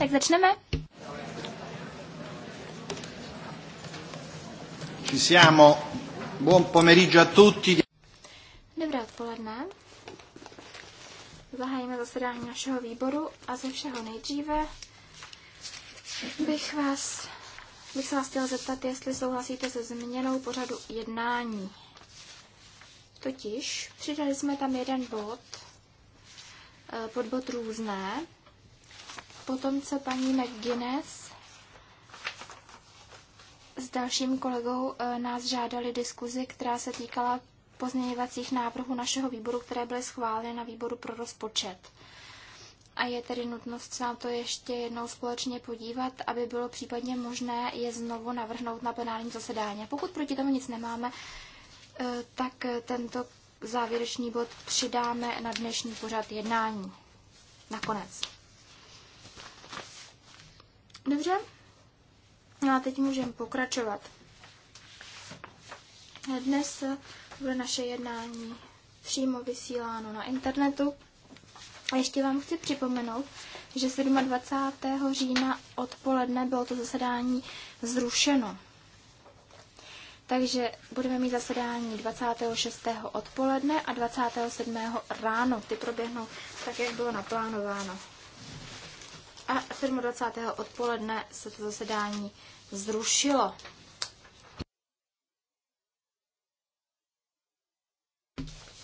Tak začneme. Ci siamo. Buon pomeriggio a tutti. Dobré odpoledne. Zahájíme zasedání našeho výboru a ze všeho nejdříve bych vás bych se vás chtěla zeptat, jestli souhlasíte se změnou pořadu jednání. Totiž přidali jsme tam jeden bod, eh, pod bod různé, potomce paní McGuinness s dalším kolegou eh, nás žádali diskuzi, která se týkala pozměňovacích návrhů našeho výboru, které byly schváleny na výboru pro rozpočet. A je tedy nutnost se na to ještě jednou společně podívat, aby bylo případně možné je znovu navrhnout na plenární zasedání. Pokud proti tomu nic nemáme, eh, tak tento závěrečný bod přidáme na dnešní pořad jednání. Nakonec. Dobře. No a teď můžeme pokračovat. Dnes bude naše jednání přímo vysíláno na internetu. A ještě vám chci připomenout, že 27. října odpoledne bylo to zasedání zrušeno. Takže budeme mít zasedání 26. odpoledne a 27. ráno. Ty proběhnou tak, jak bylo naplánováno a 27. odpoledne se to zasedání zrušilo.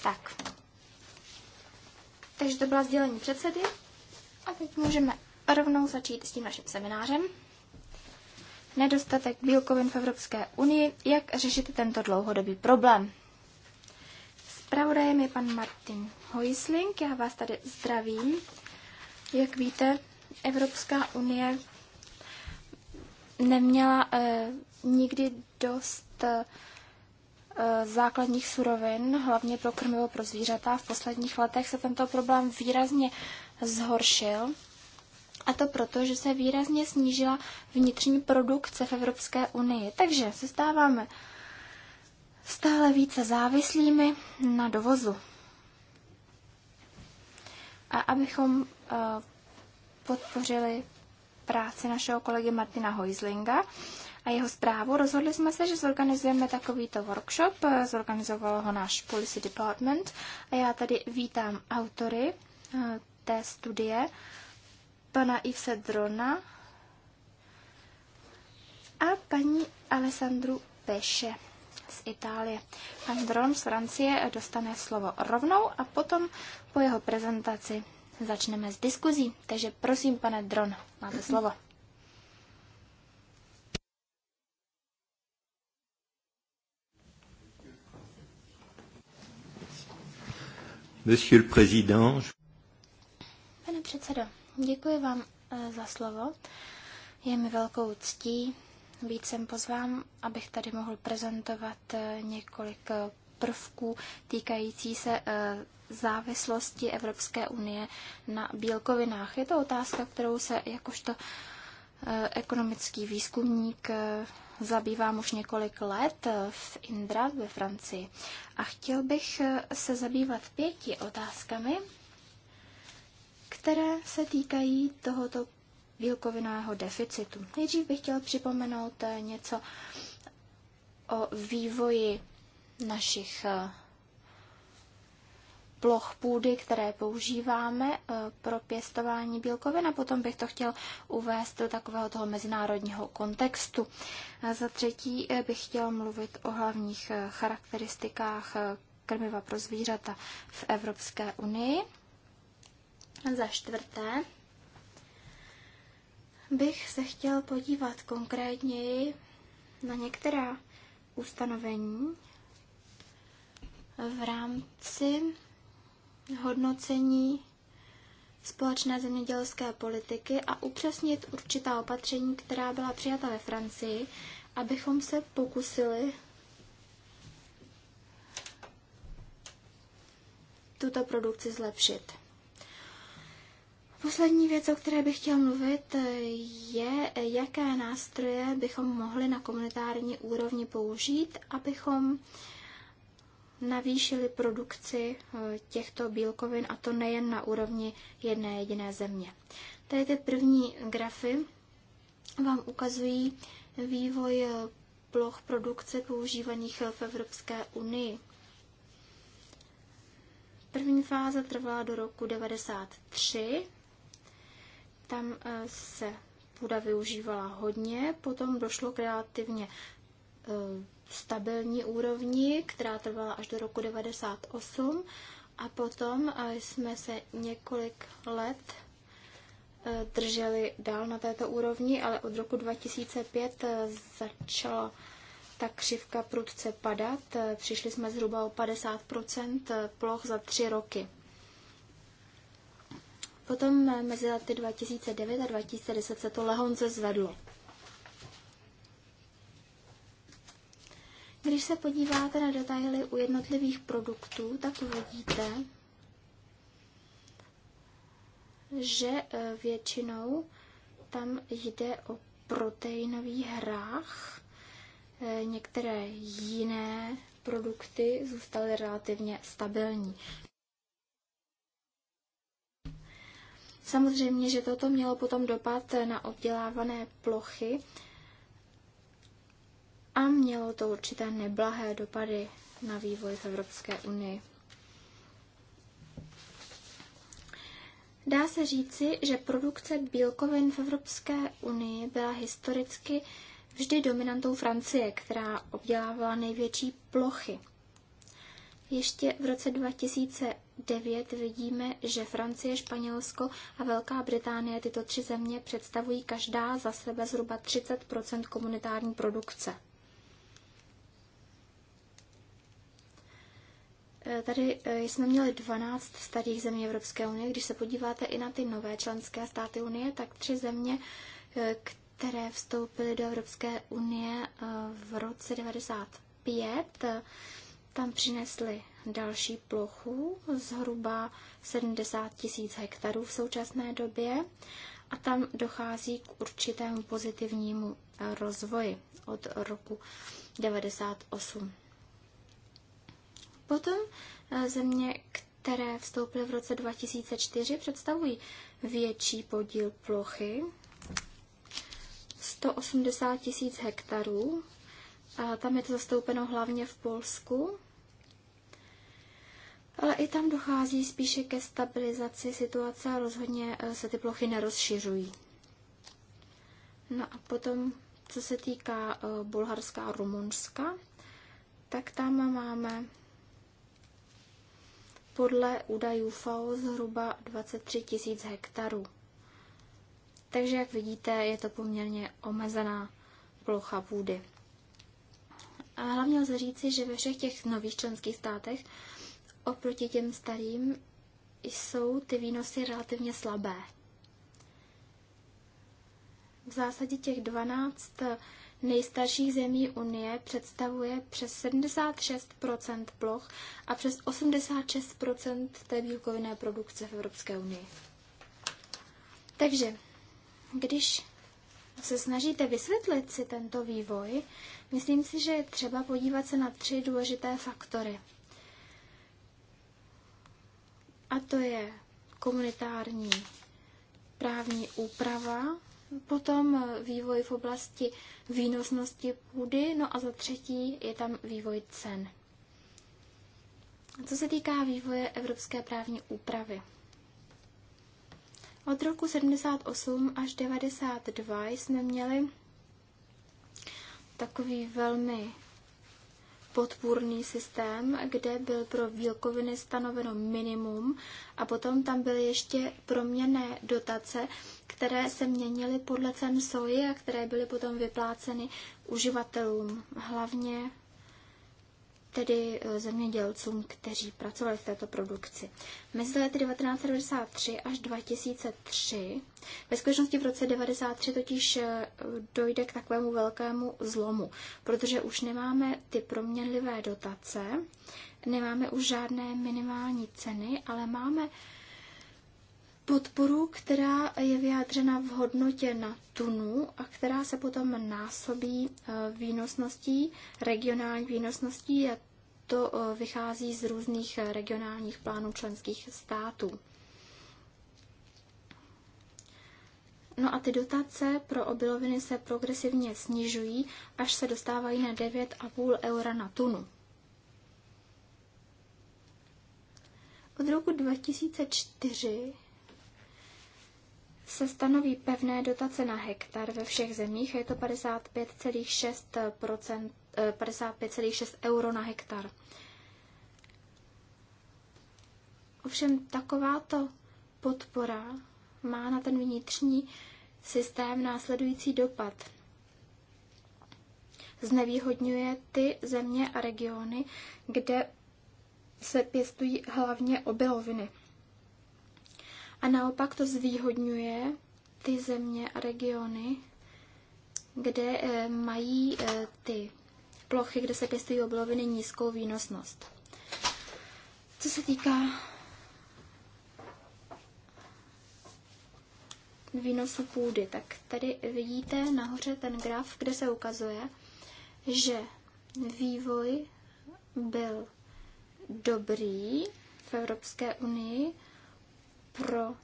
Tak. Takže to byla sdělení předsedy. A teď můžeme rovnou začít s tím naším seminářem. Nedostatek bílkovin v Evropské unii. Jak řešit tento dlouhodobý problém? Spravodajem je pan Martin Hoisling. Já vás tady zdravím. Jak víte, Evropská unie neměla eh, nikdy dost eh, základních surovin, hlavně pro krmivo pro zvířata. V posledních letech se tento problém výrazně zhoršil. A to proto, že se výrazně snížila vnitřní produkce v Evropské unii. Takže se stáváme stále více závislými na dovozu. A abychom eh, podpořili práci našeho kolegy Martina Hoislinga a jeho zprávu. Rozhodli jsme se, že zorganizujeme takovýto workshop. Zorganizoval ho náš Policy Department a já tady vítám autory eh, té studie, pana Ivse Drona a paní Alessandru Peše z Itálie. Pan Dron z Francie dostane slovo rovnou a potom po jeho prezentaci začneme s diskuzí. Takže prosím, pane Dron, máte slovo. Monsieur le Président. Pane předsedo, děkuji vám eh, za slovo. Je mi velkou ctí být sem pozván, abych tady mohl prezentovat eh, několik eh, prvků týkající se závislosti Evropské unie na bílkovinách. Je to otázka, kterou se jakožto eh, ekonomický výzkumník eh, zabývám už několik let eh, v Indra ve Francii. A chtěl bych se zabývat pěti otázkami, které se týkají tohoto bílkovinového deficitu. Nejdřív bych chtěl připomenout něco o vývoji našich ploch půdy, které používáme eh, pro pěstování bílkovin a potom bych to chtěl uvést do takového toho mezinárodního kontextu. A za třetí eh, bych chtěl mluvit o hlavních eh, charakteristikách krmiva pro zvířata v Evropské unii. Za čtvrté bych se chtěl podívat konkrétněji na některá ustanovení v rámci hodnocení společné zemědělské politiky a upřesnit určitá opatření, která byla přijata ve Francii, abychom se pokusili tuto produkci zlepšit. Poslední věc, o které bych chtěl mluvit, je, jaké nástroje bychom mohli na komunitární úrovni použít, abychom navýšili produkci eh, těchto bílkovin a to nejen na úrovni jedné jediné země. Tady ty první grafy vám ukazují vývoj eh, ploch produkce používaných eh, v Evropské unii. První fáze trvala do roku 1993. Tam se půda využívala hodně, potom došlo k relativně stabilní úrovni, která trvala až do roku 98 a potom jsme se několik let e, drželi dál na této úrovni, ale od roku 2005 e, začala ta křivka prudce padat. E, přišli jsme zhruba o 50 ploch za tři roky. Potom mezi lety 2009 a 2010 se to lehonce zvedlo. Když se podíváte na detaily u jednotlivých produktů, tak uvidíte, že e, většinou tam jde o proteinový hrách. E, některé jiné produkty zůstaly relativně stabilní. Samozřejmě, že toto mělo potom dopad na oddělávané plochy, a mělo to určité neblahé dopady na vývoj v Evropské unii. Dá se říci, že produkce bílkovin v Evropské unii byla historicky vždy dominantou Francie, která obdělávala největší plochy. Ještě v roce 2009 vidíme, že Francie, Španělsko a Velká Británie tyto tři země představují každá za sebe zhruba 30 komunitární produkce. Eh, tady eh, jsme měli 12 starých zemí Evropské unie. Když se podíváte i na ty nové členské státy unie, tak tři země, eh, které vstoupily do Evropské unie v roce 95, tam přinesly další plochu, zhruba 70 tisíc hektarů v současné době a tam dochází k určitému pozitivnímu rozvoji od roku 98. Potom eh, země, které vstoupily v roce 2004, představují větší podíl plochy 180 tisíc hektarů. A tam je to zastoupeno hlavně v Polsku, ale i tam dochází spíše ke stabilizaci situace a rozhodně eh, se ty plochy nerozšiřují. No a potom, co se týká eh, Bulharska a Rumunska, tak tam máme podle údajů FAO zhruba 23 tisíc hektarů. Takže, jak vidíte, je to poměrně omezená plocha půdy. A hlavně lze říci, že ve všech těch nových členských státech oproti těm starým jsou ty výnosy relativně slabé. V zásadě těch 12 nejstarších zemí Unie představuje přes 76 ploch a přes 86 té bílkovinné produkce v Evropské unii. Takže, když se snažíte vysvětlit si tento vývoj, myslím si, že je třeba podívat se na tři důležité faktory. A to je komunitární právní úprava, potom eh, vývoj v oblasti výnosnosti půdy, no a za třetí je tam vývoj cen. Co se týká vývoje evropské právní úpravy. Od roku 78 až 92 jsme měli takový velmi podpůrný systém, kde byl pro bílkoviny stanoveno minimum a potom tam byly ještě proměné dotace, které se měnily podle cen soji a které byly potom vypláceny uživatelům, hlavně tedy eh, zemědělcům, kteří pracovali v této produkci. Mezi lety 1993 až 2003, ve skutečnosti v roce 1993 totiž eh, dojde k takovému velkému zlomu, protože už nemáme ty proměnlivé dotace, nemáme už žádné minimální ceny, ale máme podporu, která je vyjádřena v hodnotě na tunu a která se potom násobí e, výnosností, regionální výnosností a to e, vychází z různých e, regionálních plánů členských států. No a ty dotace pro obiloviny se progresivně snižují, až se dostávají na 9,5 eura na tunu. Od roku 2004 se stanoví pevné dotace na hektar ve všech zemích a je to 55,6 55,6 eh, euro na hektar. Ovšem takováto podpora má na ten vnitřní systém následující dopad. Znevýhodňuje ty země a regiony, kde se pěstují hlavně obiloviny a naopak to zvýhodňuje ty země a regiony, kde eh, mají eh, ty plochy, kde se pěstují obloviny, nízkou výnosnost. Co se týká výnosu půdy, tak tady vidíte nahoře ten graf, kde se ukazuje, že vývoj byl dobrý v Evropské unii pro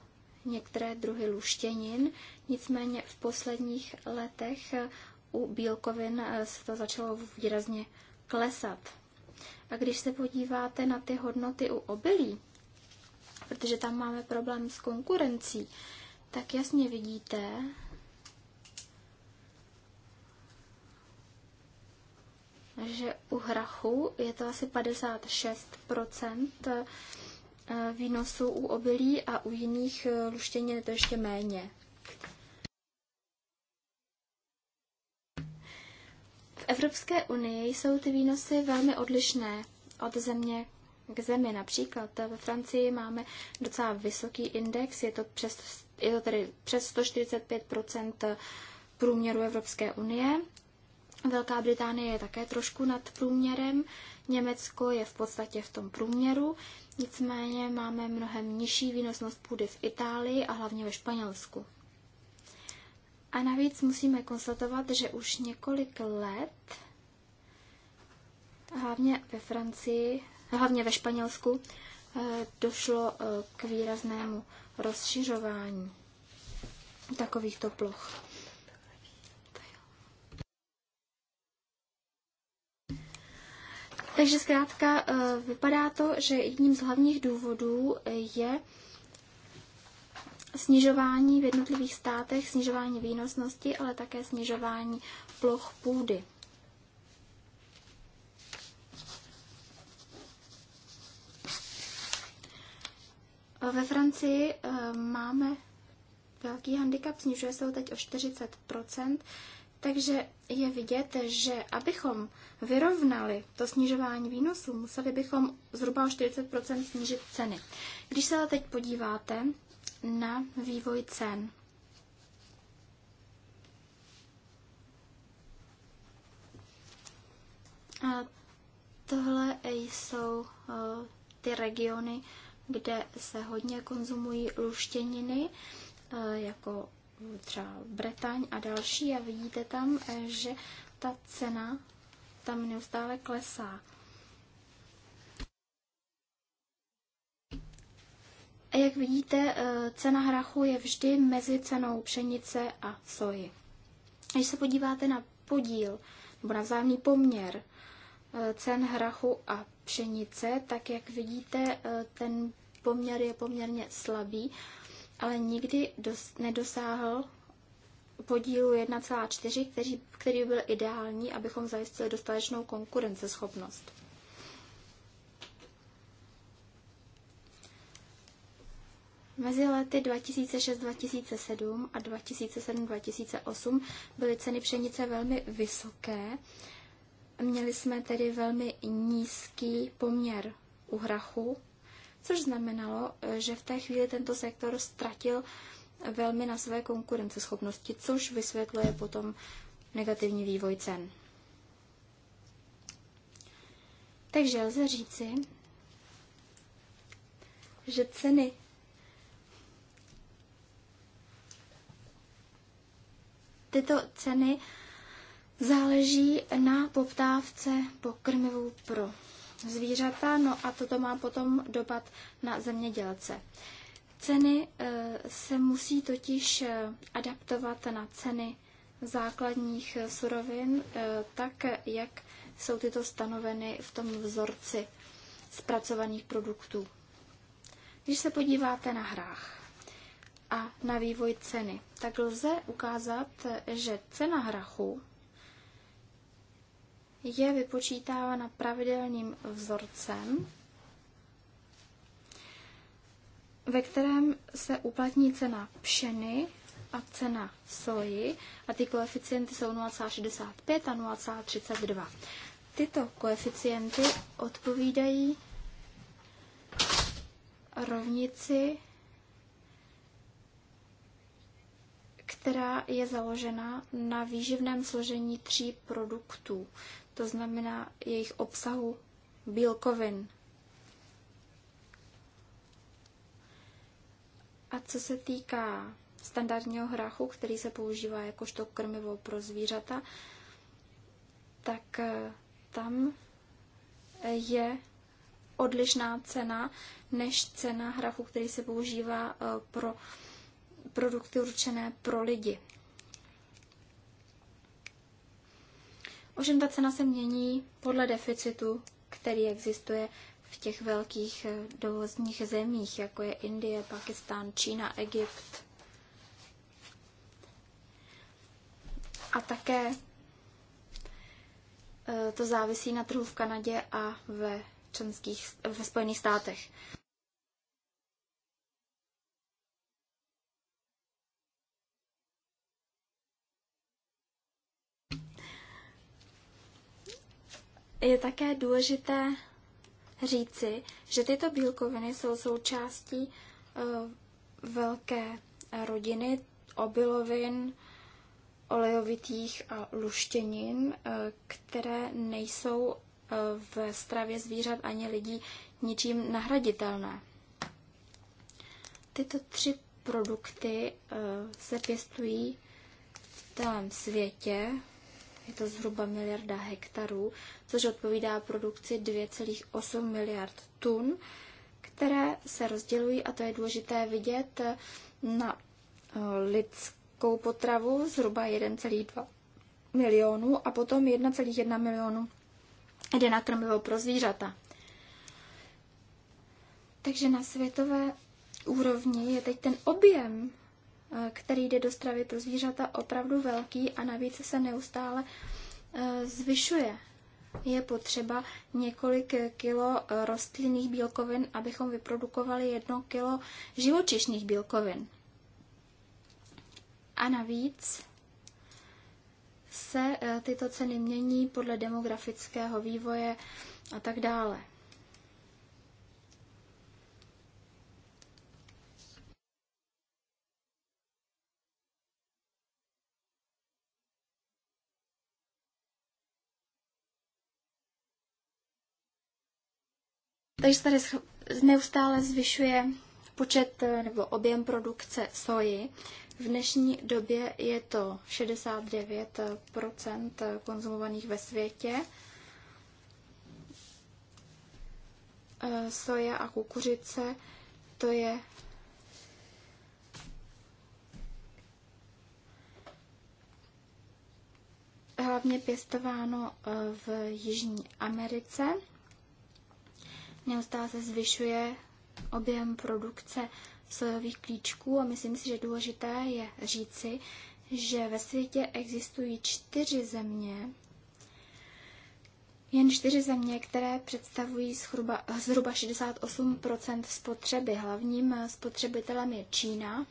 některé druhy luštěnin, nicméně v posledních letech u bílkovin eh, se to začalo výrazně klesat. A když se podíváte na ty hodnoty u obilí, protože tam máme problém s konkurencí, tak jasně vidíte, že u hrachu je to asi 56 E, výnosů u obilí a u jiných e, luštěnin je to ještě méně. V Evropské unii jsou ty výnosy velmi odlišné od země k zemi. Například ve Francii máme docela vysoký index, je to, přes, je to tedy přes 145 průměru Evropské unie. Velká Británie je také trošku nad průměrem Německo je v podstatě v tom průměru, nicméně máme mnohem nižší výnosnost půdy v Itálii a hlavně ve Španělsku. A navíc musíme konstatovat, že už několik let, hlavně ve Francii, hlavně ve Španělsku, eh, došlo eh, k výraznému rozšiřování takovýchto ploch. Takže zkrátka eh, vypadá to, že jedním z hlavních důvodů eh, je snižování v jednotlivých státech, snižování výnosnosti, ale také snižování ploch půdy. Eh, ve Francii máme velký handicap, snižuje se ho teď o 40 takže je vidět, že abychom vyrovnali to snižování výnosů, museli bychom zhruba o 40 snížit ceny. Když se teď podíváte na vývoj cen, A tohle jsou e, ty regiony, kde se hodně konzumují luštěniny, e, jako třeba Bretaň a další a vidíte tam, eh, že ta cena tam neustále klesá. A jak vidíte, eh, cena hrachu je vždy mezi cenou pšenice a soji. Když se podíváte na podíl nebo na vzájemný poměr eh, cen hrachu a pšenice, tak jak vidíte, ten poměr je poměrně slabý ale nikdy dos- nedosáhl podílu 1,4, který, který by byl ideální, abychom zajistili dostatečnou konkurenceschopnost. Mezi lety 2006-2007 a 2007-2008 byly ceny pšenice velmi vysoké. Měli jsme tedy velmi nízký poměr uhrachu což znamenalo, že v té chvíli tento sektor ztratil velmi na své konkurenceschopnosti, což vysvětluje potom negativní vývoj cen. Takže lze říci, že ceny tyto ceny záleží na poptávce po krmivu pro zvířata, no a toto má potom dopad na zemědělce. Ceny e, se musí totiž e, adaptovat na ceny základních e, surovin, tak jak jsou tyto stanoveny v tom vzorci zpracovaných produktů. Když se podíváte na hrách a na vývoj ceny, tak lze ukázat, že cena hrachu je vypočítávána pravidelným vzorcem, ve kterém se uplatní cena pšeny a cena soji a ty koeficienty jsou 0,65 a 0,32. Tyto koeficienty odpovídají rovnici, která je založena na výživném složení tří produktů to znamená jejich obsahu bílkovin. A co se týká standardního hrachu, který se používá jakožto krmivo pro zvířata, tak eh, tam eh, je odlišná cena než cena hrachu, který se používá eh, pro produkty určené pro lidi. Ovšem ta cena se mění podle deficitu, který existuje v těch velkých eh, dovozních zemích, jako je Indie, Pakistán, Čína, Egypt. A také eh, to závisí na trhu v Kanadě a ve, členských, ve Spojených státech. je také důležité říci, že tyto bílkoviny jsou součástí eh, velké rodiny obilovin, olejovitých a luštěnin, eh, které nejsou eh, v stravě zvířat ani lidí ničím nahraditelné. Tyto tři produkty se pěstují v celém světě je to zhruba miliarda hektarů, což odpovídá produkci 2,8 miliard tun, které se rozdělují, a to je důležité vidět, na eh, lidskou potravu zhruba 1,2 milionů a potom 1,1 milionu jde na krmivo pro zvířata. Takže na světové úrovni je teď ten objem Eh, který jde do stravy pro zvířata, opravdu velký a navíc se neustále eh, zvyšuje. Je potřeba několik kilo eh, rostlinných bílkovin, abychom vyprodukovali jedno kilo živočišných bílkovin. A navíc se tyto ceny mění podle demografického vývoje a tak dále. Takže se tady neustále zvyšuje počet eh, nebo objem produkce soji. V dnešní době je to 69 eh, eh, konzumovaných ve světě. Soja a kukuřice to je hlavně pěstováno v Jižní Americe neustále se zvyšuje objem produkce sojových klíčků a myslím si, že důležité je říci, že ve světě existují čtyři země, jen čtyři země, které představují zhruba, zhruba 68 spotřeby. Hlavním spotřebitelem je Čína,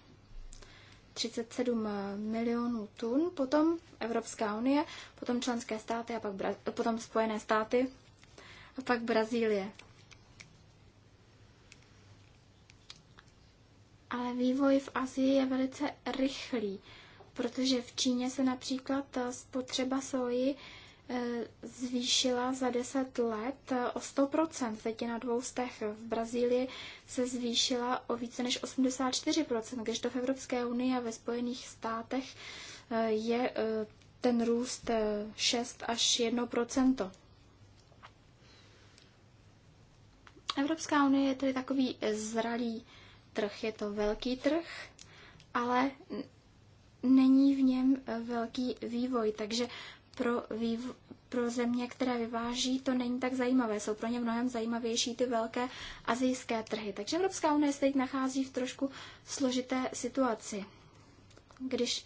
37 milionů tun, potom Evropská unie, potom členské státy a pak Bra- potom Spojené státy a pak Brazílie. ale vývoj v Asii je velice rychlý, protože v Číně se například ta eh, spotřeba soji eh, zvýšila za 10 let eh, o 100%, teď je na 200. V Brazílii se zvýšila o více než 84%, když to v Evropské unii a ve Spojených státech je ten růst 6 až 1%. Evropská unie je tedy takový zralý trh. Je to velký trh, ale není v něm velký vývoj, takže pro, vývo- pro země, které vyváží, to není tak zajímavé. Jsou pro ně mnohem zajímavější ty velké azijské trhy. Takže Evropská unie se teď nachází v trošku složité situaci. Když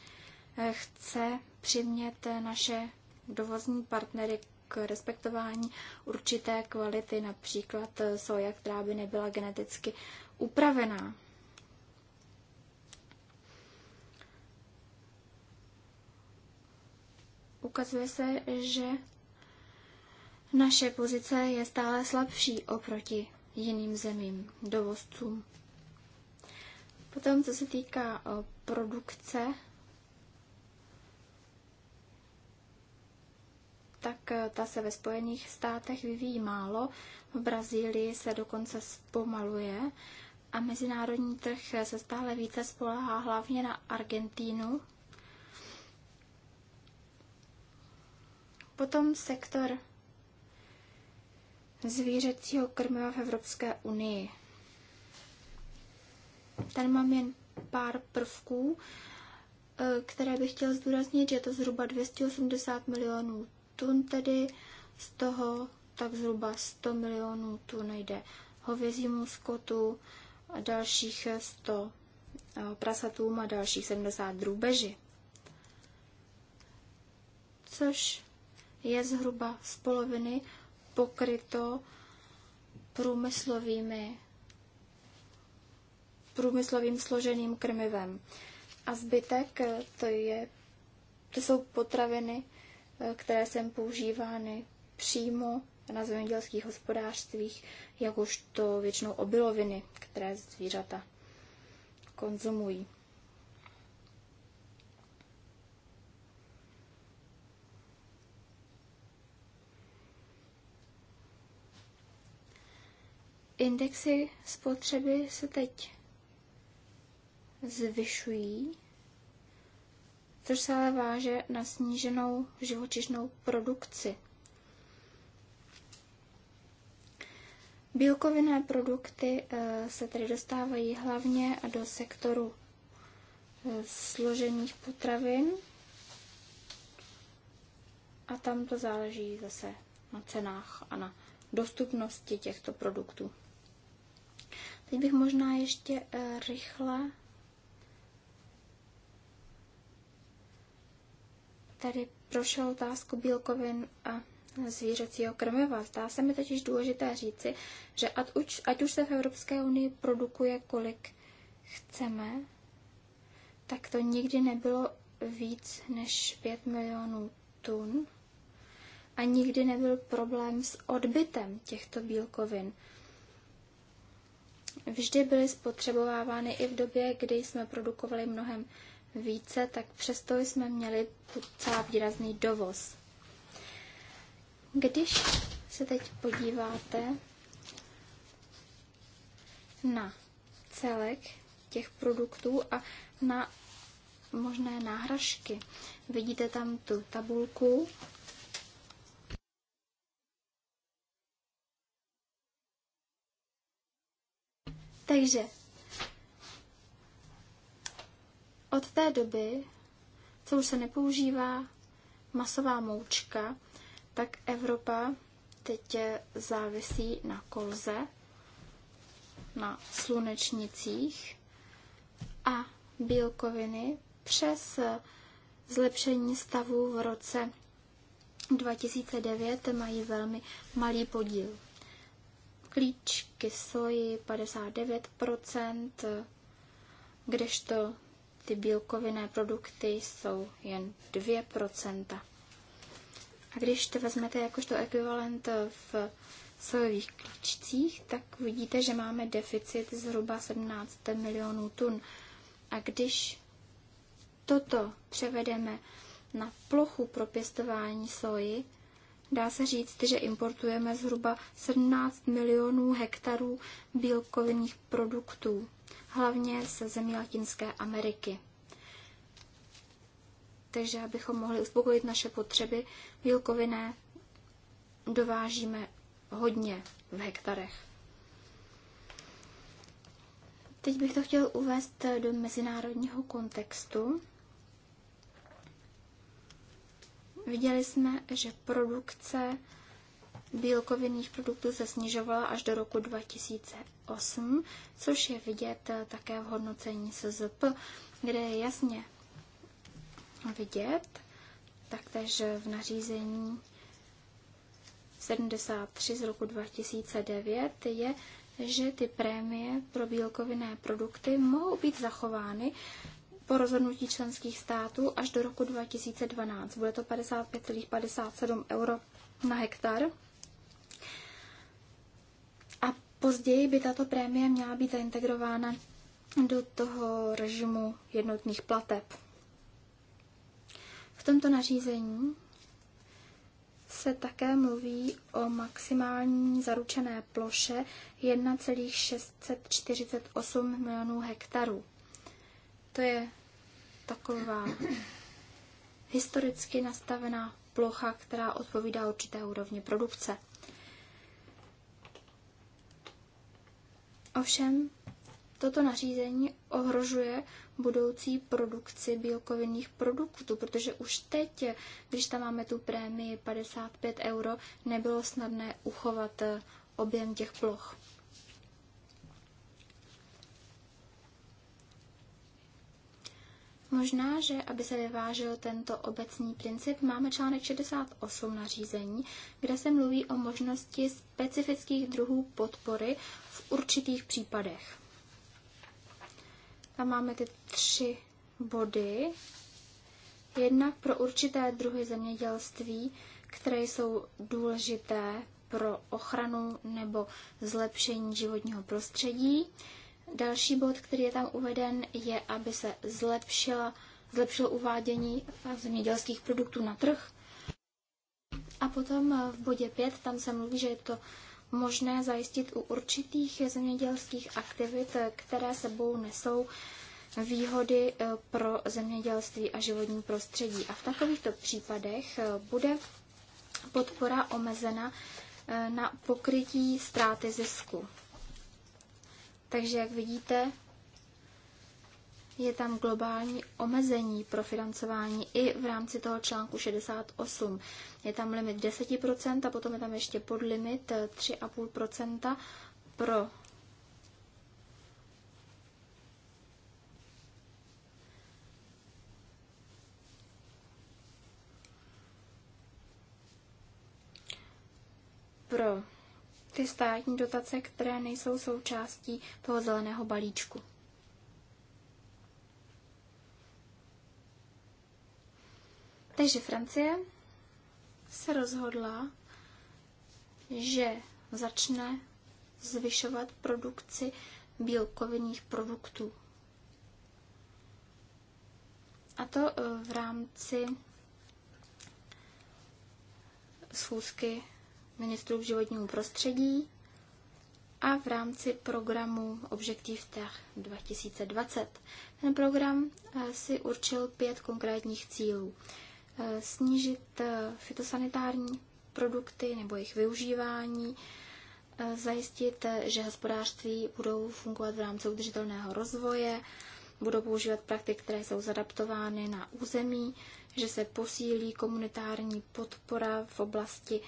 eh, chce přimět eh, naše dovozní partnery k respektování určité kvality, například eh, soja, která by nebyla geneticky upravená. Ukazuje se, že naše pozice je stále slabší oproti jiným zemím, dovozcům. Potom, co se týká produkce, tak e, ta se ve Spojených státech vyvíjí málo, v Brazílii se dokonce zpomaluje a mezinárodní trh se stále více spolehá hlavně na Argentínu. Potom sektor zvířecího krmiva v Evropské unii. Tady mám jen pár prvků, eh, které bych chtěl zdůraznit, že je to zhruba 280 milionů tun, tedy z toho tak zhruba 100 milionů tun jde hovězímu skotu, dalších 100 prasatům a dalších 70 drůbeži. Což je zhruba z poloviny pokryto průmyslovými průmyslovým složeným krmivem. A zbytek e, to, je, to jsou potraviny, e, které jsem používány přímo na zemědělských hospodářstvích, jakožto většinou obiloviny, které zvířata konzumují. Indexy spotřeby se teď zvyšují, což se ale váže na sníženou živočišnou produkci. Bílkovinné produkty eh, se tedy dostávají hlavně do sektoru eh, složených potravin a tam to záleží zase na cenách a na dostupnosti těchto produktů. Teď bych možná ještě eh, rychle tady prošel otázku bílkovin a zvířecího krmiva. Zdá se mi totiž důležité říci, že ať už, ať už se v Evropské unii produkuje kolik chceme, tak to nikdy nebylo víc než 5 milionů tun a nikdy nebyl problém s odbytem těchto bílkovin. Vždy byly spotřebovávány i v době, kdy jsme produkovali mnohem více, tak přesto jsme měli docela výrazný dovoz. Když se teď podíváte na celek těch produktů a na možné náhražky, vidíte tam tu tabulku, Takže od té doby, co už se nepoužívá masová moučka, tak Evropa teď závisí na kolze, na slunečnicích a bílkoviny přes zlepšení stavu v roce 2009 mají velmi malý podíl. Klíčky soji 59%, kdežto ty bílkovinné produkty jsou jen 2%. A když to vezmete jakožto ekvivalent v silových klíčcích, tak vidíte, že máme deficit zhruba 17 milionů tun. A když toto převedeme na plochu pro pěstování soji, dá se říct, že importujeme zhruba 17 milionů hektarů bílkovinných produktů, hlavně ze zemí Latinské Ameriky takže abychom mohli uspokojit naše potřeby, bílkoviné dovážíme hodně v hektarech. Teď bych to chtěl uvést do mezinárodního kontextu. Viděli jsme, že produkce bílkovinných produktů se snižovala až do roku 2008, což je vidět také v hodnocení SZP, kde je jasně vidět. Taktéž v nařízení 73 z roku 2009 je, že ty prémie pro bílkovinné produkty mohou být zachovány po rozhodnutí členských států až do roku 2012. Bude to 55,57 euro na hektar. A později by tato prémie měla být zaintegrována do toho režimu jednotných plateb tomto nařízení se také mluví o maximální zaručené ploše 1,648 milionů hektarů. To je taková historicky nastavená plocha, která odpovídá určité úrovni produkce. Ovšem, Toto nařízení ohrožuje budoucí produkci bílkovinných produktů, protože už teď, když tam máme tu prémii 55 euro, nebylo snadné uchovat eh, objem těch ploch. Možná, že aby se vyvážil tento obecný princip, máme článek 68 nařízení, kde se mluví o možnosti specifických druhů podpory v určitých případech. Tam máme ty tři body. Jednak pro určité druhy zemědělství, které jsou důležité pro ochranu nebo zlepšení životního prostředí. Další bod, který je tam uveden, je, aby se zlepšila, zlepšilo uvádění zemědělských produktů na trh. A potom v bodě 5 tam se mluví, že je to možné zajistit u určitých zemědělských aktivit, eh, které sebou nesou výhody eh, pro zemědělství a životní prostředí. A v takovýchto případech eh, bude podpora omezena na pokrytí ztráty zisku. Takže, jak vidíte, je tam globální omezení pro financování i v rámci toho článku 68. Je tam limit 10% a potom je tam ještě podlimit 3,5% eh, pro pro ty státní dotace, které nejsou součástí toho zeleného balíčku. Takže Francie se rozhodla, že začne zvyšovat produkci bílkovinných produktů. A to e, v rámci schůzky ministrů životního prostředí a v rámci programu Objektiv Tech 2020. Ten program e, si určil pět konkrétních cílů. Eh, snížit eh, fitosanitární produkty nebo jejich využívání, eh, zajistit, že hospodářství budou fungovat v rámci udržitelného rozvoje, budou používat praktiky, které jsou zadaptovány na území, že se posílí komunitární podpora v oblasti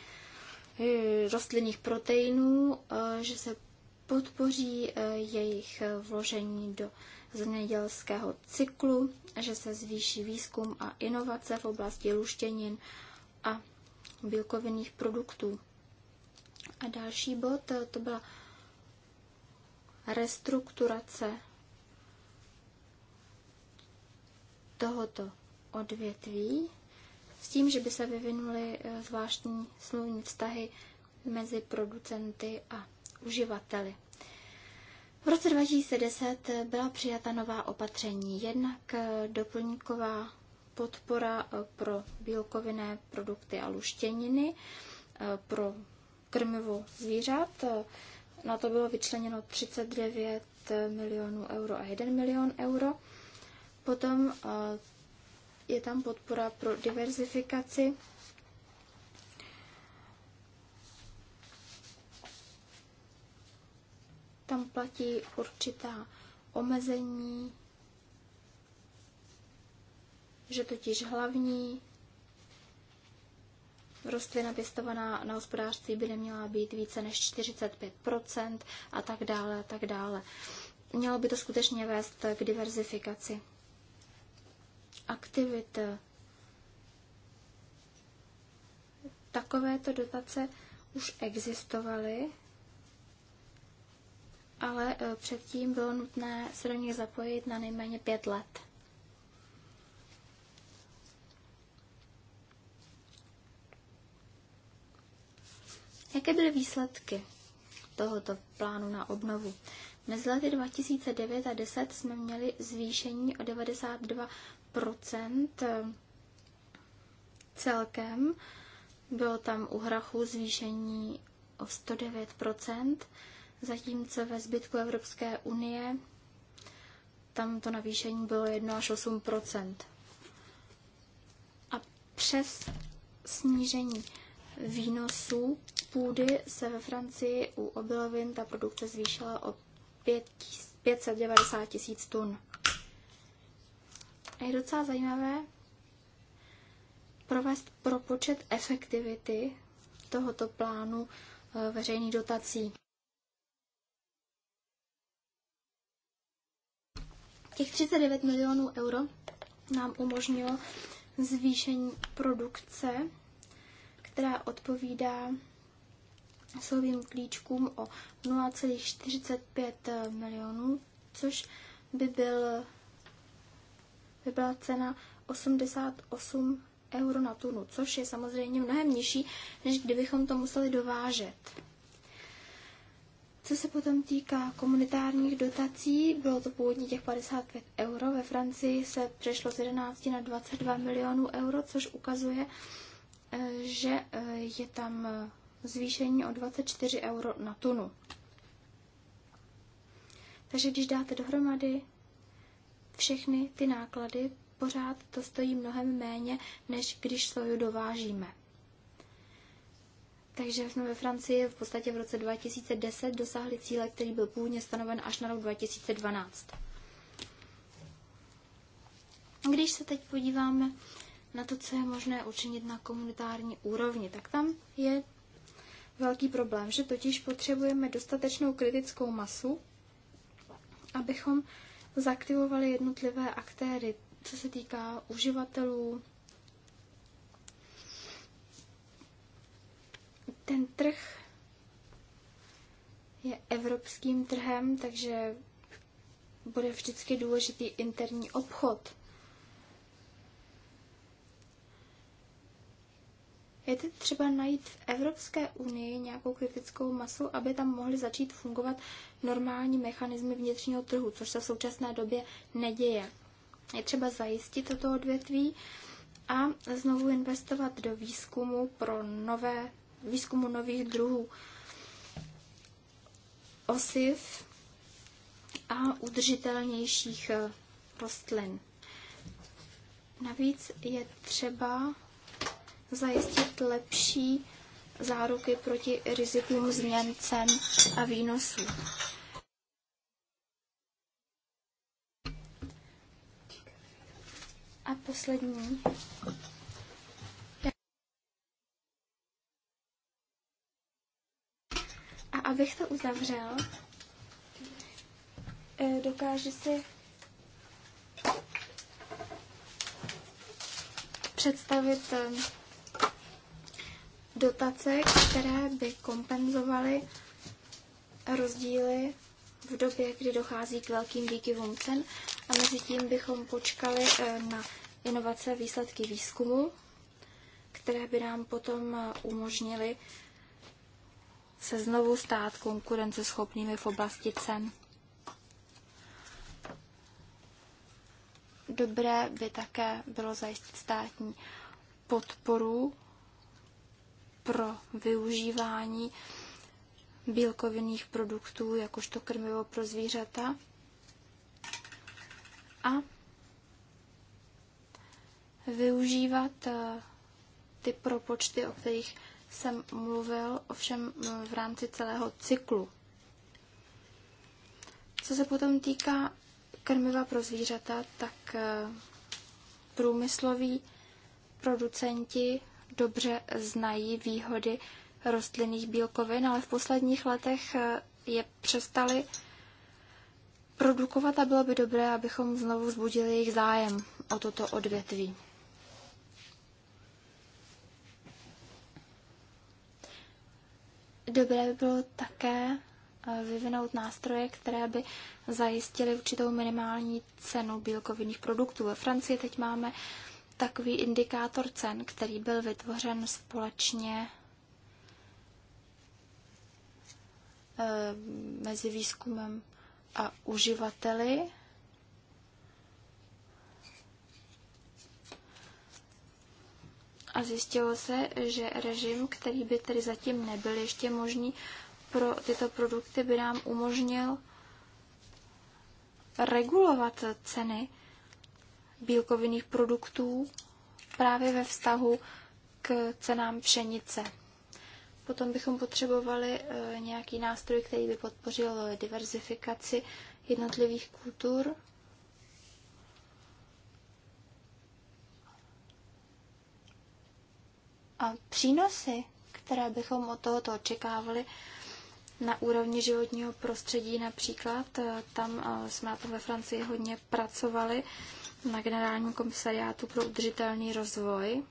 rostlinných proteinů, že se podpoří jejich vložení do zemědělského cyklu, že se zvýší výzkum a inovace v oblasti luštěnin a bílkovinných produktů. A další bod eh, to byla restrukturace tohoto odvětví s tím, že by se vyvinuly eh, zvláštní smluvní vztahy mezi producenty a uživateli. V roce 2010 byla přijata nová opatření, jednak eh, doplňková podpora eh, pro bílkovinné produkty a luštěniny, eh, pro krmivo zvířat. Na to bylo vyčleněno 39 milionů euro a 1 milion euro. Potom je tam podpora pro diverzifikaci platí určitá omezení, že totiž hlavní rostlina pěstovaná na hospodářství by neměla být více než 45 a tak dále a tak dále. Mělo by to skutečně vést k diverzifikaci aktivit. Takovéto dotace už existovaly ale eh, předtím bylo nutné se do nich zapojit na nejméně pět let. Jaké byly výsledky tohoto plánu na obnovu? Mezi lety 2009 a 10 jsme měli zvýšení o 92 eh, celkem. Bylo tam u hrachu zvýšení o 109 zatímco ve zbytku Evropské unie tam to navýšení bylo 1 až 8 A přes snížení výnosů půdy se ve Francii u obilovin ta produkce zvýšila o 590 tisíc tun. A je docela zajímavé provést propočet efektivity tohoto plánu eh, veřejných dotací. Těch 39 milionů euro nám umožnilo zvýšení produkce, která odpovídá slovým klíčkům o 0,45 milionů, což by, byl, by byla cena 88 euro na tunu, což je samozřejmě mnohem nižší, než kdybychom to museli dovážet. Co se potom týká komunitárních dotací, bylo to původně těch 55 euro, ve Francii se přešlo z 11 na 22 milionů euro, což ukazuje, eh, že eh, je tam eh, zvýšení o 24 euro na tunu. Takže když dáte dohromady všechny ty náklady, pořád to stojí mnohem méně, než když soju dovážíme. Takže jsme ve Francii v podstatě v roce 2010 dosáhli cíle, který byl původně stanoven až na rok 2012. Když se teď podíváme na to, co je možné učinit na komunitární úrovni, tak tam je velký problém, že totiž potřebujeme dostatečnou kritickou masu, abychom zaktivovali jednotlivé aktéry, co se týká uživatelů, Ten trh je evropským trhem, takže bude vždycky důležitý interní obchod. Je tedy třeba najít v Evropské unii nějakou kritickou masu, aby tam mohly začít fungovat normální mechanismy vnitřního trhu, což se v současné době neděje. Je třeba zajistit toto odvětví a znovu investovat do výzkumu pro nové výzkumu nových druhů osiv a udržitelnějších eh, rostlin. Navíc je třeba zajistit lepší záruky proti rizikům změn cen a výnosů. A poslední abych to uzavřel, eh, dokáže si představit eh, dotace, které by kompenzovaly rozdíly v době, kdy dochází k velkým výkyvům cen a mezi tím bychom počkali eh, na inovace výsledky výzkumu, které by nám potom umožnily se znovu stát konkurenceschopnými v oblasti cen. Dobré by také bylo zajistit státní podporu pro využívání bílkovinných produktů, jakožto krmivo pro zvířata. A využívat eh, ty propočty, o kterých jsem mluvil ovšem v rámci celého cyklu. Co se potom týká krmiva pro zvířata, tak e, průmysloví producenti dobře znají výhody rostlinných bílkovin, ale v posledních letech e, je přestali produkovat a bylo by dobré, abychom znovu zbudili jejich zájem o toto odvětví. dobré by bylo také eh, vyvinout nástroje, které by zajistily určitou minimální cenu bílkovinných produktů. Ve Francii teď máme takový indikátor cen, který byl vytvořen společně eh, mezi výzkumem a uživateli a zjistilo se, že režim, který by tedy zatím nebyl ještě možný pro tyto produkty, by nám umožnil regulovat ceny bílkovinných produktů právě ve vztahu k cenám pšenice. Potom bychom potřebovali eh, nějaký nástroj, který by podpořil diverzifikaci jednotlivých kultur a přínosy, které bychom od tohoto očekávali na úrovni životního prostředí například. Eh, tam eh, jsme na tom ve Francii hodně pracovali na Generálním komisariátu pro udržitelný rozvoj,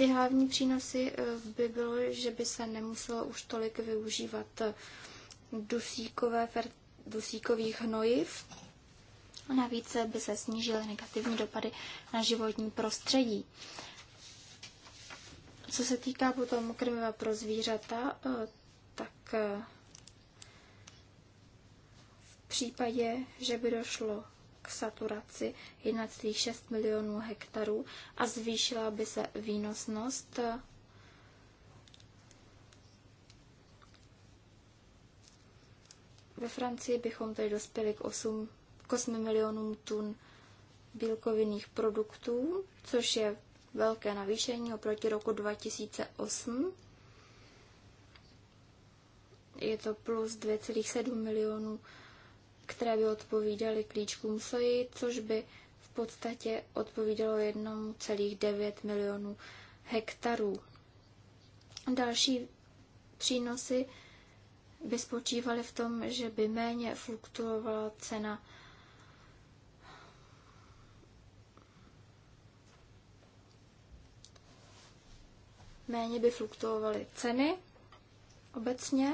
Ty hlavní přínosy eh, by bylo, že by se nemuselo už tolik využívat eh, dusíkové, dusíkových hnojiv. Navíc by se snížily negativní dopady na životní prostředí. Co se týká potom krmiva pro zvířata, eh, tak v případě, že by došlo saturaci 1,6 milionů hektarů a zvýšila by se výnosnost Ve Francii bychom tedy dospěli k 8, k 8 milionům tun bílkovinných produktů, což je velké navýšení oproti roku 2008. Je to plus 2,7 milionů které by odpovídaly klíčkům soji, což by v podstatě odpovídalo 1,9 milionů hektarů. Další přínosy by spočívaly v tom, že by méně fluktuovala cena méně by fluktuovaly ceny obecně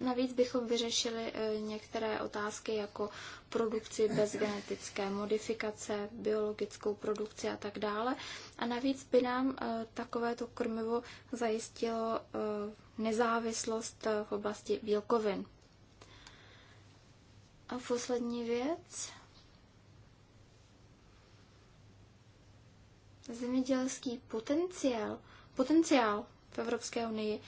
Navíc bychom vyřešili e, některé otázky jako produkci bez genetické modifikace, biologickou produkci a tak dále. A navíc by nám e, takovéto krmivo zajistilo e, nezávislost v oblasti bílkovin. A poslední věc. Zemědělský potenciál, potenciál v Evropské unii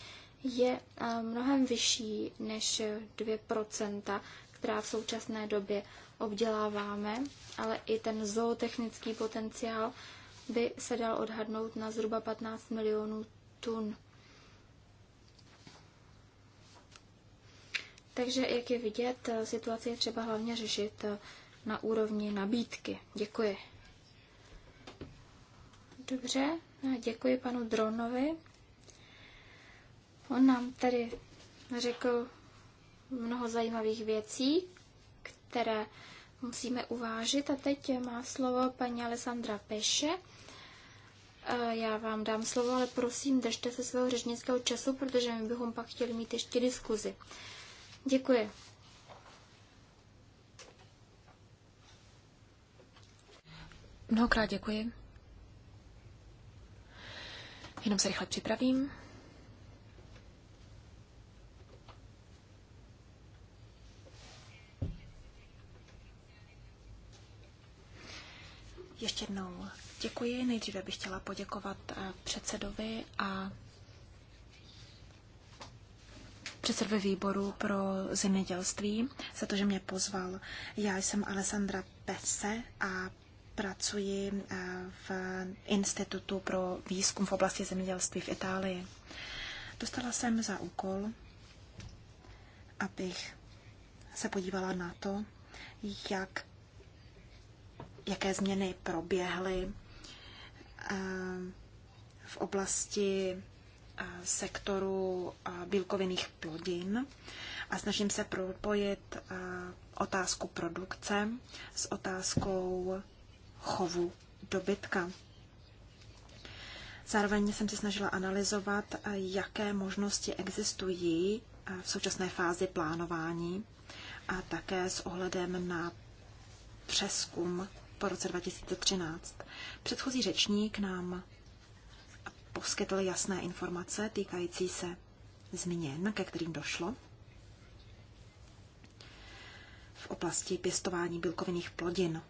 je eh, mnohem vyšší než 2%, která v současné době obděláváme, ale i ten zootechnický potenciál by se dal odhadnout na zhruba 15 milionů tun. Takže, jak je vidět, eh, situaci je třeba hlavně řešit eh, na úrovni nabídky. Děkuji. Dobře, no děkuji panu Dronovi. On nám tady řekl mnoho zajímavých věcí, které musíme uvážit. A teď má slovo paní Alessandra Peše. E, já vám dám slovo, ale prosím, držte se svého řečnického času, protože my bychom pak chtěli mít ještě diskuzi. Děkuji. Mnohokrát děkuji. Jenom se rychle připravím. Ještě jednou děkuji. Nejdříve bych chtěla poděkovat eh, předsedovi a předsedovi výboru pro zemědělství za to, že mě pozval. Já jsem Alessandra Pese a pracuji eh, v Institutu pro výzkum v oblasti zemědělství v Itálii. Dostala jsem za úkol, abych se podívala na to, jak jaké změny proběhly eh, v oblasti eh, sektoru eh, bílkovinných plodin a snažím se propojit otázku produkce s otázkou chovu dobytka. Zároveň jsem se snažila analyzovat, jaké možnosti existují v současné fázi plánování a také s ohledem na přeskum po roce 2013. Předchozí řečník nám poskytl jasné informace týkající se změn, ke kterým došlo v oblasti pěstování bílkovinných plodin.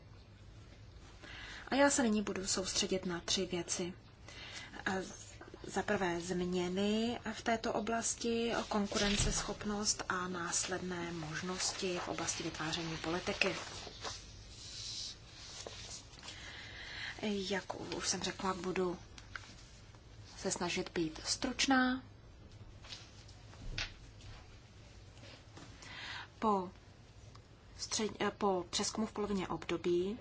A já se nyní budu soustředit na tři věci. Za prvé změny v této oblasti, konkurenceschopnost a následné možnosti v oblasti vytváření politiky. Jak už jsem řekla, budu se snažit být stručná. Po, střed, eh, po přeskumu v polovině období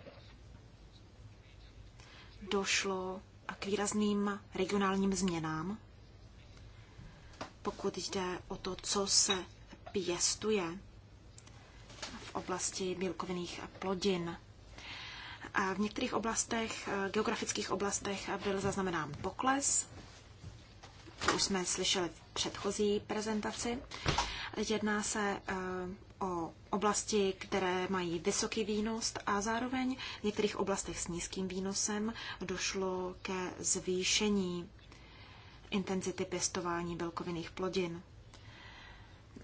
došlo k výrazným regionálním změnám, pokud jde o to, co se pěstuje v oblasti bílkovinných plodin v některých oblastech, eh, geografických oblastech eh, byl zaznamenán pokles. To už jsme slyšeli v předchozí prezentaci. Jedná se eh, o oblasti, které mají vysoký výnos a zároveň v některých oblastech s nízkým výnosem došlo ke zvýšení intenzity pěstování bílkovinných plodin.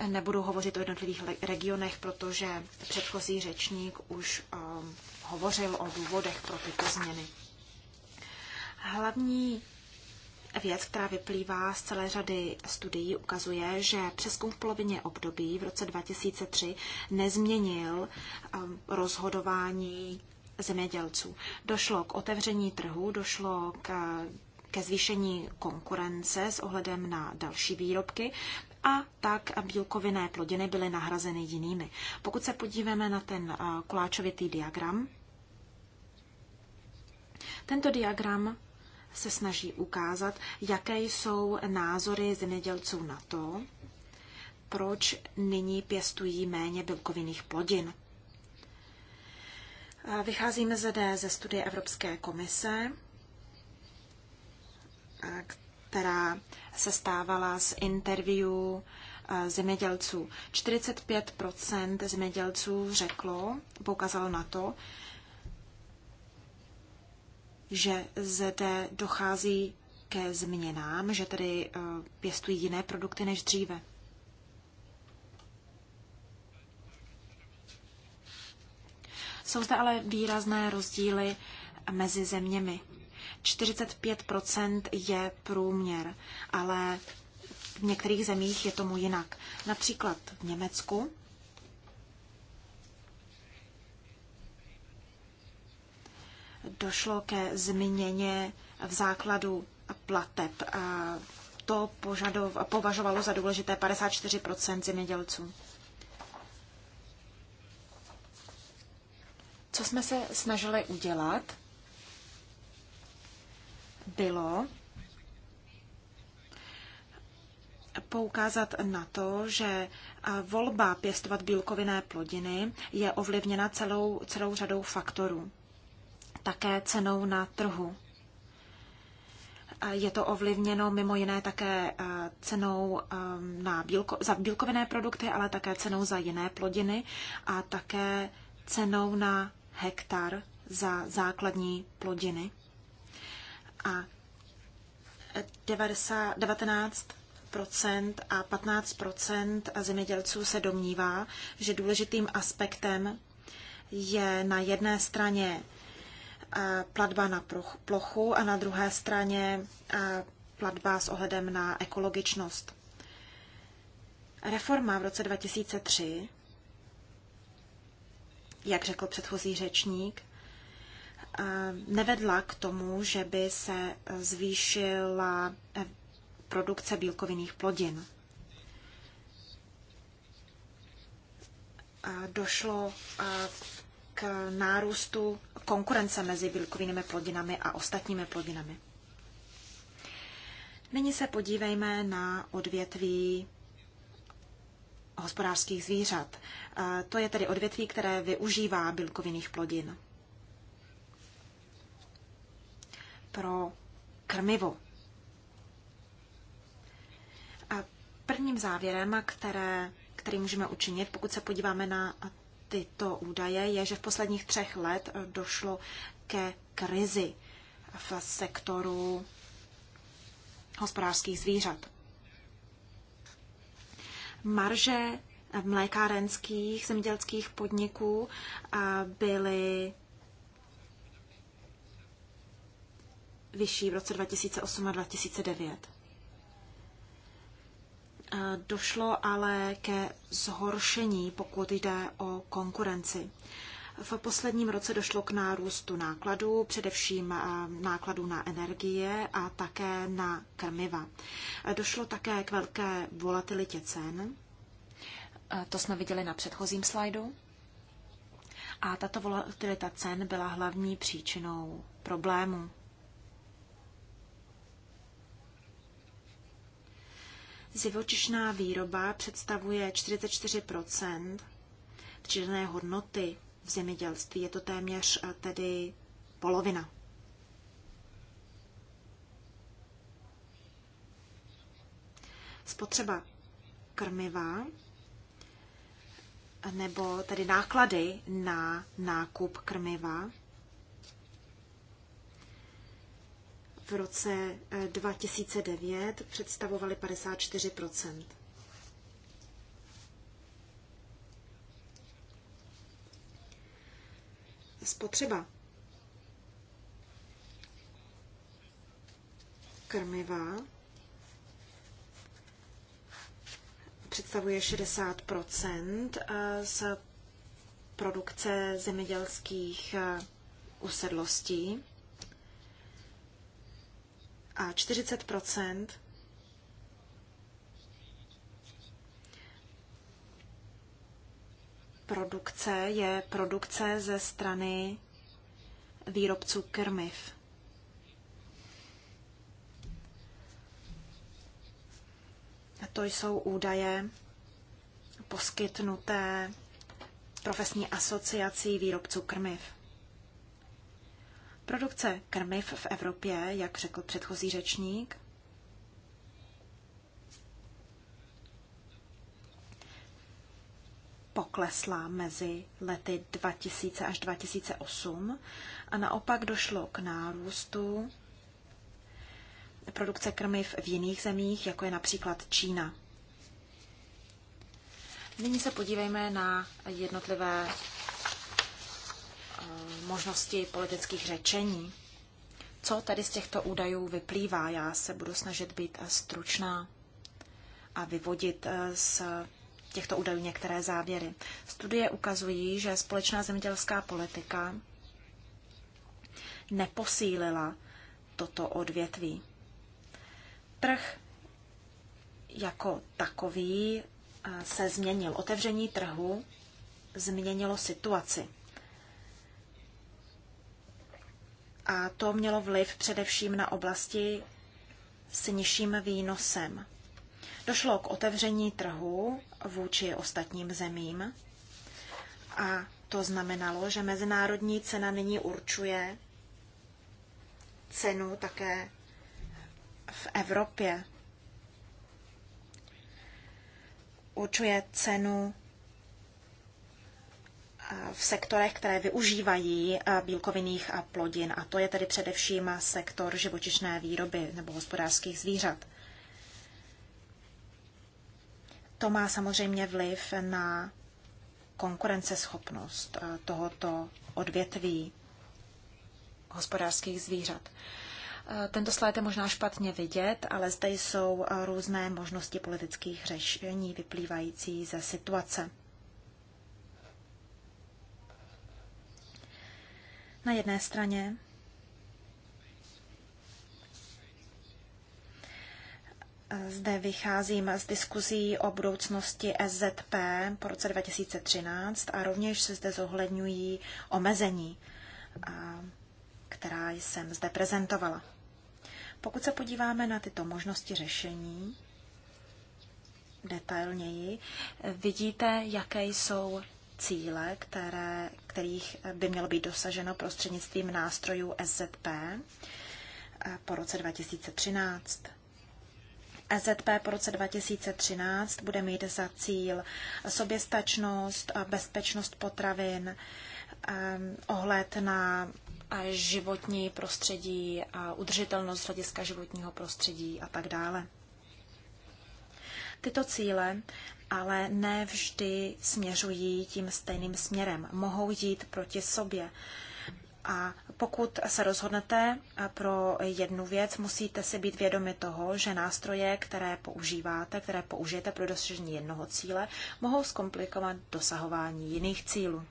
Nebudu hovořit o jednotlivých regionech, protože předchozí řečník už hovořil o důvodech pro tyto změny. Hlavní věc, která vyplývá z celé řady studií, ukazuje, že přeskum v polovině období v roce 2003 nezměnil um, rozhodování zemědělců. Došlo k otevření trhu, došlo k, ke zvýšení konkurence s ohledem na další výrobky a tak bílkovinné plodiny byly nahrazeny jinými. Pokud se podíváme na ten uh, koláčovitý diagram, tento diagram se snaží ukázat, jaké jsou názory zemědělců na to, proč nyní pěstují méně bílkovinných plodin. Vycházíme zde ze studie Evropské komise, která se stávala z interview zemědělců. 45 zemědělců řeklo, poukázalo na to, že zde dochází ke změnám, že tedy eh, pěstují jiné produkty než dříve. Jsou zde ale výrazné rozdíly mezi zeměmi. 45 je průměr, ale v některých zemích je tomu jinak. Například v Německu došlo ke změně v základu plateb. A to požadov, považovalo za důležité 54 zemědělců. Co jsme se snažili udělat, bylo poukázat na to, že volba pěstovat bílkovinné plodiny je ovlivněna celou, celou řadou faktorů také cenou na trhu. Je to ovlivněno mimo jiné také eh, cenou eh, na bílko, za bílkovinné produkty, ale také cenou za jiné plodiny a také cenou na hektar za základní plodiny. A 90, 19 a 15 zemědělců se domnívá, že důležitým aspektem je na jedné straně platba na plochu a na druhé straně platba s ohledem na ekologičnost. Reforma v roce 2003, jak řekl předchozí řečník, nevedla k tomu, že by se zvýšila eh, produkce bílkovinných plodin. Došlo k nárůstu konkurence mezi bílkovinnými plodinami a ostatními plodinami. Nyní se podívejme na odvětví hospodářských zvířat. E, to je tedy odvětví, které využívá bílkovinných plodin pro krmivo. A prvním závěrem, které, který můžeme učinit, pokud se podíváme na tyto údaje, je, že v posledních třech let došlo ke krizi v sektoru hospodářských zvířat. Marže mlékárenských zemědělských podniků byly vyšší v roce 2008 a 2009. Eh, došlo ale ke zhoršení, pokud jde o konkurenci. V posledním roce došlo k nárůstu nákladů, především eh, nákladů na energie a také na krmiva. Eh, došlo také k velké volatilitě cen. To jsme viděli na předchozím slajdu. A tato volatilita cen byla hlavní příčinou problému. Živočišná výroba představuje 44 přidané hodnoty v zemědělství. Je to téměř eh, tedy polovina. Spotřeba krmiva nebo tedy náklady na nákup krmiva v roce 2009 představovaly 54 Spotřeba krmiva představuje 60 eh, z produkce zemědělských eh, usedlostí a 40 produkce je produkce ze strany výrobců krmiv. A to jsou údaje poskytnuté profesní asociací výrobců krmiv. Produkce krmiv v Evropě, jak řekl předchozí řečník, poklesla mezi lety 2000 až 2008 a naopak došlo k nárůstu produkce krmiv v jiných zemích, jako je například Čína. Nyní se podívejme na jednotlivé možnosti politických řečení. Co tady z těchto údajů vyplývá? Já se budu snažit být eh, stručná a vyvodit eh, z těchto údajů některé závěry. Studie ukazují, že společná zemědělská politika neposílila toto odvětví. Trh jako takový eh, se změnil. Otevření trhu změnilo situaci. A to mělo vliv především na oblasti s nižším výnosem. Došlo k otevření trhu vůči ostatním zemím a to znamenalo, že mezinárodní cena nyní určuje cenu také v Evropě. Určuje cenu v sektorech, které využívají eh, bílkovinných plodin, a to je tedy především sektor živočišné výroby nebo hospodářských zvířat. To má samozřejmě vliv na konkurenceschopnost eh, tohoto odvětví hospodářských zvířat. Eh, tento slide je možná špatně vidět, ale zde jsou různé možnosti politických řešení vyplývající ze situace. na jedné straně Zde vycházím z diskuzí o budoucnosti SZP po roce 2013 a rovněž se zde zohledňují omezení, která jsem zde prezentovala. Pokud se podíváme na tyto možnosti řešení detailněji, vidíte, jaké jsou cíle, které, kterých by mělo být dosaženo prostřednictvím nástrojů SZP eh, po roce 2013. SZP po roce 2013 bude mít za cíl soběstačnost, a bezpečnost potravin, ehm, ohled na životní prostředí, a udržitelnost hlediska životního prostředí a tak dále. Tyto cíle ale ne vždy směřují tím stejným směrem. Mohou jít proti sobě. A pokud se rozhodnete pro jednu věc, musíte si být vědomi toho, že nástroje, které používáte, které použijete pro dosažení jednoho cíle, mohou zkomplikovat dosahování jiných cílů.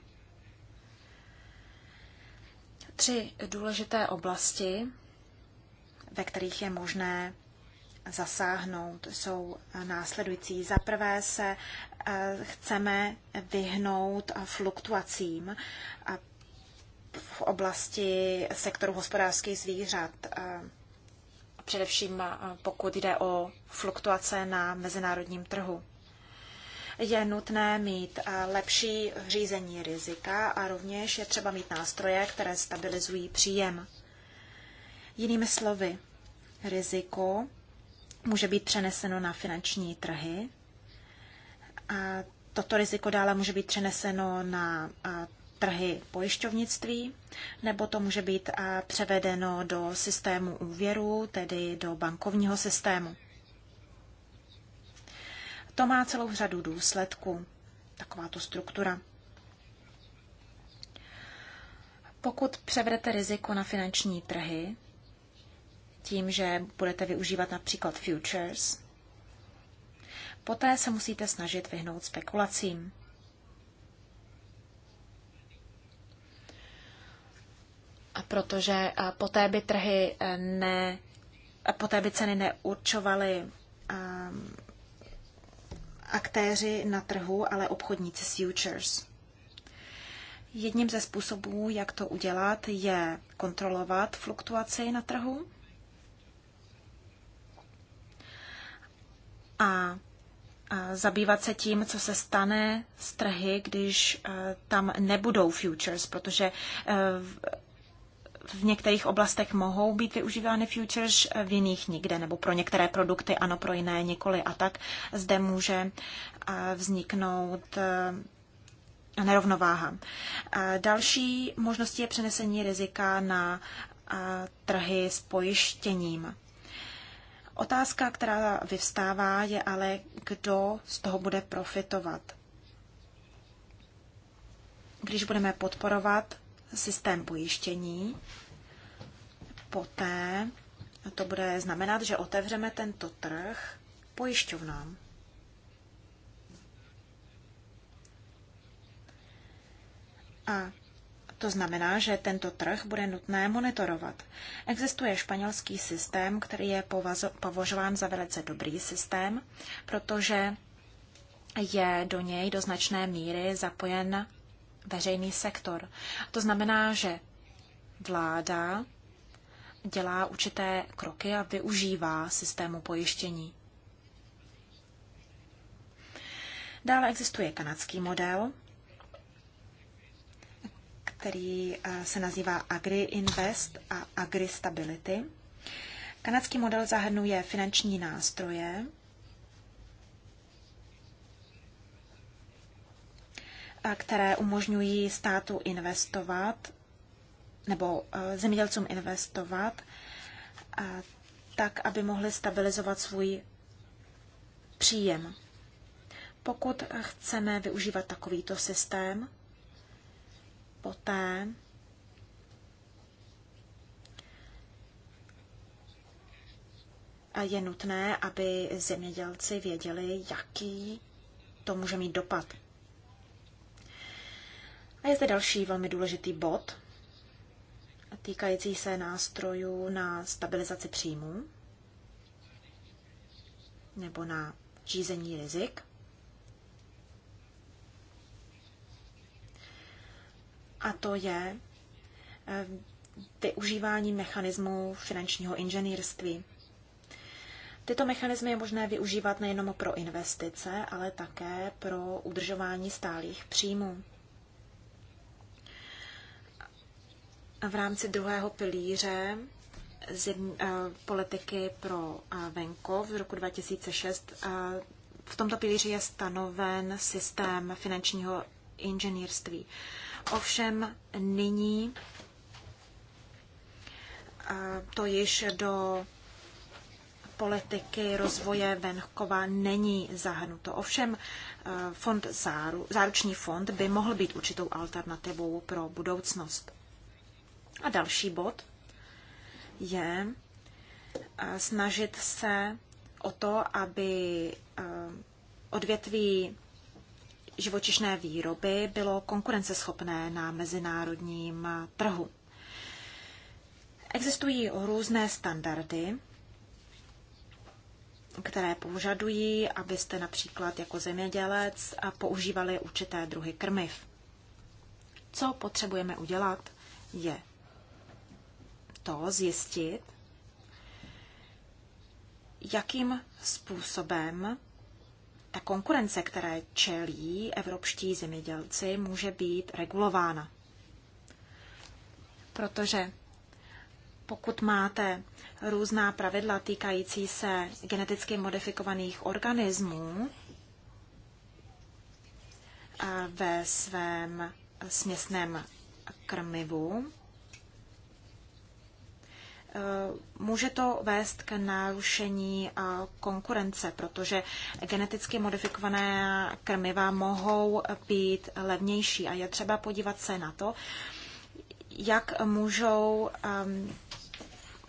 Tři důležité oblasti, ve kterých je možné zasáhnout, jsou následující. Za prvé se eh, chceme vyhnout fluktuacím eh, v oblasti sektoru hospodářských zvířat, eh, především pokud jde o fluktuace na mezinárodním trhu. Je nutné mít lepší řízení rizika a rovněž je třeba mít nástroje, které stabilizují příjem. Jinými slovy, riziko může být přeneseno na finanční trhy. A toto riziko dále může být přeneseno na trhy pojišťovnictví, nebo to může být převedeno do systému úvěru, tedy do bankovního systému. To má celou řadu důsledků, takováto struktura. Pokud převedete riziko na finanční trhy, tím, že budete využívat například futures. Poté se musíte snažit vyhnout spekulacím. A protože poté by trhy eh, ne, poté by ceny neurčovaly ehm, aktéři na trhu, ale obchodníci s futures. Jedním ze způsobů, jak to udělat, je kontrolovat fluktuaci na trhu. a zabývat se tím, co se stane z trhy, když e, tam nebudou futures, protože e, v některých oblastech mohou být využívány futures, e, v jiných nikde, nebo pro některé produkty ano, pro jiné nikoli. A tak zde může vzniknout nerovnováha. Další možností je přenesení rizika na trhy s pojištěním. Otázka, která vyvstává, je ale, kdo z toho bude profitovat. Když budeme podporovat systém pojištění, poté to bude znamenat, že otevřeme tento trh pojišťovnám. A to znamená, že tento trh bude nutné monitorovat. Existuje španělský systém, který je považován za velice dobrý systém, protože je do něj do značné míry zapojen veřejný sektor. To znamená, že vláda dělá určité kroky a využívá systému pojištění. Dále existuje kanadský model, který eh, se nazývá Agri Invest a Agri Stability. Kanadský model zahrnuje finanční nástroje, eh, které umožňují státu investovat nebo eh, zemědělcům investovat tak, aby mohli stabilizovat svůj příjem. Pokud chceme využívat takovýto systém, poté je nutné, aby zemědělci věděli, jaký to může mít dopad. A je zde další velmi důležitý bod, týkající se nástrojů na stabilizaci příjmů nebo na řízení rizik. a to je eh, využívání mechanismů finančního inženýrství. Tyto mechanismy je možné využívat nejenom pro investice, ale také pro udržování stálých příjmů. V rámci druhého pilíře z jedn, eh, politiky pro eh, venkov z roku 2006 v tomto pilíři je stanoven systém finančního inženýrství. Ovšem nyní to již do politiky rozvoje venkova není zahrnuto. Ovšem e, fond záru, záruční fond by mohl být určitou alternativou pro budoucnost. A další bod je e, snažit se o to, aby e, odvětví živočišné výroby bylo konkurenceschopné na mezinárodním trhu. Existují různé standardy, které požadují, abyste například jako zemědělec používali určité druhy krmiv. Co potřebujeme udělat, je to zjistit, jakým způsobem ta konkurence, které čelí evropští zemědělci, může být regulována. Protože pokud máte různá pravidla týkající se geneticky modifikovaných organismů ve svém směsném krmivu, Eh, může to vést k narušení eh, konkurence, protože geneticky modifikované krmiva mohou být levnější a je třeba podívat se na to, jak můžou, ehm,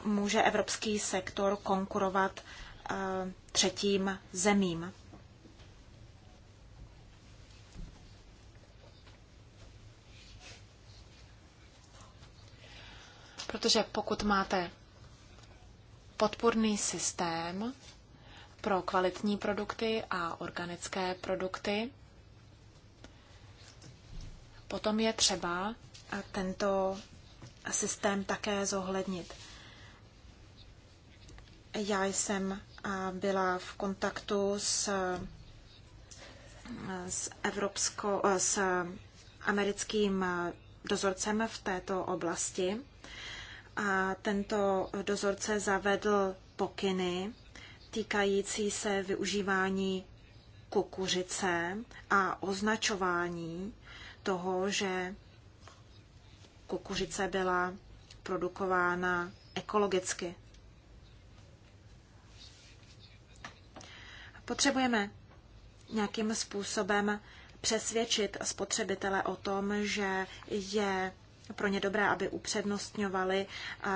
může evropský sektor konkurovat eh, třetím zemím. Protože pokud máte podporný systém pro kvalitní produkty a organické produkty. Potom je třeba tento systém také zohlednit. Já jsem byla v kontaktu s, s, Evropsko, s americkým dozorcem v této oblasti a tento dozorce zavedl pokyny týkající se využívání kukuřice a označování toho, že kukuřice byla produkována ekologicky. Potřebujeme nějakým způsobem přesvědčit spotřebitele o tom, že je pro ně dobré, aby upřednostňovali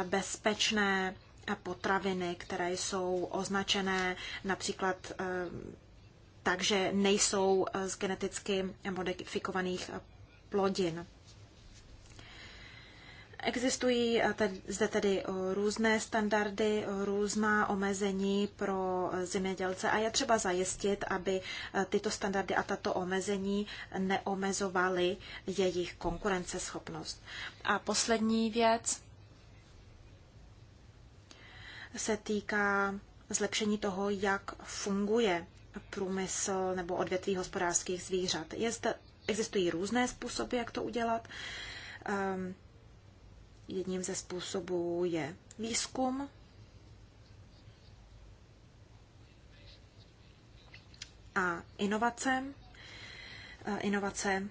eh, bezpečné eh, potraviny, které jsou označené například eh, tak, že nejsou z geneticky modifikovaných plodin. Existují eh, zde tedy eh, různé standardy, eh, různá omezení pro zemědělce a je třeba zajistit, aby tyto standardy a tato omezení neomezovaly jejich konkurenceschopnost. A poslední věc se týká zlepšení toho, jak funguje průmysl nebo odvětví hospodářských zvířat. existují různé způsoby, jak to udělat. Um, Jedním ze způsobů je výzkum. A inovace. Inovace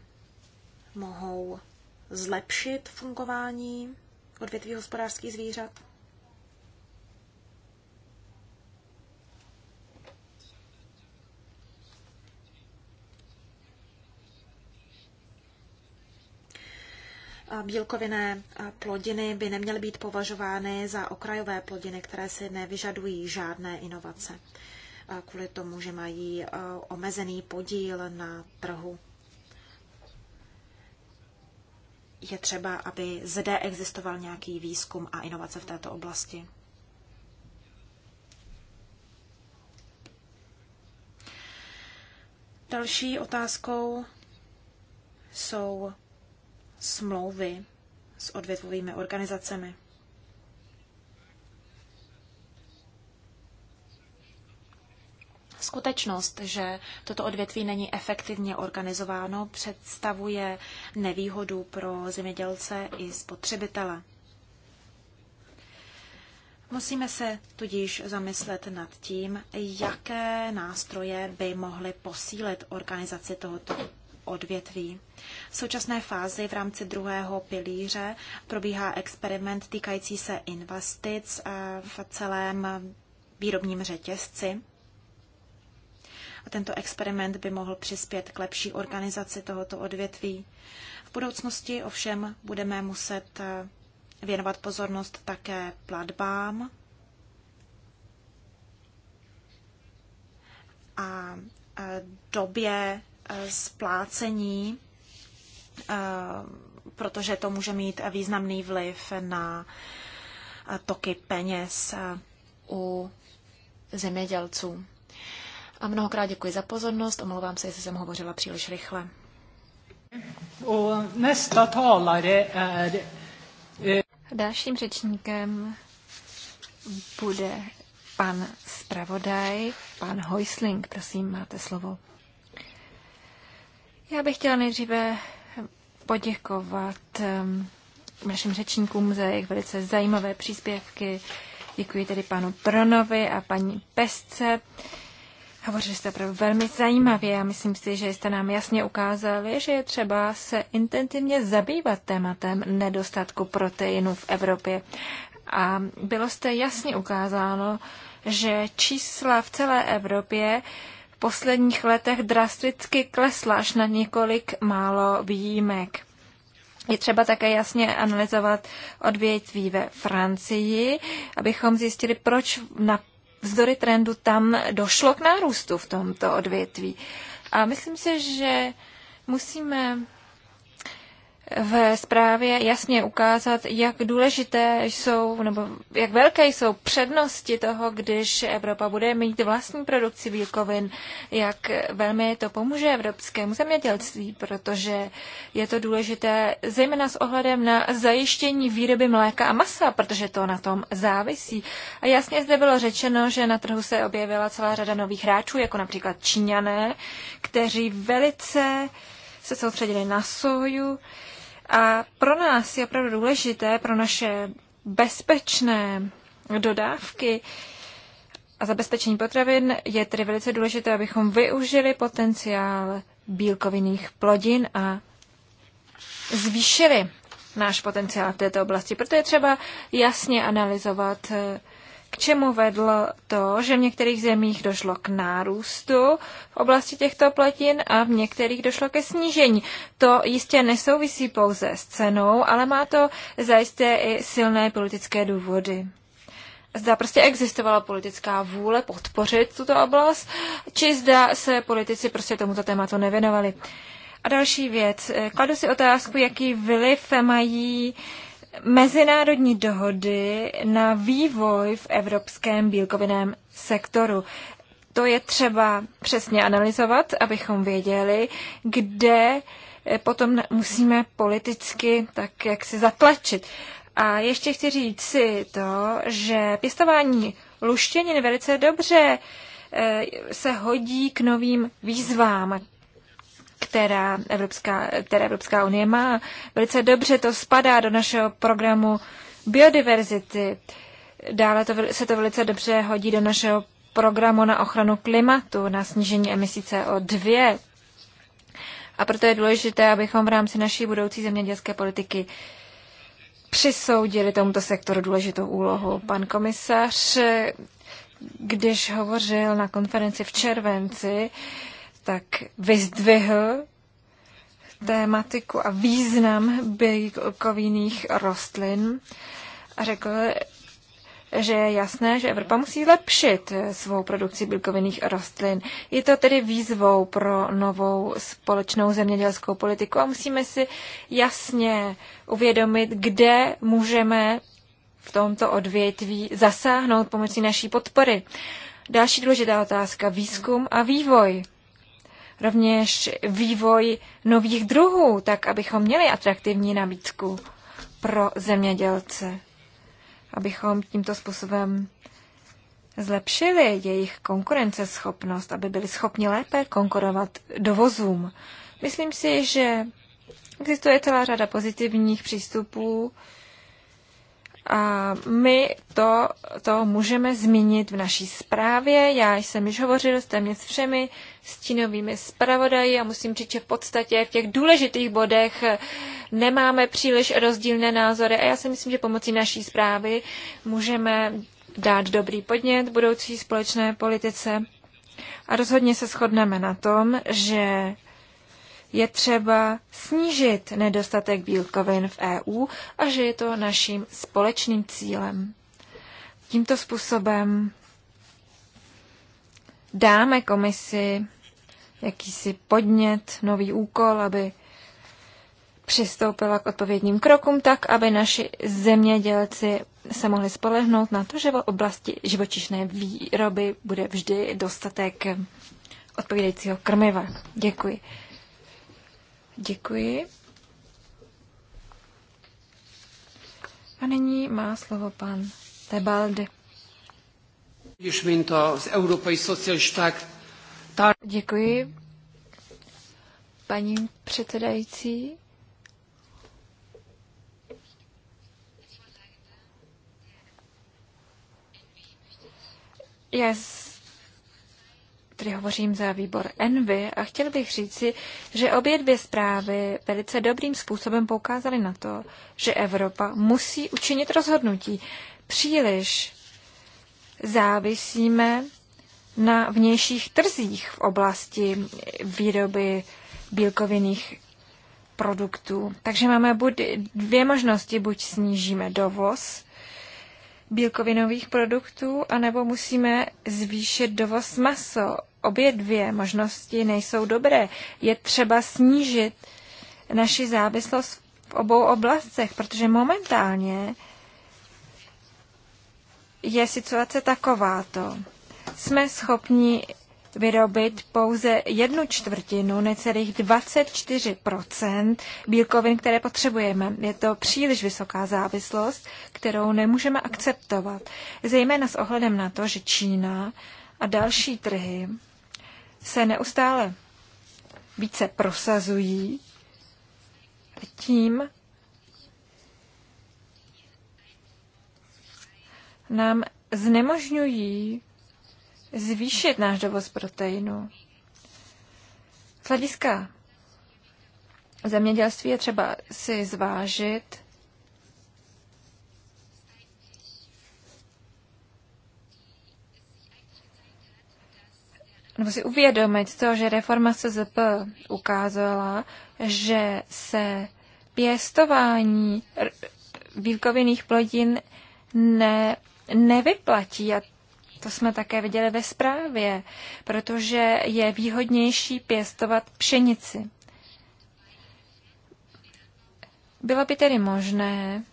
mohou zlepšit fungování odvětví hospodářských zvířat. bílkovinné plodiny by neměly být považovány za okrajové plodiny, které si nevyžadují žádné inovace kvůli tomu, že mají e, omezený podíl na trhu. Je třeba, aby zde existoval nějaký výzkum a inovace v této oblasti. Další otázkou jsou smlouvy s odvětvovými organizacemi. Skutečnost, že toto odvětví není efektivně organizováno, představuje nevýhodu pro zemědělce i spotřebitele. Musíme se tudíž zamyslet nad tím, jaké nástroje by mohly posílit organizaci tohoto odvětví. V současné fázi v rámci druhého pilíře probíhá experiment týkající se investic eh, v celém výrobním řetězci. A tento experiment by mohl přispět k lepší organizaci tohoto odvětví. V budoucnosti ovšem budeme muset eh, věnovat pozornost také platbám a eh, době Eh, splácení, eh, protože to může mít významný vliv na eh, toky peněz u zemědělců. A mnohokrát děkuji za pozornost. Omlouvám se, jestli jsem hovořila příliš rychle. Dalším řečníkem bude pan zpravodaj, pan Hoisling. Prosím, máte slovo. Já bych chtěla nejdříve poděkovat ehm, našim řečníkům za jejich velice zajímavé příspěvky. Děkuji tedy panu Pronovi a paní Pesce. Hovořili jste opravdu velmi zajímavě a myslím si, že jste nám jasně ukázali, že je třeba se intenzivně zabývat tématem nedostatku proteinu v Evropě. A bylo jste jasně ukázáno, že čísla v celé Evropě posledních letech drasticky klesla až na několik málo výjimek. Je třeba také jasně analyzovat odvětví ve Francii, abychom zjistili, proč na vzdory trendu tam došlo k nárůstu v tomto odvětví. A myslím si, že musíme v zprávě jasně ukázat, jak důležité jsou, nebo jak velké jsou přednosti toho, když Evropa bude mít vlastní produkci bílkovin, jak velmi to pomůže evropskému zemědělství, protože je to důležité zejména s ohledem na zajištění výroby mléka a masa, protože to na tom závisí. A jasně zde bylo řečeno, že na trhu se objevila celá řada nových hráčů, jako například Číňané, kteří velice se soustředili na soju, a pro nás je opravdu důležité, pro naše bezpečné dodávky a zabezpečení potravin je tedy velice důležité, abychom využili potenciál bílkovinných plodin a zvýšili náš potenciál v této oblasti. Proto je třeba jasně analyzovat eh, k čemu vedlo to, že v některých zemích došlo k nárůstu v oblasti těchto platin a v některých došlo ke snížení. To jistě nesouvisí pouze s cenou, ale má to zajisté i silné politické důvody. Zda prostě existovala politická vůle podpořit tuto oblast, či zda se politici prostě tomuto tématu nevěnovali. A další věc. Kladu si otázku, jaký vliv mají mezinárodní dohody na vývoj v evropském bílkovinném sektoru. To je třeba přesně analyzovat, abychom věděli, kde eh, potom musíme politicky tak jak si zatlačit. A ještě chci říct si to, že pěstování luštěnin velice dobře eh, se hodí k novým výzvám, která Evropská, která Evropská unie má. Velice dobře to spadá do našeho programu biodiverzity. Dále to, se to velice dobře hodí do našeho programu na ochranu klimatu, na snížení emisí CO2. A proto je důležité, abychom v rámci naší budoucí zemědělské politiky přisoudili tomuto sektoru důležitou úlohu. Pan komisař, když hovořil na konferenci v červenci, tak vyzdvihl tématiku a význam bílkovinných rostlin a řekl, že je jasné, že Evropa musí lepšit svou produkci bílkovinných rostlin. Je to tedy výzvou pro novou společnou zemědělskou politiku a musíme si jasně uvědomit, kde můžeme v tomto odvětví zasáhnout pomocí naší podpory. Další důležitá otázka výzkum a vývoj rovněž vývoj nových druhů, tak abychom měli atraktivní nabídku pro zemědělce, abychom tímto způsobem zlepšili jejich konkurenceschopnost, aby byli schopni lépe konkurovat dovozům. Myslím si, že existuje celá řada pozitivních přístupů, a my to, to můžeme zmínit v naší zprávě. Já jsem již hovořil s téměř všemi stínovými zpravodaji a musím říct, že v podstatě v těch důležitých bodech nemáme příliš rozdílné názory a já si myslím, že pomocí naší zprávy můžeme dát dobrý podnět budoucí společné politice. A rozhodně se shodneme na tom, že je třeba snížit nedostatek bílkovin v EU a že je to naším společným cílem. Tímto způsobem dáme komisi jakýsi podnět, nový úkol, aby přistoupila k odpovědním krokům tak, aby naši zemědělci se mohli spolehnout na to, že v oblasti živočišné výroby bude vždy dostatek odpovídajícího krmiva. Děkuji. Děkuji. A nyní má slovo pan Tebaldi. Děkuji, paní předsedající. Já tedy hovořím za výbor Envy a chtěl bych říci, že obě dvě zprávy velice dobrým způsobem poukázaly na to, že Evropa musí učinit rozhodnutí. Příliš závisíme na vnějších trzích v oblasti výroby bílkovinných produktů. Takže máme buď dvě možnosti, buď snížíme dovoz bílkovinových produktů, anebo musíme zvýšit dovoz maso obě dvě možnosti nejsou dobré. Je třeba snížit naši závislost v obou oblastech, protože momentálně je situace takováto. Jsme schopni vyrobit pouze jednu čtvrtinu, necelých 24% bílkovin, které potřebujeme. Je to příliš vysoká závislost, kterou nemůžeme akceptovat. Zejména s ohledem na to, že Čína a další trhy se neustále více prosazují a tím nám znemožňují zvýšit náš dovoz proteinu. Z hlediska zemědělství je třeba si zvážit, nebo si uvědomit to, že reforma SZP ukázala, že se pěstování bílkovinných plodin ne, nevyplatí a to jsme také viděli ve zprávě, protože je výhodnější pěstovat pšenici. Bylo by tedy možné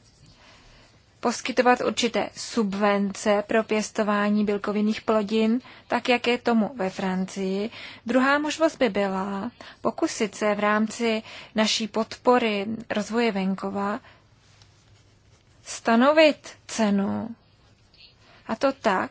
poskytovat určité subvence pro pěstování bílkovinných plodin, tak jak je tomu ve Francii. Druhá možnost by byla pokusit se v rámci naší podpory rozvoje venkova stanovit cenu. A to tak,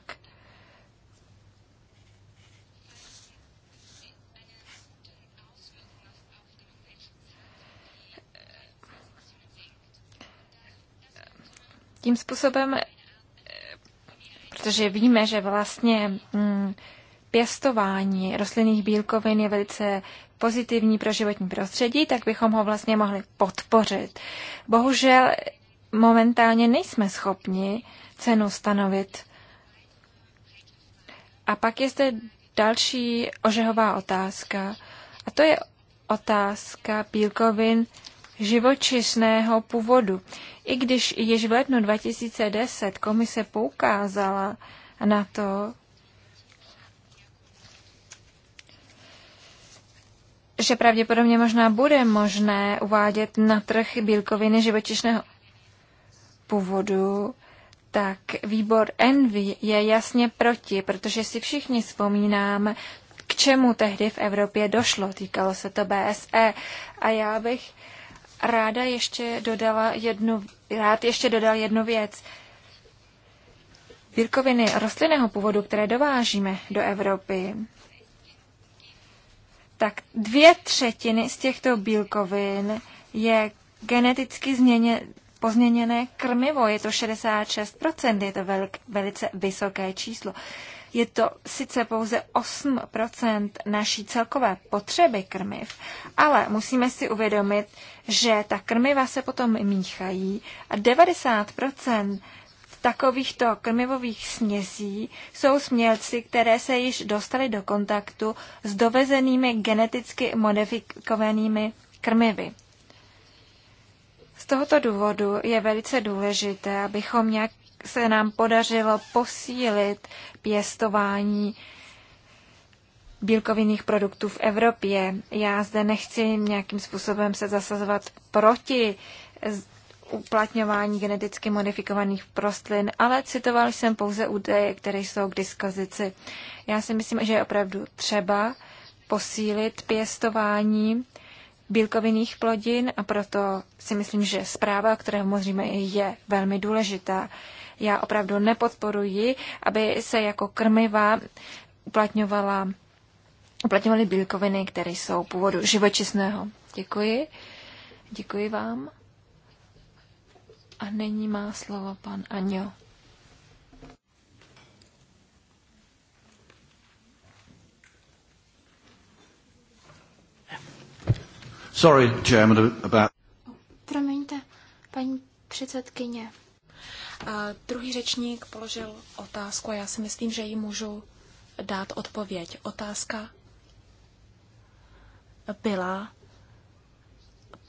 tím způsobem, protože víme, že vlastně mm, pěstování rostlinných bílkovin je velice pozitivní pro životní prostředí, tak bychom ho vlastně mohli podpořit. Bohužel momentálně nejsme schopni cenu stanovit. A pak je zde další ožehová otázka. A to je otázka bílkovin živočišného původu. I když již v lednu 2010 komise poukázala na to, že pravděpodobně možná bude možné uvádět na trh bílkoviny živočišného původu, tak výbor Envy je jasně proti, protože si všichni vzpomínáme, k čemu tehdy v Evropě došlo. Týkalo se to BSE. A já bych ráda ještě dodala jednu, rád ještě dodal jednu věc. Bílkoviny rostlinného původu, které dovážíme do Evropy, tak dvě třetiny z těchto bílkovin je geneticky změně, pozměněné krmivo. Je to 66%, je to velk, velice vysoké číslo. Je to sice pouze 8 naší celkové potřeby krmiv, ale musíme si uvědomit, že ta krmiva se potom míchají a 90 takovýchto krmivových směsí jsou smělci, které se již dostaly do kontaktu s dovezenými geneticky modifikovanými krmivy. Z tohoto důvodu je velice důležité, abychom nějak se nám podařilo posílit pěstování bílkovinných produktů v Evropě. Já zde nechci nějakým způsobem se zasazovat proti uplatňování geneticky modifikovaných prostlin, ale citoval jsem pouze údaje, které jsou k dispozici. Já si myslím, že je opravdu třeba posílit pěstování bílkovinných plodin a proto si myslím, že zpráva, o které hovoříme, je velmi důležitá. Já opravdu nepodporuji, aby se jako krmiva uplatňovala, uplatňovaly bílkoviny, které jsou původu živočišného. Děkuji. Děkuji vám. A nyní má slovo pan Aňo. Sorry, Chairman, about... Promiňte, paní předsedkyně. A druhý řečník položil otázku a já si myslím, že jí můžu dát odpověď. Otázka byla,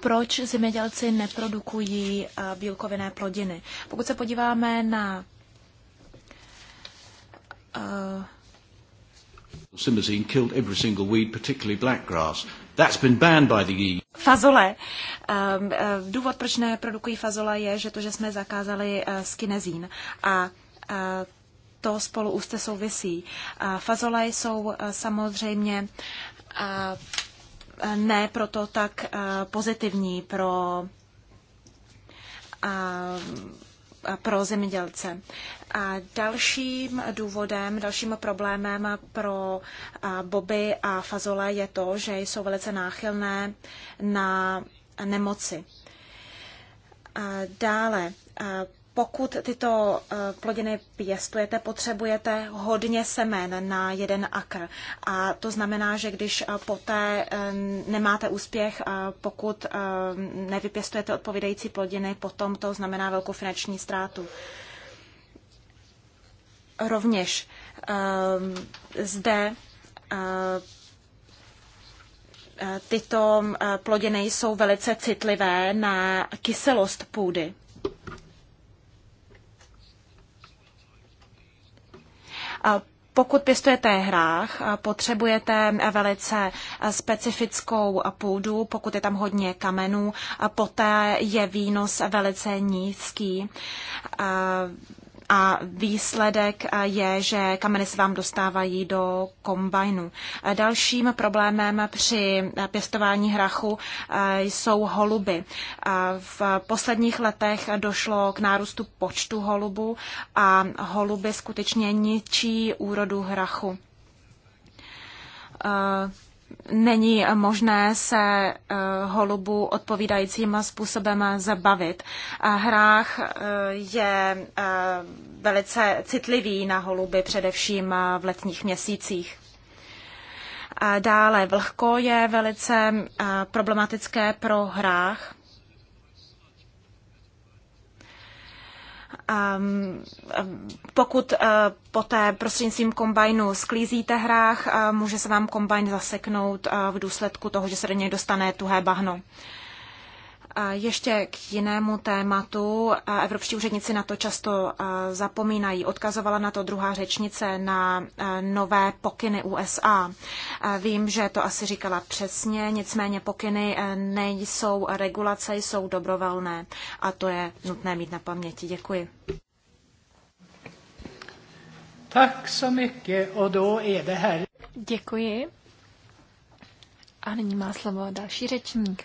proč zemědělci neprodukují eh, bílkovinné plodiny. Pokud se podíváme na uh, That's been banned by the EU. Fazole. Ehm, ehm, důvod, proč neprodukují fazole, je, že to, že jsme zakázali eh, skinezín. A eh, to spolu úste souvisí. Fazole jsou eh, samozřejmě ne proto tak pozitivní pro pro zemědělce. A dalším důvodem, dalším problémem pro boby a fazole je to, že jsou velice náchylné na nemoci. A dále pokud tyto eh, plodiny pěstujete, potřebujete hodně semen na jeden akr. A to znamená, že když eh, poté eh, nemáte úspěch, pokud nevypěstujete odpovídající plodiny, potom to znamená velkou finanční ztrátu. Rovněž zde tyto plodiny jsou velice citlivé na kyselost půdy. Pokud pěstujete hrách, potřebujete eh, velice eh, specifickou eh, půdu, pokud je tam hodně kamenů, poté je výnos velice nízký a výsledek je, že kameny se vám dostávají do kombajnu. Dalším problémem při pěstování hrachu eh, jsou holuby. Eh, v posledních letech došlo k nárůstu počtu holubů a holuby skutečně ničí úrodu hrachu. Eh, není možné se eh, holubu odpovídajícím způsobem zabavit. Hrách eh, je eh, velice citlivý na holuby, především v letních měsících. Dále vlhko je velice problematické pro hrách. Ehm, ehm, pokud eh, poté prostřednictvím kombajnu sklízíte hrách, eh, může se vám kombajn zaseknout eh, v důsledku toho, že se do něj dostane tuhé bahno. Ještě k jinému tématu. Evropští úředníci na to často zapomínají. Odkazovala na to druhá řečnice na nové pokyny USA. Vím, že to asi říkala přesně, nicméně pokyny e, nejsou regulace, jsou dobrovolné a to je nutné mít na paměti. Děkuji. Tak så mycket och då Děkuji. A nyní má slovo další řečník.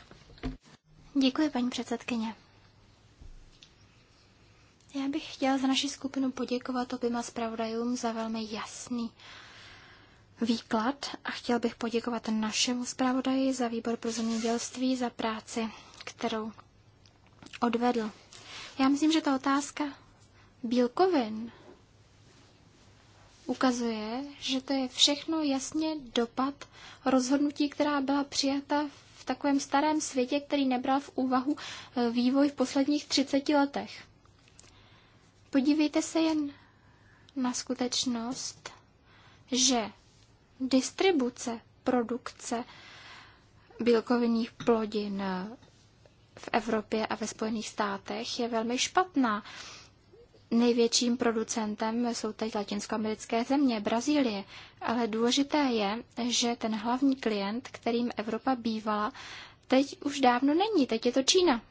Děkuji, paní předsedkyně. Já bych chtěla za naši skupinu poděkovat oběma zpravodajům za velmi jasný výklad a chtěl bych poděkovat našemu zpravodaji za výbor pro zemědělství za práci, kterou odvedl. Já myslím, že ta otázka bílkovin ukazuje, že to je všechno jasně dopad rozhodnutí, která byla přijata v takovém starém světě, který nebral v úvahu e, vývoj v posledních 30 letech. Podívejte se jen na skutečnost, že distribuce produkce bílkovinných plodin v Evropě a ve Spojených státech je velmi špatná. Největším producentem jsou teď latinskoamerické země, Brazílie, ale důležité je, že ten hlavní klient, kterým Evropa bývala, teď už dávno není, teď je to Čína.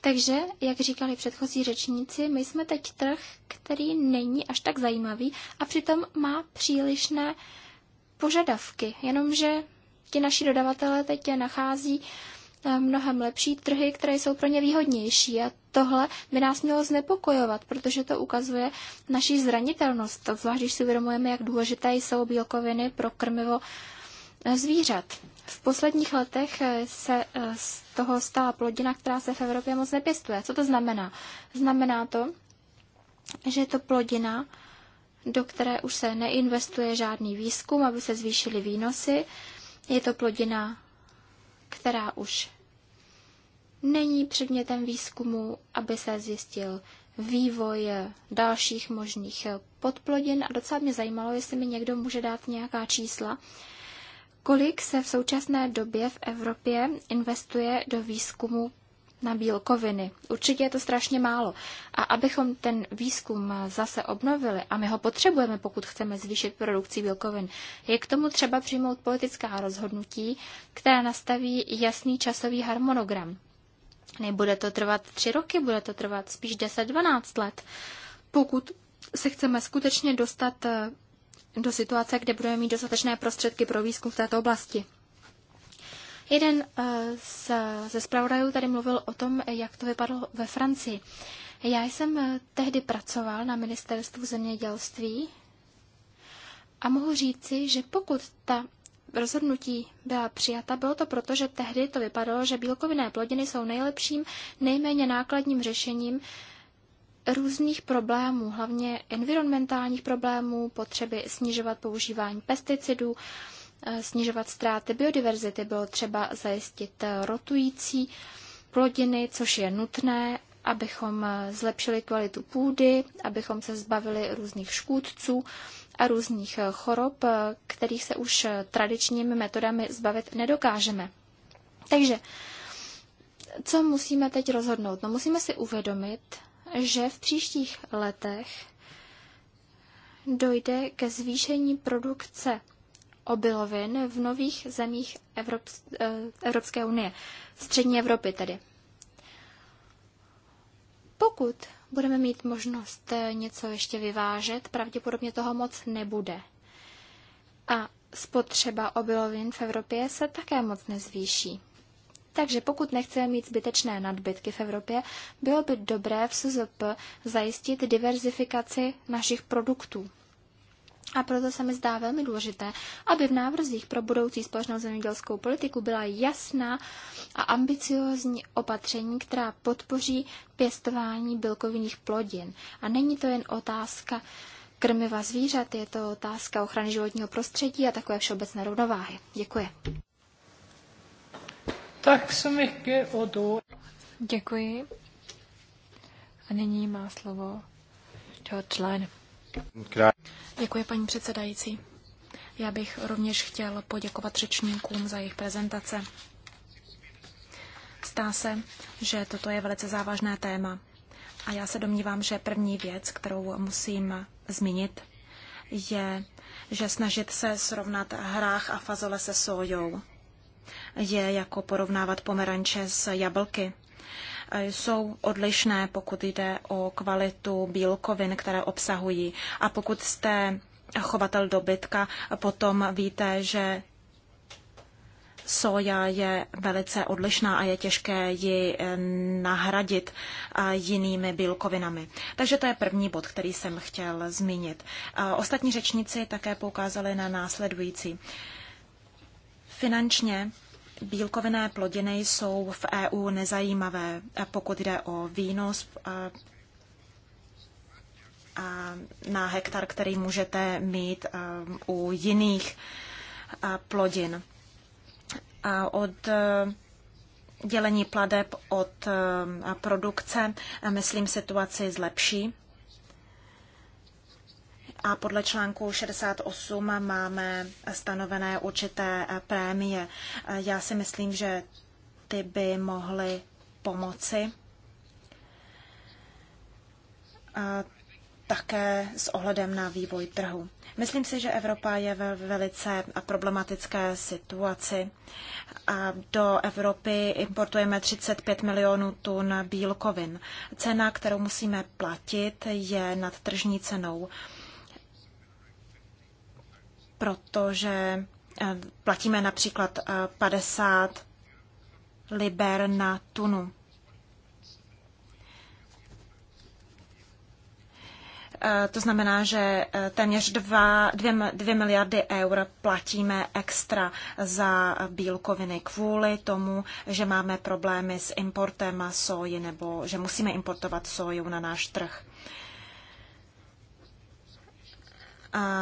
Takže, jak říkali předchozí řečníci, my jsme teď trh, který není až tak zajímavý a přitom má přílišné požadavky, jenomže ti naši dodavatelé teď je nachází uh, mnohem lepší trhy, které jsou pro ně výhodnější. A tohle by nás mělo znepokojovat, protože to ukazuje naši zranitelnost, zvlášť když si uvědomujeme, jak důležité jsou bílkoviny pro krmivo eh, zvířat. V posledních letech eh, se eh, z toho stala plodina, která se v Evropě moc nepěstuje. Co to znamená? Znamená to, že je to plodina, do které už se neinvestuje žádný výzkum, aby se zvýšily výnosy. Je to plodina která už není předmětem výzkumu, aby se zjistil vývoj dalších možných podplodin a docela mě zajímalo, jestli mi někdo může dát nějaká čísla, kolik se v současné době v Evropě investuje do výzkumu na bílkoviny. Určitě je to strašně málo. A abychom ten výzkum zase obnovili, a my ho potřebujeme, pokud chceme zvýšit produkci bílkovin, je k tomu třeba přijmout politická rozhodnutí, která nastaví jasný časový harmonogram. Nebude to trvat tři roky, bude to trvat spíš 10-12 let, pokud se chceme skutečně dostat eh, do situace, kde budeme mít dostatečné prostředky pro výzkum v této oblasti. Jeden eh, z, ze zpravodajů tady mluvil o tom, jak to vypadlo ve Francii. Já jsem eh, tehdy pracoval na ministerstvu zemědělství a mohu říci, že pokud ta rozhodnutí byla přijata, bylo to proto, že tehdy to vypadalo, že bílkovinné plodiny jsou nejlepším, nejméně nákladním řešením různých problémů, hlavně environmentálních problémů, potřeby snižovat používání pesticidů, Eh, snižovat ztráty biodiverzity, bylo třeba zajistit eh, rotující plodiny, což je nutné, abychom eh, zlepšili kvalitu půdy, abychom se zbavili různých škůdců a různých chorob, kterých se už tradičními metodami zbavit nedokážeme. Takže, co musíme teď rozhodnout? No, musíme si uvědomit, že v příštích letech dojde ke zvýšení produkce obilovin v nových zemích Evrop, eh, Evropské unie, střední Evropy tedy. Pokud budeme mít možnost eh, něco ještě vyvážet, pravděpodobně toho moc nebude. A spotřeba obilovin v Evropě se také moc nezvýší. Takže pokud nechceme mít zbytečné nadbytky v Evropě, bylo by dobré v SZP zajistit diverzifikaci našich produktů. A proto se mi zdá velmi důležité, aby v návrzích pro budoucí společnou zemědělskou politiku byla jasná a ambiciozní opatření, která podpoří pěstování bylkovinných plodin. A není to jen otázka krmiva zvířat, je to otázka ochrany životního prostředí a takové všeobecné rovnováhy. Děkuji. Tak se mi Děkuji. A nyní má slovo George Line. Děkuji, paní předsedající. Já bych rovněž chtěl poděkovat řečníkům za jejich prezentace. Stá se, že toto je velice závažné téma. A já se domnívám, že první věc, kterou musím zmínit, je, že snažit se srovnat hrách a fazole se sojou je jako porovnávat pomeranče s jablky jsou odlišné, pokud jde o kvalitu bílkovin, které obsahují. A pokud jste chovatel dobytka, potom víte, že soja je velice odlišná a je těžké ji eh, nahradit eh, jinými bílkovinami. Takže to je první bod, který jsem chtěl zmínit. Ostatní řečníci také poukázali na následující. Finančně Bílkovinné plodiny jsou v EU nezajímavé, eh, pokud jde o výnos eh, eh, na hektar, který můžete mít u jiných plodin. A od dělení pladeb od produkce, myslím, situaci zlepší a podle článku 68 máme stanovené určité prémie. Já si myslím, že ty by mohly pomoci. A také s ohledem na vývoj trhu. Myslím si, že Evropa je ve velice problematické situaci. A do Evropy importujeme 35 milionů tun bílkovin. Cena, kterou musíme platit, je nad tržní cenou protože eh, platíme například 50 eh, liber na tunu. Eh, to znamená, že téměř 2, miliardy eur platíme extra za bílkoviny kvůli tomu, že máme problémy s importem soji nebo že musíme importovat soju na náš trh.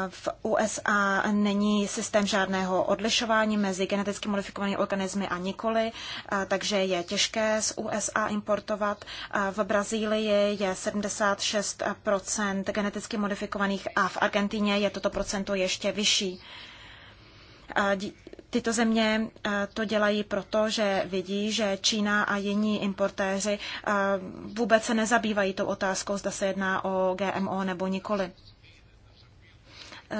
V USA není systém žádného odlišování mezi geneticky modifikovanými organismy a nikoli, takže je těžké z USA importovat. V Brazílii je 76 geneticky modifikovaných a v Argentíně je toto procento ještě vyšší. Tyto země to dělají proto, že vidí, že Čína a jiní importéři vůbec se nezabývají tou otázkou, zda se jedná o GMO nebo nikoli.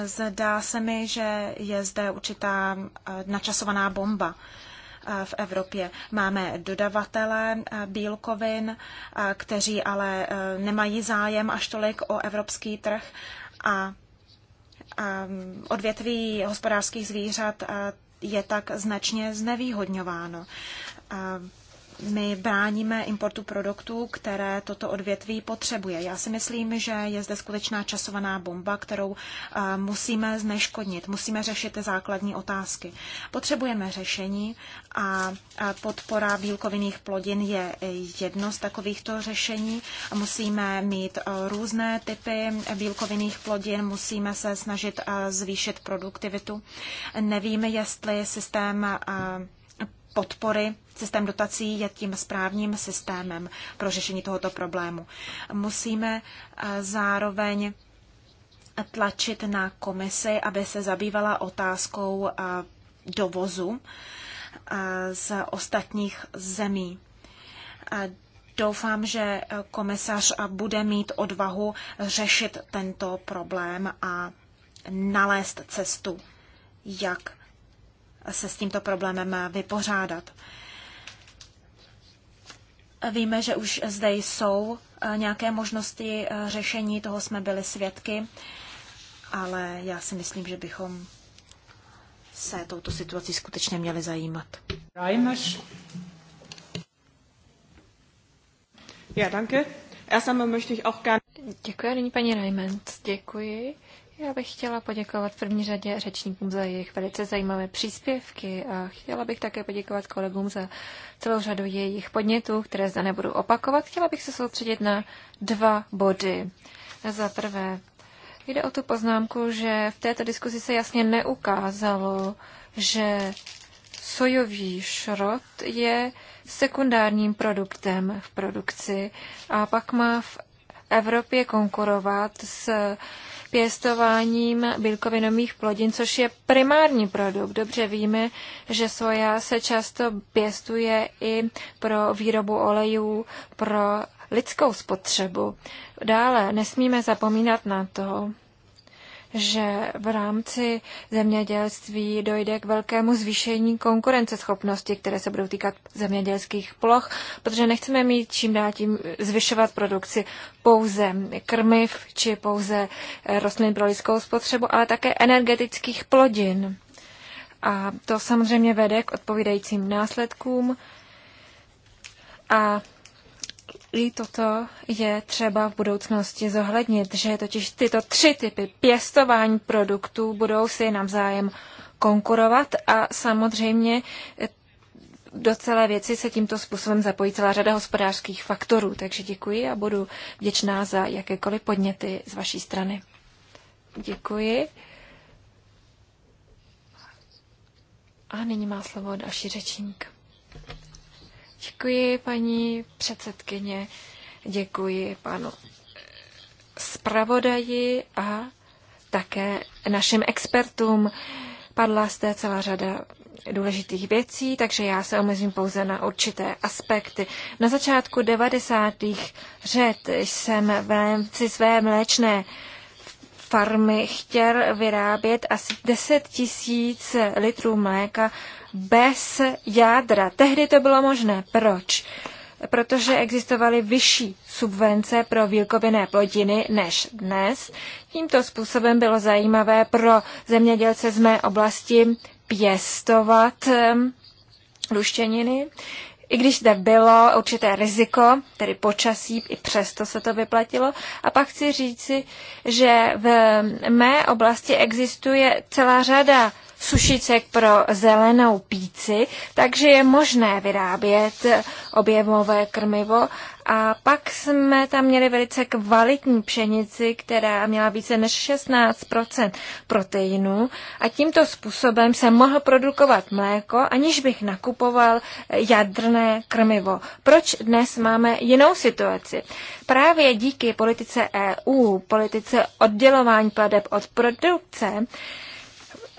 Zdá se mi, že je zde určitá eh, načasovaná bomba eh, v Evropě. Máme dodavatele eh, bílkovin, kteří ale nemají zájem až tolik o evropský trh a ehm, odvětví hospodářských zvířat je tak značně znevýhodňováno. Ehm, my bráníme importu produktů, které toto odvětví potřebuje. Já si myslím, že je zde skutečná časovaná bomba, kterou eh, musíme zneškodnit. Musíme řešit ty základní otázky. Potřebujeme řešení a podpora bílkovinných plodin je jedno z takovýchto řešení. Musíme mít eh, různé typy bílkovinných plodin, musíme se snažit eh, zvýšit produktivitu. Nevíme, jestli systém podpory, systém dotací je tím správným systémem pro řešení tohoto problému. Musíme eh, zároveň tlačit na komisi, aby se zabývala otázkou eh, dovozu eh, z ostatních zemí. Doufám, že komisař bude mít odvahu řešit tento problém a nalézt cestu, jak se s tímto problémem vypořádat. Víme, že už zde jsou eh, nějaké možnosti eh, řešení, toho jsme byli svědky, ale já si myslím, že bychom se touto situací skutečně měli zajímat. Já, Ja, danke. Erst einmal möchte ich auch gerne... Děkuji, paní Reimers. Děkuji. Já bych chtěla poděkovat v první řadě řečníkům za jejich velice zajímavé příspěvky a chtěla bych také poděkovat kolegům za celou řadu jejich podnětů, které zde nebudu opakovat. Chtěla bych se soustředit na dva body. Za prvé, jde o tu poznámku, že v této diskuzi se jasně neukázalo, že sojový šrot je sekundárním produktem v produkci a pak má v Evropě konkurovat s pěstováním bílkovinových plodin, což je primární produkt. Dobře víme, že soja se často pěstuje i pro výrobu olejů, pro lidskou spotřebu. Dále nesmíme zapomínat na to, že v rámci zemědělství dojde k velkému zvýšení konkurenceschopnosti, které se budou týkat zemědělských ploch, protože nechceme mít čím dál tím zvyšovat produkci pouze krmiv či pouze eh, rostlin pro lidskou spotřebu, ale také energetických plodin. A to samozřejmě vede k odpovídajícím následkům a i toto je třeba v budoucnosti zohlednit, že totiž tyto tři typy pěstování produktů budou si navzájem konkurovat a samozřejmě eh, do celé věci se tímto způsobem zapojí celá řada hospodářských faktorů. Takže děkuji a budu vděčná za jakékoliv podněty z vaší strany. Děkuji. A nyní má slovo další řečník. Děkuji, paní předsedkyně. Děkuji panu zpravodaji a také našim expertům. Padla zde celá řada důležitých věcí, takže já se omezím pouze na určité aspekty. Na začátku 90. řet jsem v rámci své mléčné farmy chtěl vyrábět asi 10 tisíc litrů mléka bez jádra. Tehdy to bylo možné. Proč? Protože existovaly vyšší subvence pro výlkoviné plodiny než dnes. Tímto způsobem bylo zajímavé pro zemědělce z mé oblasti pěstovat ehm, luštěniny. I když zde bylo určité riziko, tedy počasí, i přesto se to vyplatilo. A pak chci říci, že v mé oblasti existuje celá řada sušicek pro zelenou píci, takže je možné vyrábět objemové krmivo. A pak jsme tam měli velice kvalitní pšenici, která měla více než 16 proteinu a tímto způsobem jsem mohl produkovat mléko, aniž bych nakupoval jadrné krmivo. Proč dnes máme jinou situaci? Právě díky politice EU, politice oddělování pladeb od produkce,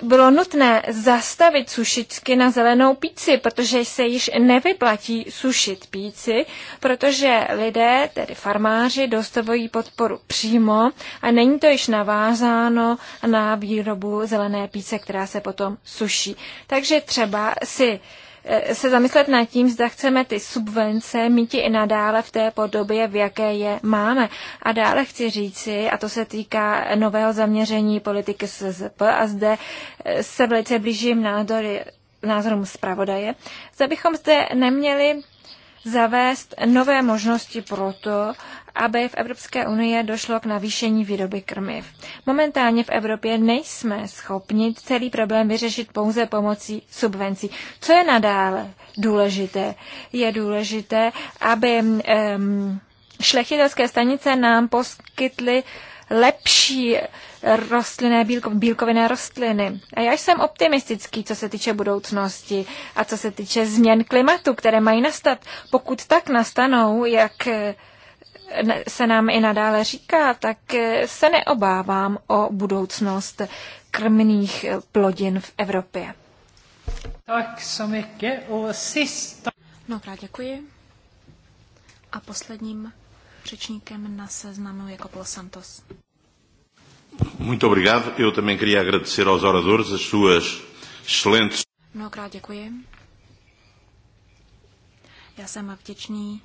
bylo nutné zastavit sušičky na zelenou píci, protože se již nevyplatí sušit píci, protože lidé, tedy farmáři, dostavují podporu přímo a není to již navázáno na výrobu zelené píce, která se potom suší. Takže třeba si Eh, se zamyslet nad tím, zda chceme ty subvence mít i nadále v té podobě, v jaké je máme. A dále chci říci, a to se týká nového zaměření politiky SZP, a zde eh, se velice blížím názory, názorům zpravodaje, zda bychom zde neměli zavést nové možnosti pro to, aby v Evropské unii došlo k navýšení výroby krmiv. Momentálně v Evropě nejsme schopni celý problém vyřešit pouze pomocí subvencí. Co je nadále důležité? Je důležité, aby um, šlechtitelské stanice nám poskytly lepší rostlinné, bílko, bílkovinné rostliny. A já jsem optimistický, co se týče budoucnosti a co se týče změn klimatu, které mají nastat. Pokud tak nastanou, jak se nám i nadále říká, tak eh, se neobávám o budoucnost krmných eh, plodin v Evropě. Tak so o och No krát děkuji. A posledním řečníkem na seznamu je Kopol Santos. Muito obrigado. Eu também queria agradecer aos oradores as suas excelentes... Mnohokrát děkuji. Já jsem vděčný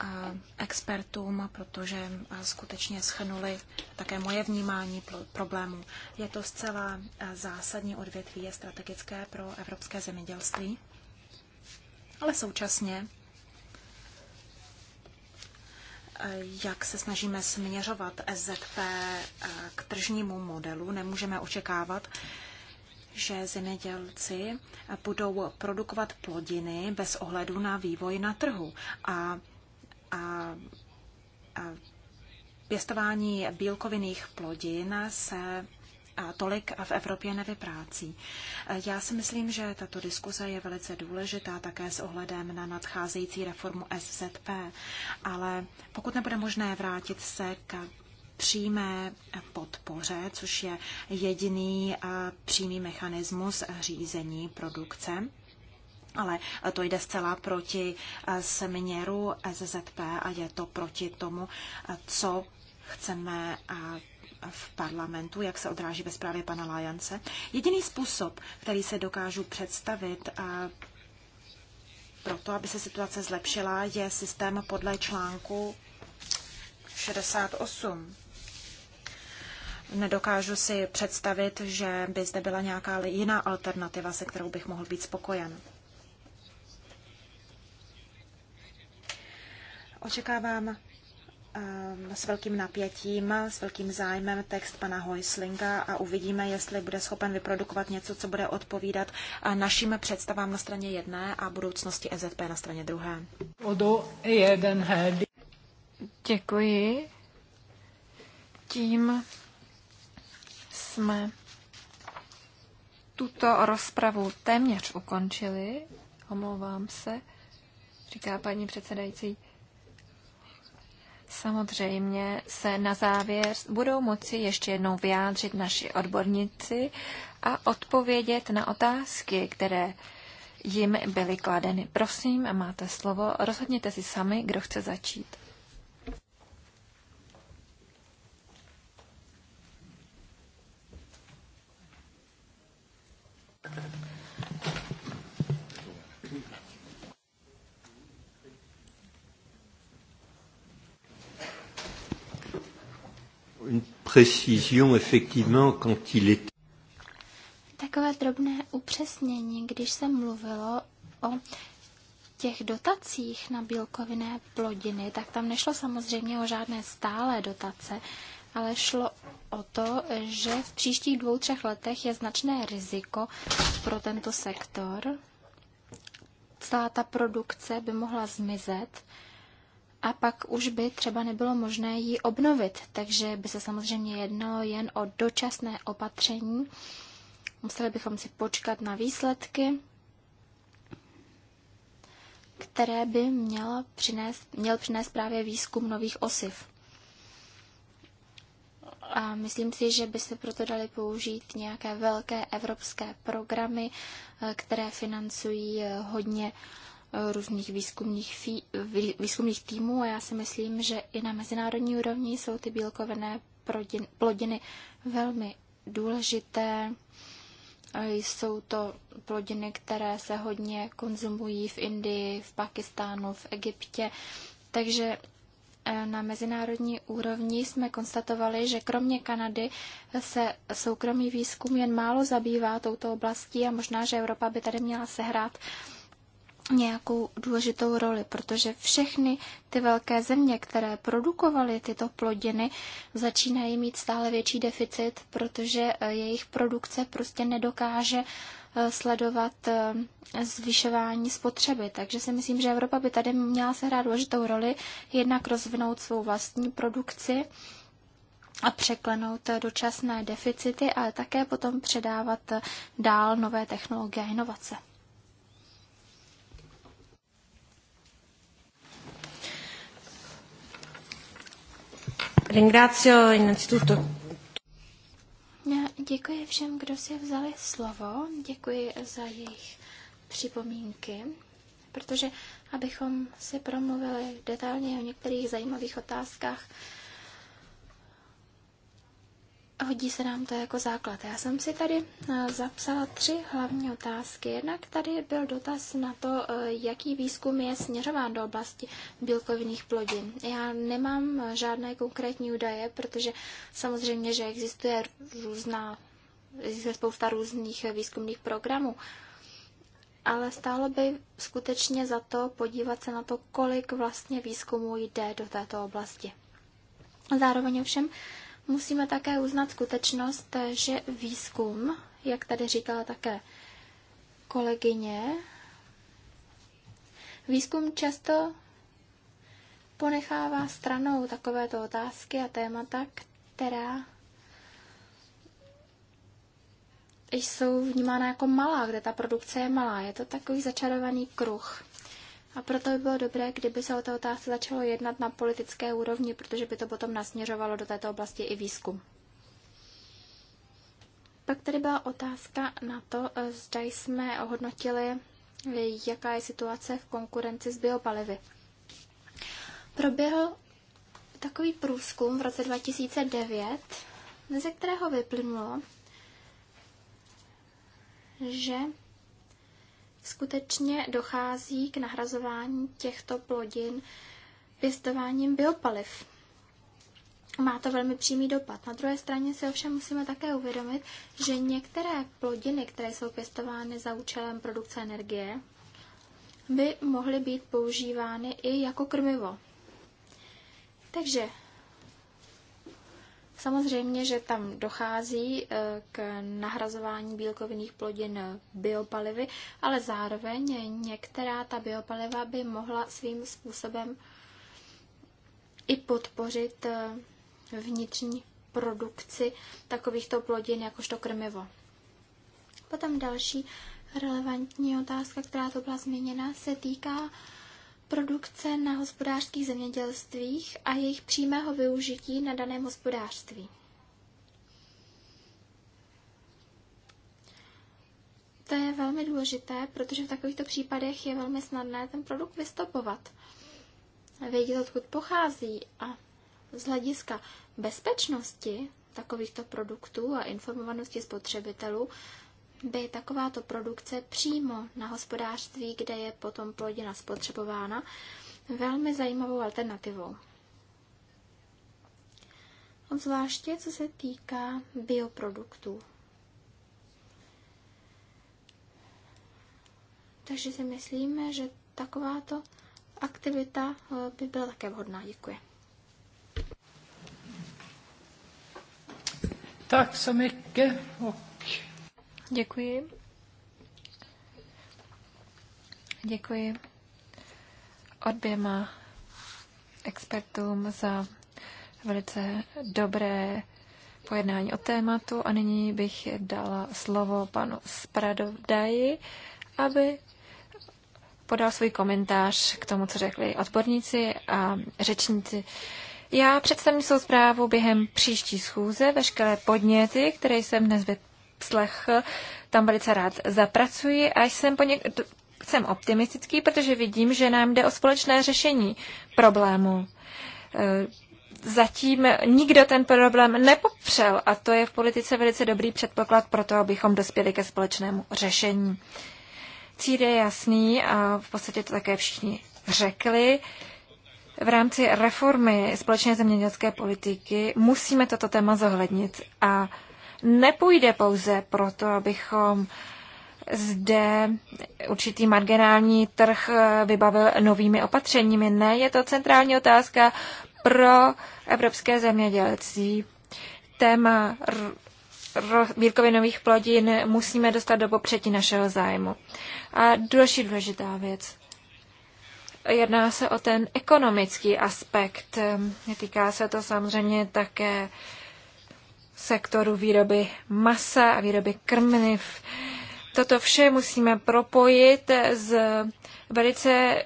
Eh, expertům, protože eh, skutečně schrnuli také moje vnímání problému. Je to zcela eh, zásadní odvětví, je strategické pro evropské zemědělství, ale současně, jak se snažíme směřovat SZP k tržnímu modelu, nemůžeme očekávat, že zemědělci budou produkovat plodiny bez ohledu na vývoj na trhu. A a, a pěstování bílkovinných plodin se a tolik v Evropě nevyprácí. Já si myslím, že tato diskuze je velice důležitá také s ohledem na nadcházející reformu SZP, ale pokud nebude možné vrátit se k přímé podpoře, což je jediný přímý mechanismus řízení produkce, ale to jde zcela proti eh, směru SZP a je to proti tomu, eh, co chceme eh, v parlamentu, jak se odráží ve zprávě pana Lajance. Jediný způsob, který se dokážu představit pro to, aby se situace zlepšila, je systém podle článku 68. Nedokážu si představit, že by zde byla nějaká jiná alternativa, se kterou bych mohl být spokojen. Očekávám ehm, s velkým napětím, s velkým zájmem text pana Hojslinga a uvidíme, jestli bude schopen vyprodukovat něco, co bude odpovídat našim představám na straně jedné a budoucnosti EZP na straně druhé. Děkuji. Tím jsme tuto rozpravu téměř ukončili. Omlouvám se, říká paní předsedající. Samozřejmě se na závěr budou moci ještě jednou vyjádřit naši odborníci a odpovědět na otázky, které jim byly kladeny. Prosím, máte slovo, rozhodněte si sami, kdo chce začít. précision, effectivement, quand il est... Takové drobné upřesnění, když se mluvilo o těch dotacích na bílkovinné plodiny, tak tam nešlo samozřejmě o žádné stálé dotace, ale šlo o to, že v příštích dvou, třech letech je značné riziko pro tento sektor. Celá ta produkce by mohla zmizet a pak už by třeba nebylo možné ji obnovit, takže by se samozřejmě jednalo jen o dočasné opatření. Museli bychom si počkat na výsledky, které by mělo přinést, měl přinést právě výzkum nových osiv. A myslím si, že by se proto dali použít nějaké velké evropské programy, eh, které financují eh, hodně různých výzkumných, fí, výzkumných týmů a já si myslím, že i na mezinárodní úrovni jsou ty bílkovené plodiny velmi důležité. Jsou to plodiny, které se hodně konzumují v Indii, v Pakistánu, v Egyptě. Takže eh, na mezinárodní úrovni jsme konstatovali, že kromě Kanady se soukromý výzkum jen málo zabývá touto oblastí a možná, že Evropa by tady měla sehrát uh, nějakou důležitou roli, protože všechny ty velké země, které produkovaly tyto plodiny, začínají mít stále větší deficit, protože eh, jejich produkce prostě nedokáže eh, sledovat eh, zvyšování spotřeby. Takže si myslím, že Evropa by tady měla sehrát důležitou roli, jednak rozvinout svou vlastní produkci a překlenout dočasné deficity, ale také potom předávat dál nové technologie a inovace. Ringrazio innanzitutto. Děkuji všem, kdo si vzali slovo. Děkuji za jejich připomínky, protože abychom si promluvili detailně o některých zajímavých otázkách, hodí se nám to jako základ. Já jsem si tady eh, zapsala tři hlavní otázky. Jednak tady byl dotaz na to, eh, jaký výzkum je směřován do oblasti bílkovinných plodin. Já nemám eh, žádné konkrétní údaje, protože samozřejmě, že existuje různá, existuje spousta různých výzkumných programů. Ale stálo by skutečně za to podívat se na to, kolik vlastně výzkumu jde do této oblasti. Zároveň všem Musíme také uznat skutečnost, že výzkum, jak tady říkala také kolegyně, výzkum často ponechává stranou takovéto otázky a témata, která jsou vnímána jako malá, kde ta produkce je malá. Je to takový začarovaný kruh. A proto by bylo dobré, kdyby se o té otázce začalo jednat na politické úrovni, protože by to potom nasměřovalo do této oblasti i výzkum. Pak tady byla otázka na to, eh, zda jsme ohodnotili, eh, jaká je situace v konkurenci s biopalivy. Proběhl takový průzkum v roce 2009, ze kterého vyplynulo, že skutečně dochází k nahrazování těchto plodin pěstováním biopaliv. Má to velmi přímý dopad. Na druhé straně si ovšem musíme také uvědomit, že některé plodiny, které jsou pěstovány za účelem produkce energie, by mohly být používány i jako krmivo. Takže Samozřejmě, že tam dochází e, k nahrazování bílkovinných plodin biopalivy, ale zároveň některá ta biopaliva by mohla svým způsobem i podpořit e, vnitřní produkci takovýchto plodin jakožto krmivo. Potom další relevantní otázka, která tu byla změněna, se týká produkce na hospodářských zemědělstvích a jejich přímého využití na daném hospodářství. To je velmi důležité, protože v takovýchto případech je velmi snadné ten produkt vystopovat, vědět, odkud pochází a z hlediska bezpečnosti takovýchto produktů a informovanosti spotřebitelů by takováto produkce přímo na hospodářství, kde je potom plodina spotřebována, velmi zajímavou alternativou. Zvláště co se týká bioproduktů. Takže si myslíme, že takováto aktivita eh, by byla také vhodná. Děkuji. Tak så Děkuji. Děkuji oběma expertům za velice dobré pojednání o tématu a nyní bych dala slovo panu Spradovdaji, aby podal svůj komentář k tomu, co řekli odborníci a řečníci. Já představím svou zprávu během příští schůze. Veškeré podněty, které jsem dnes slech tam velice rád zapracuji a jsem, poněk- jsem optimistický, protože vidím, že nám jde o společné řešení problému. E, zatím nikdo ten problém nepopřel a to je v politice velice dobrý předpoklad pro to, abychom dospěli ke společnému řešení. Cíl je jasný a v podstatě to také všichni řekli. V rámci reformy společné zemědělské politiky musíme toto téma zohlednit a nepůjde pouze proto, abychom zde určitý marginální trh eh, vybavil novými opatřeními. Ne, je to centrální otázka pro evropské zemědělství. Téma bílkovinových plodin musíme dostat do popřetí našeho zájmu. A další důležitá věc. Jedná se o ten ekonomický aspekt. Týká se to samozřejmě také uh, sektoru výroby masa a výroby krmiv. Toto vše musíme propojit s velice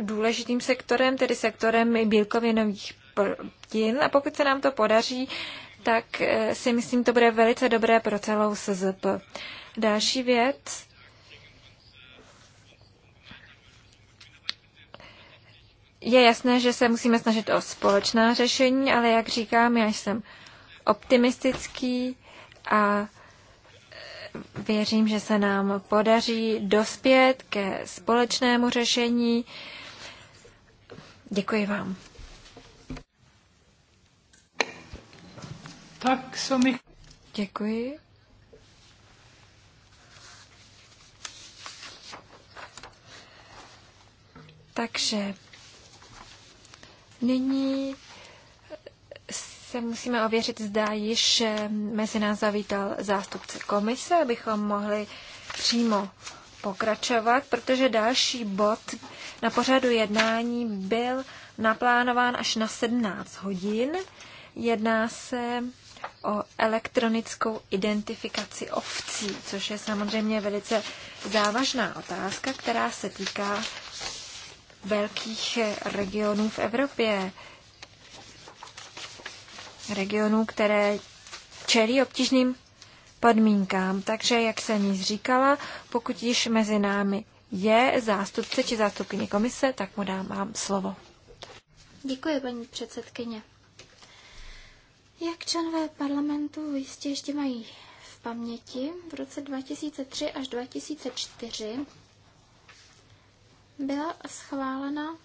důležitým sektorem, tedy sektorem bílkovinových plodin. A pokud se nám to podaří, tak eh, si myslím, to bude velice dobré pro celou SZP. Další věc. Je jasné, že se musíme snažit o společná řešení, ale jak říkám, já jsem optimistický a věřím, že se nám podaří dospět ke společnému řešení. Děkuji vám. Tak se mi... Děkuji. Takže nyní se musíme ověřit, zda již eh, mezi nás zavítal zástupce komise, abychom mohli přímo pokračovat, protože další bod na pořadu jednání byl naplánován až na 17 hodin. Jedná se o elektronickou identifikaci ovcí, což je samozřejmě velice závažná otázka, která se týká velkých eh, regionů v Evropě regionů, které čelí obtížným podmínkám. Takže, jak jsem již říkala, pokud již mezi námi je zástupce či zástupkyně komise, tak mu dám vám slovo. Děkuji, paní předsedkyně. Jak členové parlamentu jistě ještě mají v paměti, v roce 2003 až 2004 byla schválena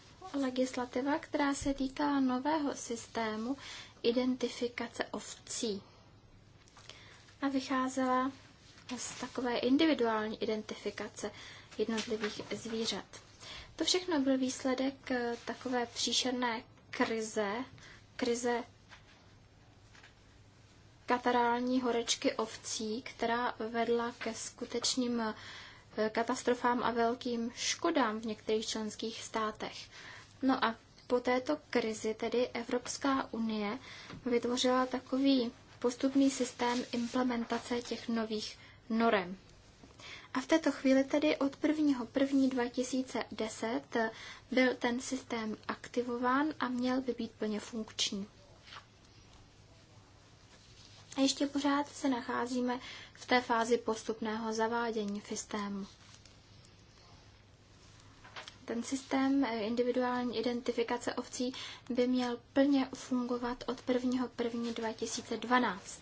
legislativa, která se týkala nového systému identifikace ovcí. A vycházela z takové individuální identifikace jednotlivých zvířat. To všechno byl výsledek eh, takové příšerné krize, krize katarální horečky ovcí, která vedla ke skutečným eh, katastrofám a velkým škodám v některých členských státech. No a po této krizi tedy Evropská unie vytvořila takový postupný systém implementace těch nových norem. A v této chvíli tedy od 1.1.2010 byl ten systém aktivován a měl by být plně funkční. A ještě pořád se nacházíme v té fázi postupného zavádění systému. Ten systém individuální identifikace ovcí by měl plně fungovat od 1.1.2012. 2012.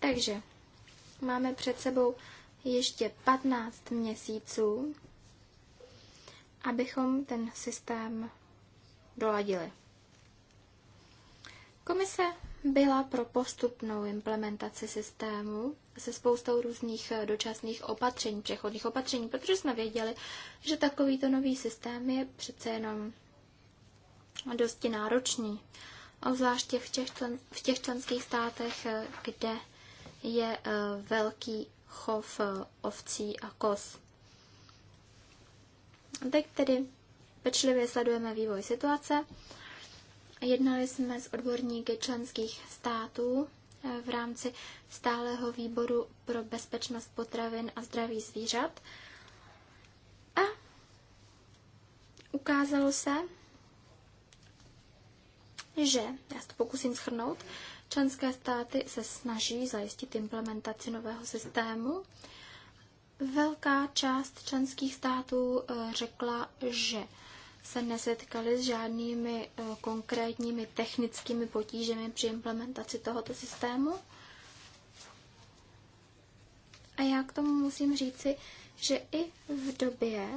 Takže máme před sebou ještě 15 měsíců, abychom ten systém doladili. Komise byla pro postupnou implementaci systému se spoustou různých eh, dočasných opatření, přechodných opatření, protože jsme věděli, že takovýto nový systém je přece jenom dosti náročný. zvláště v těch, člen, v těch členských státech, eh, kde je eh, velký chov ovcí a kos. Teď tedy pečlivě sledujeme vývoj situace. Jednali jsme s odborníky členských států v rámci stáleho výboru pro bezpečnost potravin a zdraví zvířat. A ukázalo se, že, já to pokusím schrnout, členské státy se snaží zajistit implementaci nového systému. Velká část členských států eh, řekla, že se nesetkali s žádnými eh, konkrétními technickými potížemi při implementaci tohoto systému. A já k tomu musím říci, že i v době,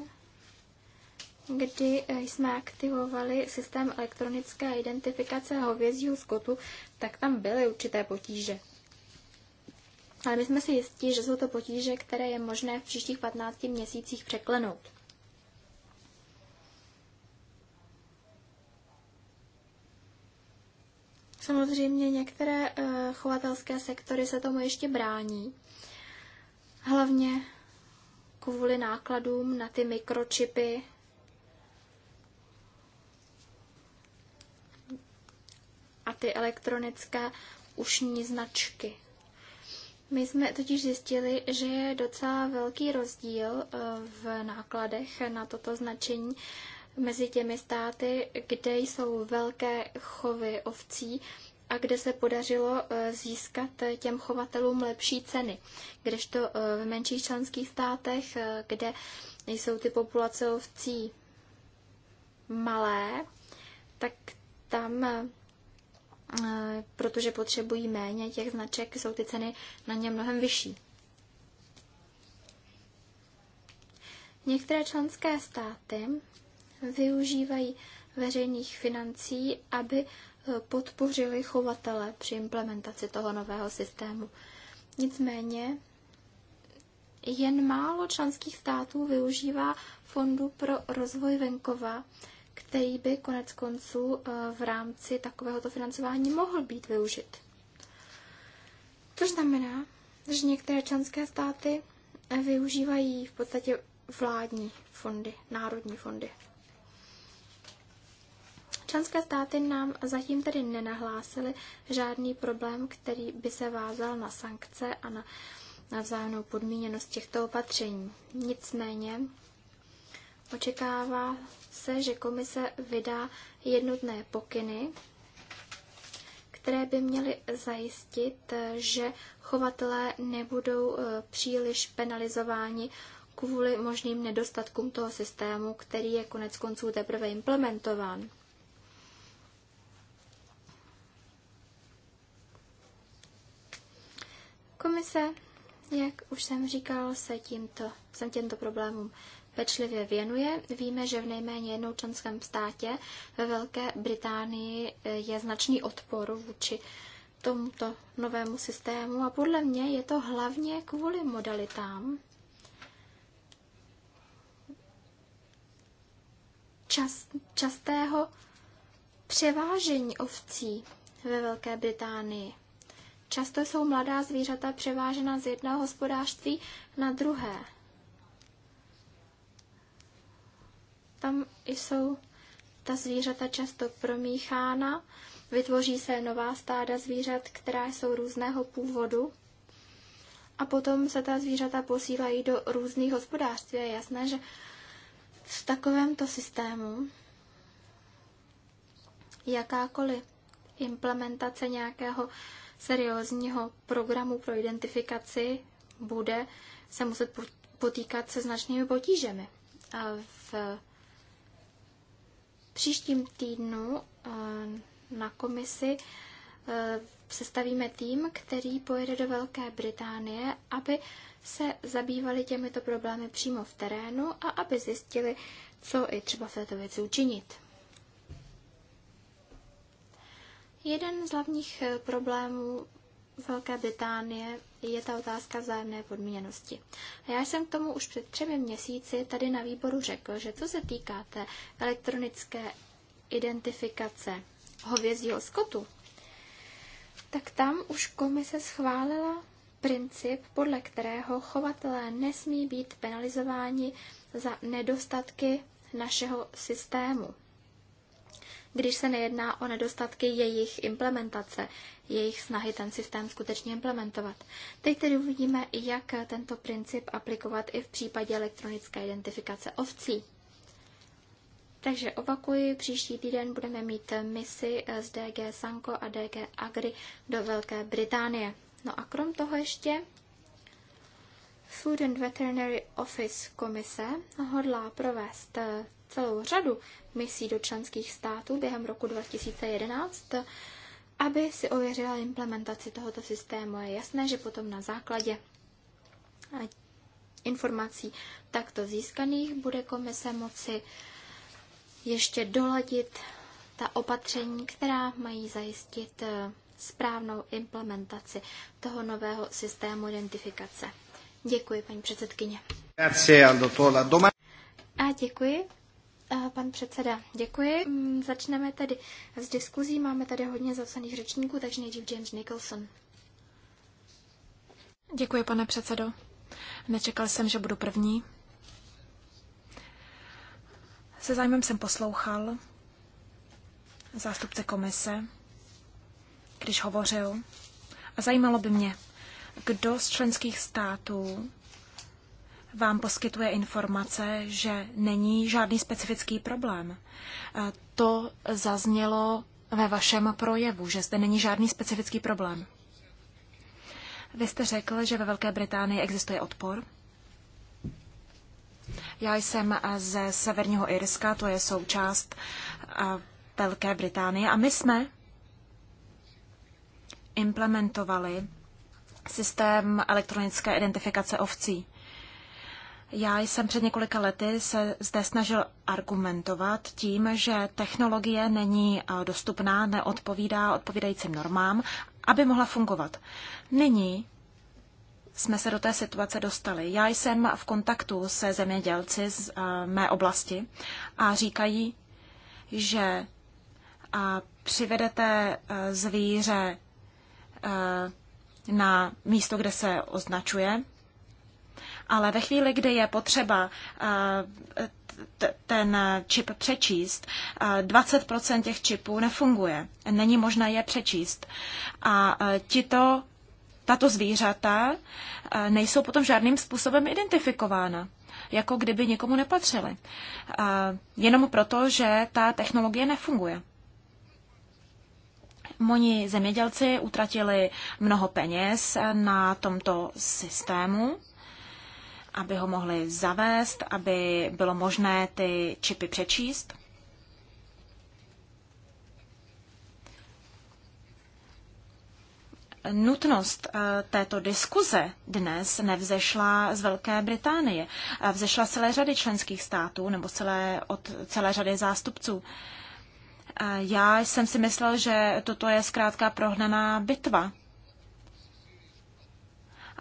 kdy eh, jsme aktivovali systém elektronické identifikace hovězího skotu, tak tam byly určité potíže. Ale my jsme si jistí, že jsou to potíže, které je možné v příštích 15 měsících překlenout. Samozřejmě některé eh, chovatelské sektory se tomu ještě brání. Hlavně kvůli nákladům na ty mikročipy. A ty elektronické ušní značky. My jsme totiž zjistili, že je docela velký rozdíl eh, v nákladech na toto značení mezi těmi státy, kde jsou velké chovy ovcí a kde se podařilo eh, získat těm chovatelům lepší ceny. Kdežto eh, v menších členských státech, eh, kde jsou ty populace ovcí malé, tak tam, protože potřebují méně těch značek, jsou ty ceny na ně mnohem vyšší. Některé členské státy využívají veřejných financí, aby eh, podpořili chovatele při implementaci toho nového systému. Nicméně jen málo členských států využívá fondu pro rozvoj venkova, který by konec konců eh, v rámci takovéhoto financování mohl být využit. Což znamená, že některé členské státy eh, využívají v podstatě vládní fondy, národní fondy. Členské státy nám zatím tedy nenahlásily žádný problém, který by se vázal na sankce a na, na vzájemnou podmíněnost těchto opatření. Nicméně očekává se, že komise vydá jednotné pokyny, které by měly zajistit, že chovatelé nebudou eh, příliš penalizováni kvůli možným nedostatkům toho systému, který je konec konců teprve implementován. Komise, jak už jsem říkal, se tímto, jsem těmto problémům pečlivě věnuje. Víme, že v nejméně jednou členském státě ve Velké Británii eh, je značný odpor vůči tomuto novému systému a podle mě je to hlavně kvůli modalitám. Čas, častého převážení ovcí ve Velké Británii. Často jsou mladá zvířata převážena z jednoho hospodářství na druhé. Tam jsou ta zvířata často promíchána, vytvoří se nová stáda zvířat, která jsou různého původu. A potom se ta zvířata posílají do různých hospodářství. Je jasné, že v takovémto systému jakákoliv implementace nějakého seriózního programu pro identifikaci bude se muset potýkat se značnými potížemi. v příštím týdnu eh, na komisi eh, sestavíme tým, který pojede do Velké Británie, aby se zabývali těmito problémy přímo v terénu a aby zjistili, co i třeba v této věci učinit. Jeden z hlavních eh, problémů Velké Británie je ta otázka vzájemné podmíněnosti. A já jsem k tomu už před třemi měsíci tady na výboru řekl, že co se týká té elektronické identifikace hovězího skotu, tak tam už komise schválila princip, podle kterého chovatelé nesmí být penalizováni za nedostatky našeho systému když se nejedná o nedostatky jejich implementace, jejich snahy ten systém skutečně implementovat. Teď tedy uvidíme, jak tento princip aplikovat i v případě elektronické identifikace ovcí. Takže opakuji, příští týden budeme mít misi z DG Sanko a DG Agri do Velké Británie. No a krom toho ještě Food and Veterinary Office komise hodlá provést celou řadu misí do členských států během roku 2011, aby si ověřila implementaci tohoto systému. Je jasné, že potom na základě informací takto získaných bude komise moci ještě doladit ta opatření, která mají zajistit e, správnou implementaci toho nového systému identifikace. Děkuji, paní předsedkyně. A děkuji Eh, pan předseda, děkuji. Mm, začneme tedy s diskuzí. Máme tady hodně zapsaných řečníků, takže nejdřív James Nicholson. Děkuji, pane předsedo. Nečekal jsem, že budu první. Se zájmem jsem poslouchal zástupce komise, když hovořil. A zajímalo by mě, kdo z členských států vám poskytuje informace, že není žádný specifický problém. E, to zaznělo ve vašem projevu, že zde není žádný specifický problém. Vy jste řekl, že ve Velké Británii existuje odpor. Já jsem ze Severního Irska, to je součást e, Velké Británie, a my jsme implementovali systém elektronické identifikace ovcí. Já jsem před několika lety se zde snažil argumentovat tím, že technologie není eh, dostupná, neodpovídá odpovídajícím normám, aby mohla fungovat. Nyní jsme se do té situace dostali. Já jsem v kontaktu se zemědělci z eh, mé oblasti a říkají, že přivedete eh, zvíře na místo, kde se označuje, ale ve chvíli, kdy je potřeba eh, ten čip přečíst, 20% eh, těch čipů nefunguje. Není možné je přečíst. A eh, tito, tato zvířata nejsou potom žádným způsobem identifikována jako kdyby nikomu nepatřili. Jenom proto, že ta technologie nefunguje. Moni zemědělci utratili mnoho peněz na tomto systému aby ho mohli zavést, aby bylo možné ty čipy přečíst. Nutnost eh, této diskuze dnes nevzešla z Velké Británie, eh, vzešla z celé řady členských států nebo celé, od celé řady zástupců. Eh, já jsem si myslel, že toto je zkrátka prohnaná bitva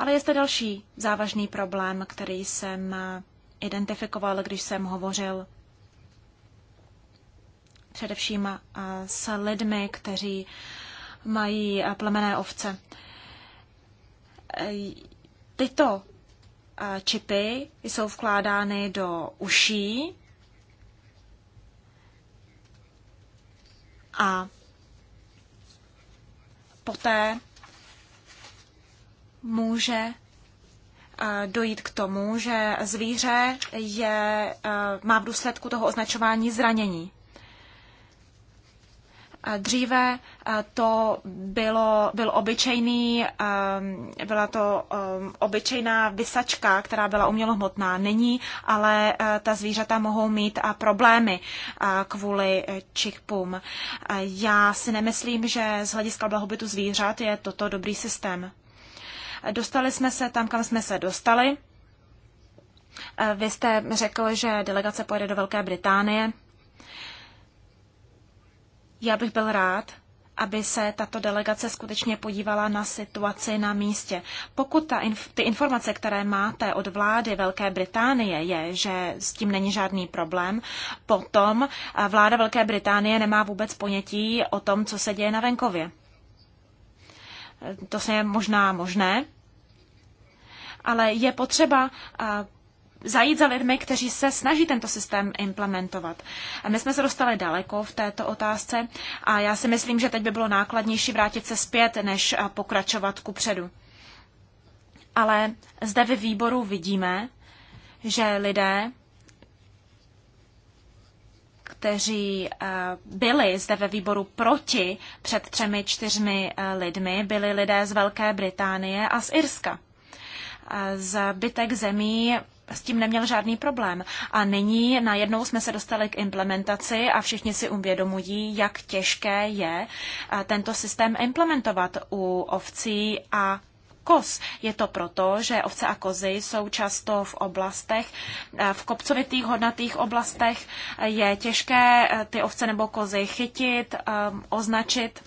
ale je zde další závažný problém, který jsem identifikoval, když jsem hovořil především s lidmi, kteří mají plemené ovce. Tyto čipy jsou vkládány do uší a poté může eh, dojít k tomu, že zvíře je, eh, má v důsledku toho označování zranění. Eh, dříve to bylo, byl obyčejný, byla to obyčejná vysačka, která byla umělohmotná. Není, ale ta zvířata mohou mít problémy kvůli čichpům. Já si nemyslím, že z hlediska blahobytu zvířat je toto dobrý systém. Dostali jsme se tam, kam jsme se dostali. Eh, vy jste řekl, že delegace pojede do Velké Británie. Já bych byl rád, aby se tato delegace skutečně podívala na situaci na místě. Pokud ta inf- ty informace, které máte od vlády Velké Británie, je, že s tím není žádný problém, potom eh, vláda Velké Británie nemá vůbec ponětí o tom, co se děje na venkově to se je možná možné, ale je potřeba zajít za lidmi, kteří se snaží tento systém implementovat. A my jsme se dostali daleko v této otázce a já si myslím, že teď by bylo nákladnější vrátit se zpět, než pokračovat ku předu. Ale zde ve výboru vidíme, že lidé kteří eh, byli zde ve výboru proti před třemi, čtyřmi eh, lidmi, byli lidé z Velké Británie a z Irska. Zbytek zemí s tím neměl žádný problém. A nyní najednou jsme se dostali k implementaci a všichni si uvědomují, jak těžké je eh, tento systém implementovat u ovcí a koz. Je to proto, že ovce a kozy jsou často v oblastech, eh, v kopcovitých hodnatých oblastech. Je těžké eh, ty ovce nebo kozy chytit, ehm, označit.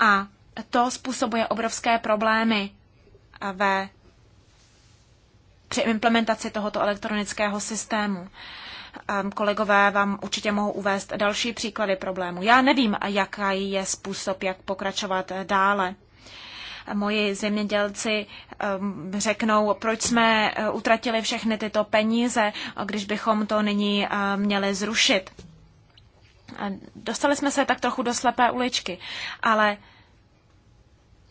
A to způsobuje obrovské problémy eh, ve při implementaci tohoto elektronického systému. Ehm, kolegové vám určitě mohou uvést další příklady problému. Já nevím, jaký je způsob, jak pokračovat dále moji zemědělci ehm, řeknou, proč jsme eh, utratili všechny tyto peníze, když bychom to nyní eh, měli zrušit. Dostali jsme se tak trochu do slepé uličky, ale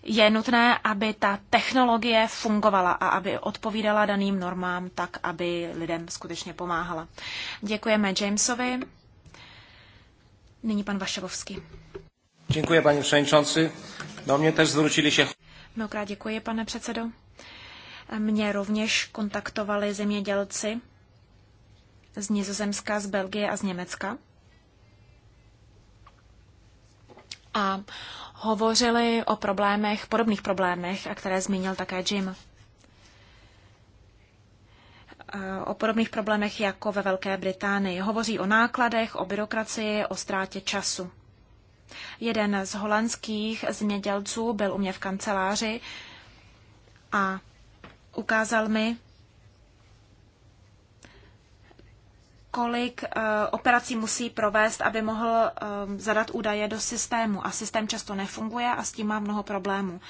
je nutné, aby ta technologie fungovala a aby odpovídala daným normám tak, aby lidem skutečně pomáhala. Děkujeme Jamesovi. Nyní pan Vaševovský. Děkuji, paní předsedající. Do mě tež zručili se... Mnohokrát děkuji, pane předsedo. Mě rovněž kontaktovali zemědělci z Nizozemska, z Belgie a z Německa. A hovořili o problémech, podobných problémech, a které zmínil také Jim. Eh, o podobných problémech jako ve Velké Británii. Hovoří o nákladech, o byrokracii, o ztrátě času. Jeden z holandských změdělců byl u mě v kanceláři a ukázal mi, kolik eh, operací musí provést, aby mohl eh, zadat údaje do systému. A systém často nefunguje a s tím má mnoho problémů.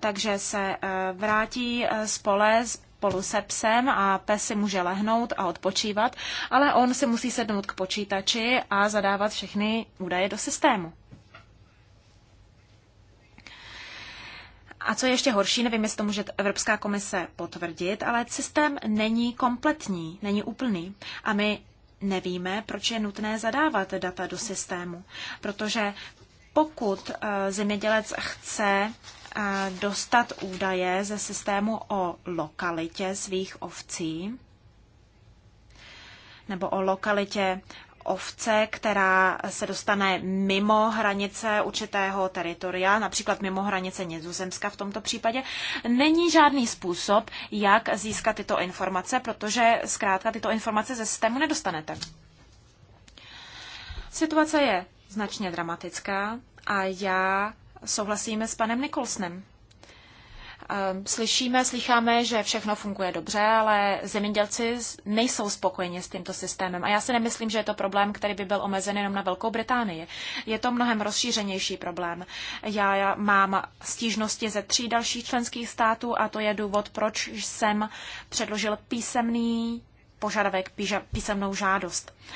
Takže se eh, vrátí z pole spolu se psem a pes si může lehnout a odpočívat, ale on si musí sednout k počítači a zadávat všechny údaje do systému. A co je ještě horší, nevím, jestli to může Evropská komise potvrdit, ale systém není kompletní, není úplný. A my nevíme, proč je nutné zadávat data do systému. Protože pokud eh, zemědělec chce eh, dostat údaje ze systému o lokalitě svých ovcí, nebo o lokalitě ovce, která se dostane mimo hranice určitého teritoria, například mimo hranice Nizozemska v tomto případě, není žádný způsob, jak získat tyto informace, protože zkrátka tyto informace ze systému nedostanete. Situace je značně dramatická a já souhlasím s panem Nikolsnem. Ehm, slyšíme, slycháme, že všechno funguje dobře, ale zemědělci nejsou spokojeni s tímto systémem. A já si nemyslím, že je to problém, který by byl omezen jenom na Velkou Británii. Je to mnohem rozšířenější problém. Já mám stížnosti ze tří dalších členských států a to je důvod, proč jsem předložil písemný požadavek, písemnou žádost. Uh,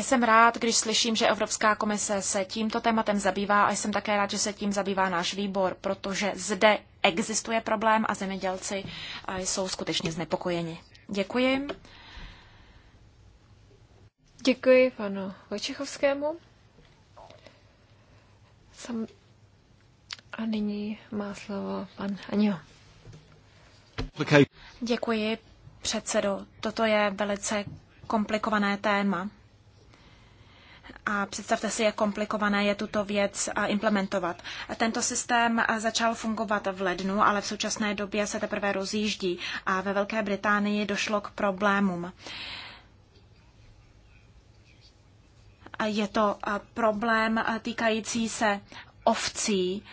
jsem rád, když slyším, že Evropská komise se tímto tématem zabývá a jsem také rád, že se tím zabývá náš výbor, protože zde existuje problém a zemědělci jsou skutečně znepokojeni. Děkuji. Děkuji panu Vojčechovskému. Sam... A nyní má slovo pan Anio. Děkuji, předsedo. Toto je velice komplikované téma. A představte si, jak komplikované je tuto věc implementovat. Tento systém začal fungovat v lednu, ale v současné době se teprve rozjíždí a ve Velké Británii došlo k problémům. Je to problém týkající se ovcí,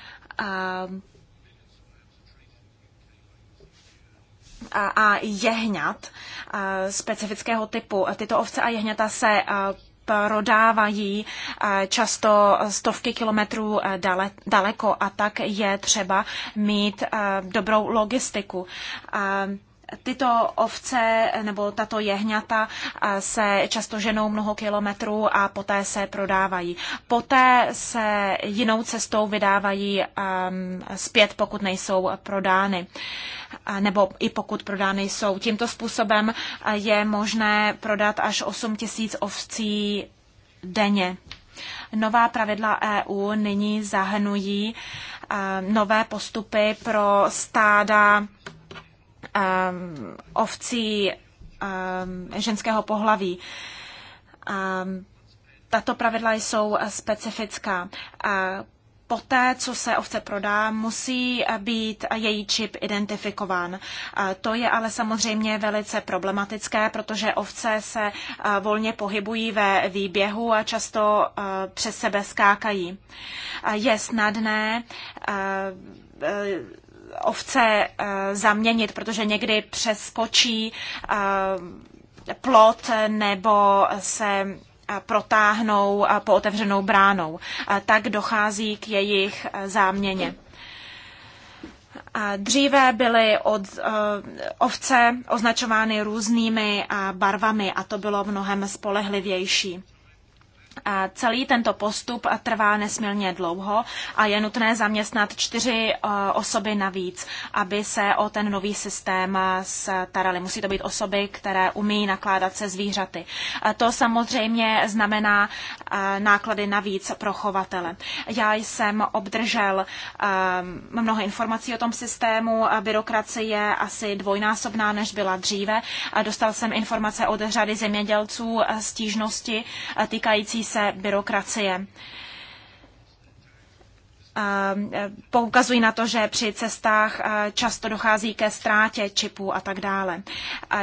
a jehňat specifického typu. Tyto ovce a jehňata se prodávají eh, často stovky kilometrů eh, daleko a tak je třeba mít eh, dobrou logistiku. Tyto ovce nebo tato jehňata se často ženou mnoho kilometrů a poté se prodávají. Poté se jinou cestou vydávají um, zpět, pokud nejsou prodány nebo i pokud prodány jsou. Tímto způsobem je možné prodat až 8 tisíc ovcí denně. Nová pravidla EU nyní zahrnují nové postupy pro stáda Um, ovcí um, ženského pohlaví. Um, tato pravidla jsou uh, specifická. Poté, co se ovce prodá, musí uh, být uh, její čip identifikován. To je ale samozřejmě velice problematické, protože ovce se volně pohybují ve výběhu a často přes sebe skákají. Je snadné ovce eh, zaměnit, protože někdy přeskočí eh, plot nebo se eh, protáhnou po otevřenou bránou. Tak dochází k jejich záměně. Dříve byly od ovce označovány různými barvami a to bylo mnohem spolehlivější. Celý tento postup trvá nesmírně dlouho a je nutné zaměstnat čtyři eh, osoby navíc, aby se o ten nový systém eh, starali. Musí to být osoby, které umí nakládat se zvířaty. To samozřejmě znamená eh, náklady navíc pro chovatele. Já jsem obdržel mnoho informací o tom systému. Byrokracie je asi dvojnásobná, než byla dříve. Dostal jsem informace od řady zemědělců stížnosti týkající se byrokracie. E, poukazují na to, že při cestách e, často dochází ke ztrátě čipů a tak dále.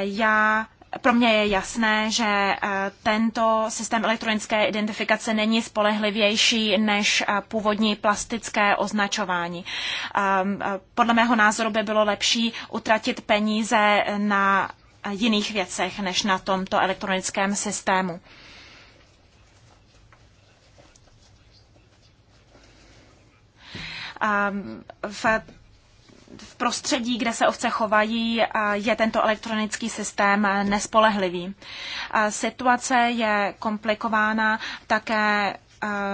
Já pro mě je jasné, že e, tento systém elektronické identifikace není spolehlivější než původní plastické označování. Podle mého názoru by bylo lepší utratit peníze na jiných věcech než na tomto elektronickém systému. v v prostředí, kde se ovce chovají, je tento elektronický systém nespolehlivý. Situace je komplikována také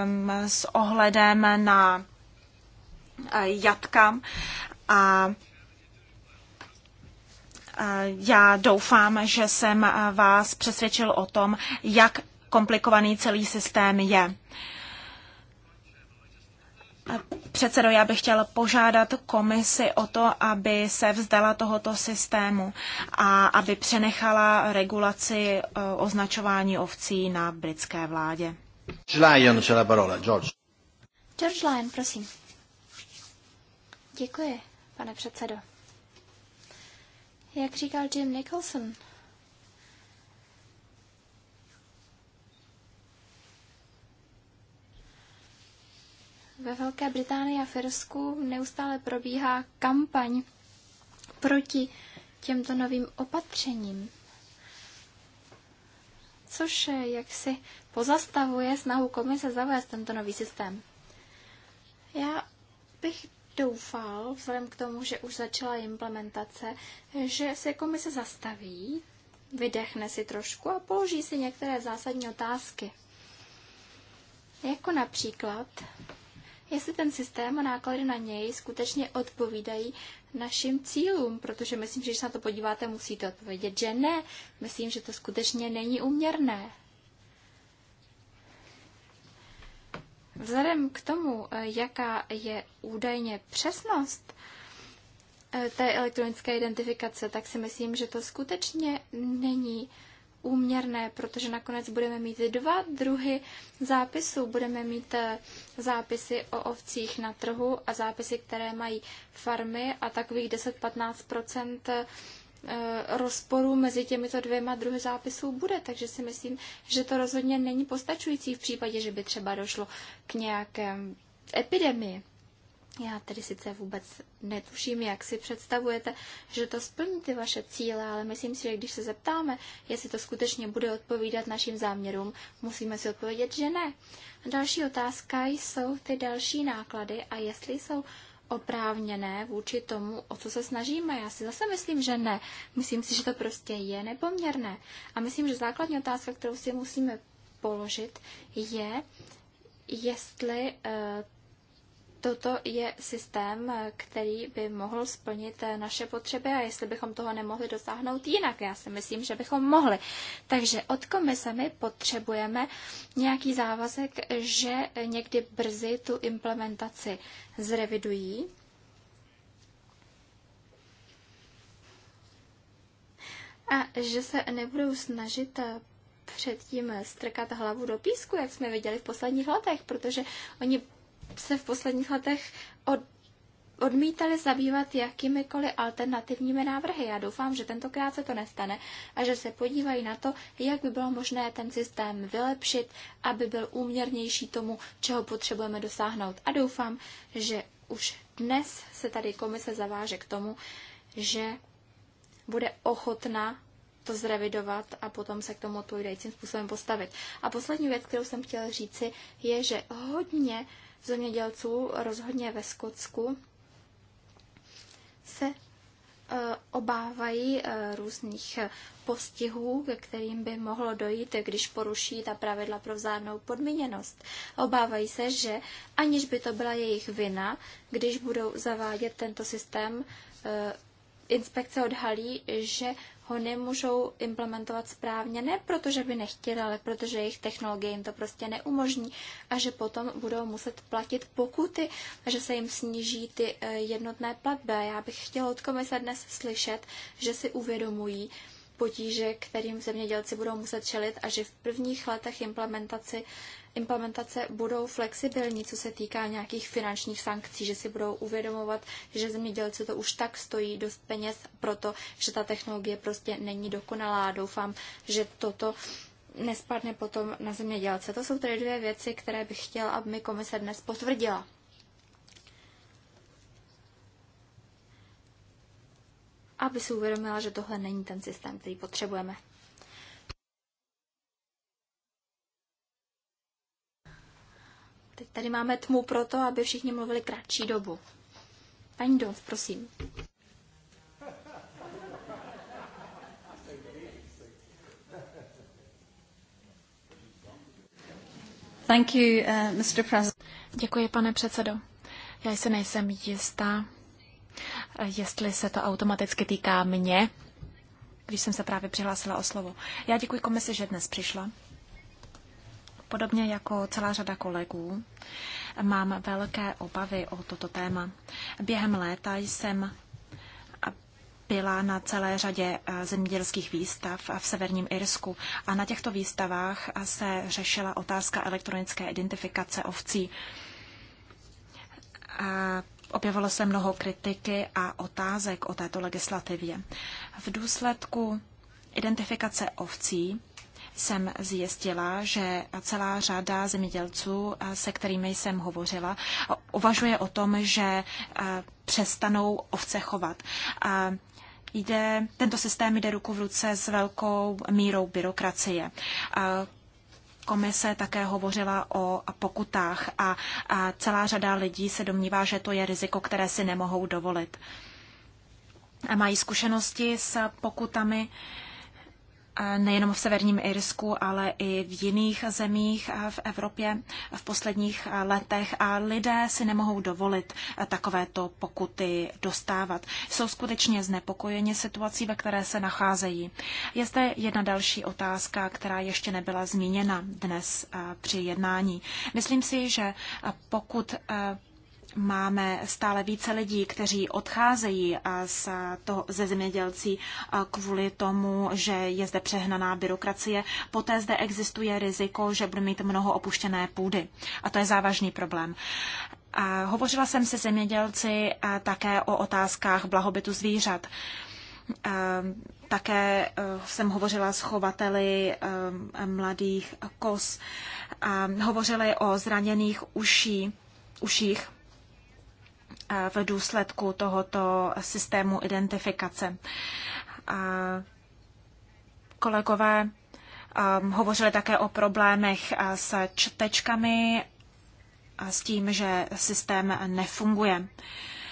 um, s ohledem na eh, jatka a eh, já doufám, že jsem eh, vás přesvědčil o tom, jak komplikovaný celý systém je. Předsedo, já bych chtěla požádat komisi o to, aby se vzdala tohoto systému a aby přenechala regulaci eh, označování ovcí na britské vládě. George Lyon, la parola, George. George Lyon, prosím. Děkuji, pane předsedo. Jak říkal Jim Nicholson, Ve Velké Británii a Firsku neustále probíhá kampaň proti těmto novým opatřením. Což eh, jak si pozastavuje snahu komise zavést tento nový systém. Já bych doufal, vzhledem k tomu, že už začala implementace, že se komise zastaví, vydechne si trošku a položí si některé zásadní otázky. Jako například, jestli ten systém a náklady na něj skutečně odpovídají našim cílům, protože myslím, že když se na to podíváte, musíte odpovědět, že ne. Myslím, že to skutečně není uměrné. Vzhledem k tomu, eh, jaká je údajně přesnost eh, té elektronické identifikace, tak si myslím, že to skutečně není uh, úměrné, protože nakonec budeme mít dva druhy zápisů. Budeme mít eh, zápisy o ovcích na trhu a zápisy, které mají farmy a takových 10-15 eh, rozporů mezi těmito dvěma druhy zápisů bude, takže si myslím, že to rozhodně není postačující v případě, že by třeba došlo k nějaké epidemii. Já tedy sice vůbec netuším, jak si představujete, že to splní ty vaše cíle, ale myslím si, že když se zeptáme, jestli to skutečně bude odpovídat našim záměrům, musíme si odpovědět, že ne. Další otázka jsou ty další náklady a jestli jsou oprávněné vůči tomu, o co se snažíme. Já si zase myslím, že ne. Myslím si, že to prostě je nepoměrné. A myslím, že základní otázka, kterou si musíme položit, je, jestli eh, Toto je systém, který by mohl splnit naše potřeby a jestli bychom toho nemohli dosáhnout jinak, já si myslím, že bychom mohli. Takže od komise my potřebujeme nějaký závazek, že někdy brzy tu implementaci zrevidují. A že se nebudou snažit předtím strkat hlavu do písku, jak jsme viděli v posledních letech, protože oni se v posledních letech od, odmítali zabývat jakýmikoliv alternativními návrhy. Já doufám, že tentokrát se to nestane a že se podívají na to, jak by bylo možné ten systém vylepšit, aby byl úměrnější tomu, čeho potřebujeme dosáhnout. A doufám, že už dnes se tady komise zaváže k tomu, že bude ochotná to zrevidovat a potom se k tomu odpovídajícím způsobem postavit. A poslední věc, kterou jsem chtěla říci, je, že hodně zemědělců, rozhodně ve Skotsku, se eh, obávají eh, různých postihů, ke kterým by mohlo dojít, když poruší ta pravidla pro vzájemnou podmíněnost. Obávají se, že aniž by to byla jejich vina, když budou zavádět tento systém eh, inspekce odhalí, že ho nemůžou implementovat správně, ne protože by nechtěli, ale protože jejich technologie jim to prostě neumožní a že potom budou muset platit pokuty a že se jim sníží ty eh, jednotné platby. Já bych chtěla od komise dnes slyšet, že si uvědomují potíže, kterým zemědělci budou muset čelit a že v prvních letech implementaci implementace budou flexibilní, co se týká nějakých finančních sankcí, že si budou uvědomovat, že zemědělci to už tak stojí dost peněz, proto, že ta technologie prostě není dokonalá. Doufám, že toto nespadne potom na zemědělce. To jsou tedy dvě věci, které bych chtěla, aby mi komise dnes potvrdila. Aby si uvědomila, že tohle není ten systém, který potřebujeme. Teď tady máme tmu proto, aby všichni mluvili kratší dobu. Paní Dov, prosím. Thank you, uh, Mr. President. Děkuji, pane předsedo. Já se nejsem jistá, jestli se to automaticky týká mě, když jsem se právě přihlásila o slovo. Já děkuji komisi, že dnes přišla. Podobně jako celá řada kolegů, mám velké obavy o toto téma. Během léta jsem byla na celé řadě eh, zemědělských výstav v severním Irsku a na těchto výstavách se řešila otázka elektronické identifikace ovcí. A objevilo se mnoho kritiky a otázek o této legislativě. V důsledku identifikace ovcí jsem zjistila, že celá řada zemědělců, eh, se kterými jsem hovořila, uvažuje o tom, že eh, přestanou ovce chovat. A jde, tento systém jde ruku v ruce s velkou mírou byrokracie. A Komise také hovořila o pokutách a, a celá řada lidí se domnívá, že to je riziko, které si nemohou dovolit. A mají zkušenosti s pokutami, nejenom v severním Irsku, ale i v jiných zemích v Evropě v posledních letech a lidé si nemohou dovolit takovéto pokuty dostávat. Jsou skutečně znepokojeni situací, ve které se nacházejí. Je zde jedna další otázka, která ještě nebyla zmíněna dnes eh, při jednání. Myslím si, že pokud eh, máme stále více lidí, kteří odcházejí eh, z toho, ze zemědělcí eh, kvůli tomu, že je zde přehnaná byrokracie. Poté zde existuje riziko, že budeme mít mnoho opuštěné půdy. A to je závažný problém. A hovořila jsem se zemědělci eh, také o otázkách blahobytu zvířat. A také jsem hovořila s chovateli mladých kos. A hovořili o zraněných uší, uších v důsledku tohoto systému identifikace. Kolegové um, hovořili také o problémech uh, s čtečkami a s tím, že systém nefunguje.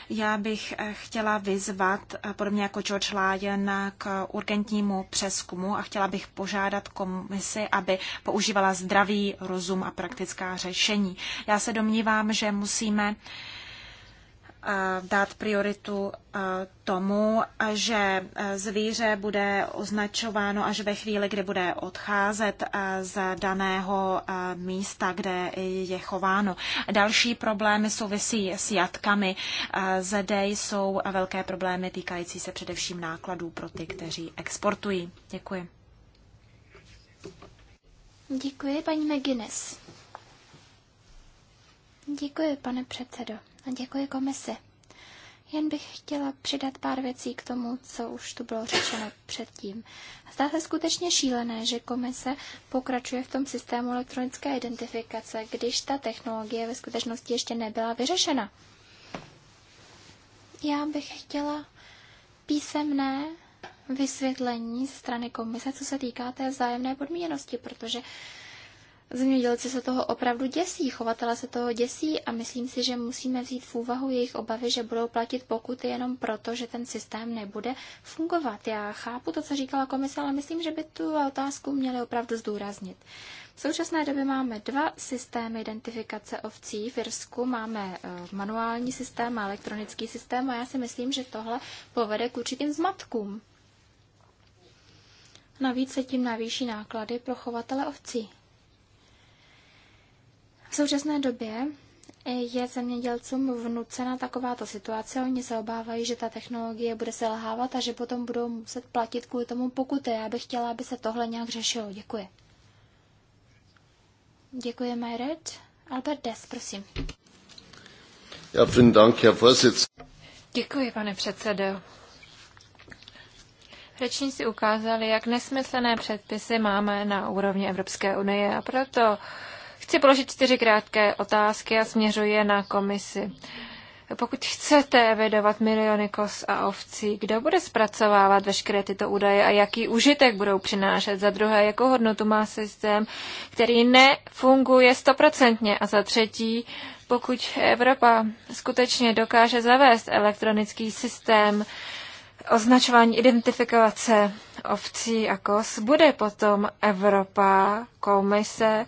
Já bych eh, chtěla vyzvat, eh, podobně jako George Lyon, k urgentnímu přeskumu a chtěla bych požádat komisi, aby používala zdravý rozum a praktická řešení. Já se domnívám, že musíme uh, dát prioritu tomu, že zvíře bude označováno až ve chvíli, kdy bude odcházet z daného místa, kde je chováno. Další problémy souvisí s jatkami. Zde jsou velké problémy týkající se především nákladů pro ty, kteří exportují. Děkuji. Děkuji, paní McGuinness. Děkuji, pane předsedo. A děkuji komisi. Jen bych chtěla přidat pár věcí k tomu, co už tu bylo řečeno předtím. Zdá se skutečně šílené, že komise pokračuje v tom systému elektronické identifikace, když ta technologie ve skutečnosti ještě nebyla vyřešena. Já bych chtěla písemné vysvětlení strany komise, co se týká té vzájemné podmíněnosti, protože Zemědělci se toho opravdu děsí, chovatele se toho děsí a myslím si, že musíme vzít v úvahu jejich obavy, že budou platit pokuty jenom proto, že ten systém nebude fungovat. Já chápu to, co říkala komise, ale myslím, že by tu otázku měli opravdu zdůraznit. V současné době máme dva systémy identifikace ovcí. V Irsku máme eh, manuální systém a elektronický systém a já si myslím, že tohle povede k určitým zmatkům. Navíc se tím navýší náklady pro chovatele ovcí. V současné době je zemědělcům vnucena takováto situace. Oni se obávají, že ta technologie bude selhávat a že potom budou muset platit kvůli tomu pokuty. Já bych chtěla, aby se tohle nějak řešilo. Děkuji. Děkuji, Majret. Albert Des, prosím. Já Dank, Děkuji, pane předsedo. Řečníci ukázali, jak nesmyslné předpisy máme na úrovni Evropské unie a proto Chci položit čtyři krátké otázky a směřuji na komisi. Pokud chcete evidovat miliony kos a ovcí, kdo bude zpracovávat veškeré tyto údaje a jaký užitek budou přinášet? Za druhé, jakou hodnotu má systém, který nefunguje stoprocentně? A za třetí, pokud Evropa skutečně dokáže zavést elektronický systém označování identifikace ovcí a kos, bude potom Evropa, komise,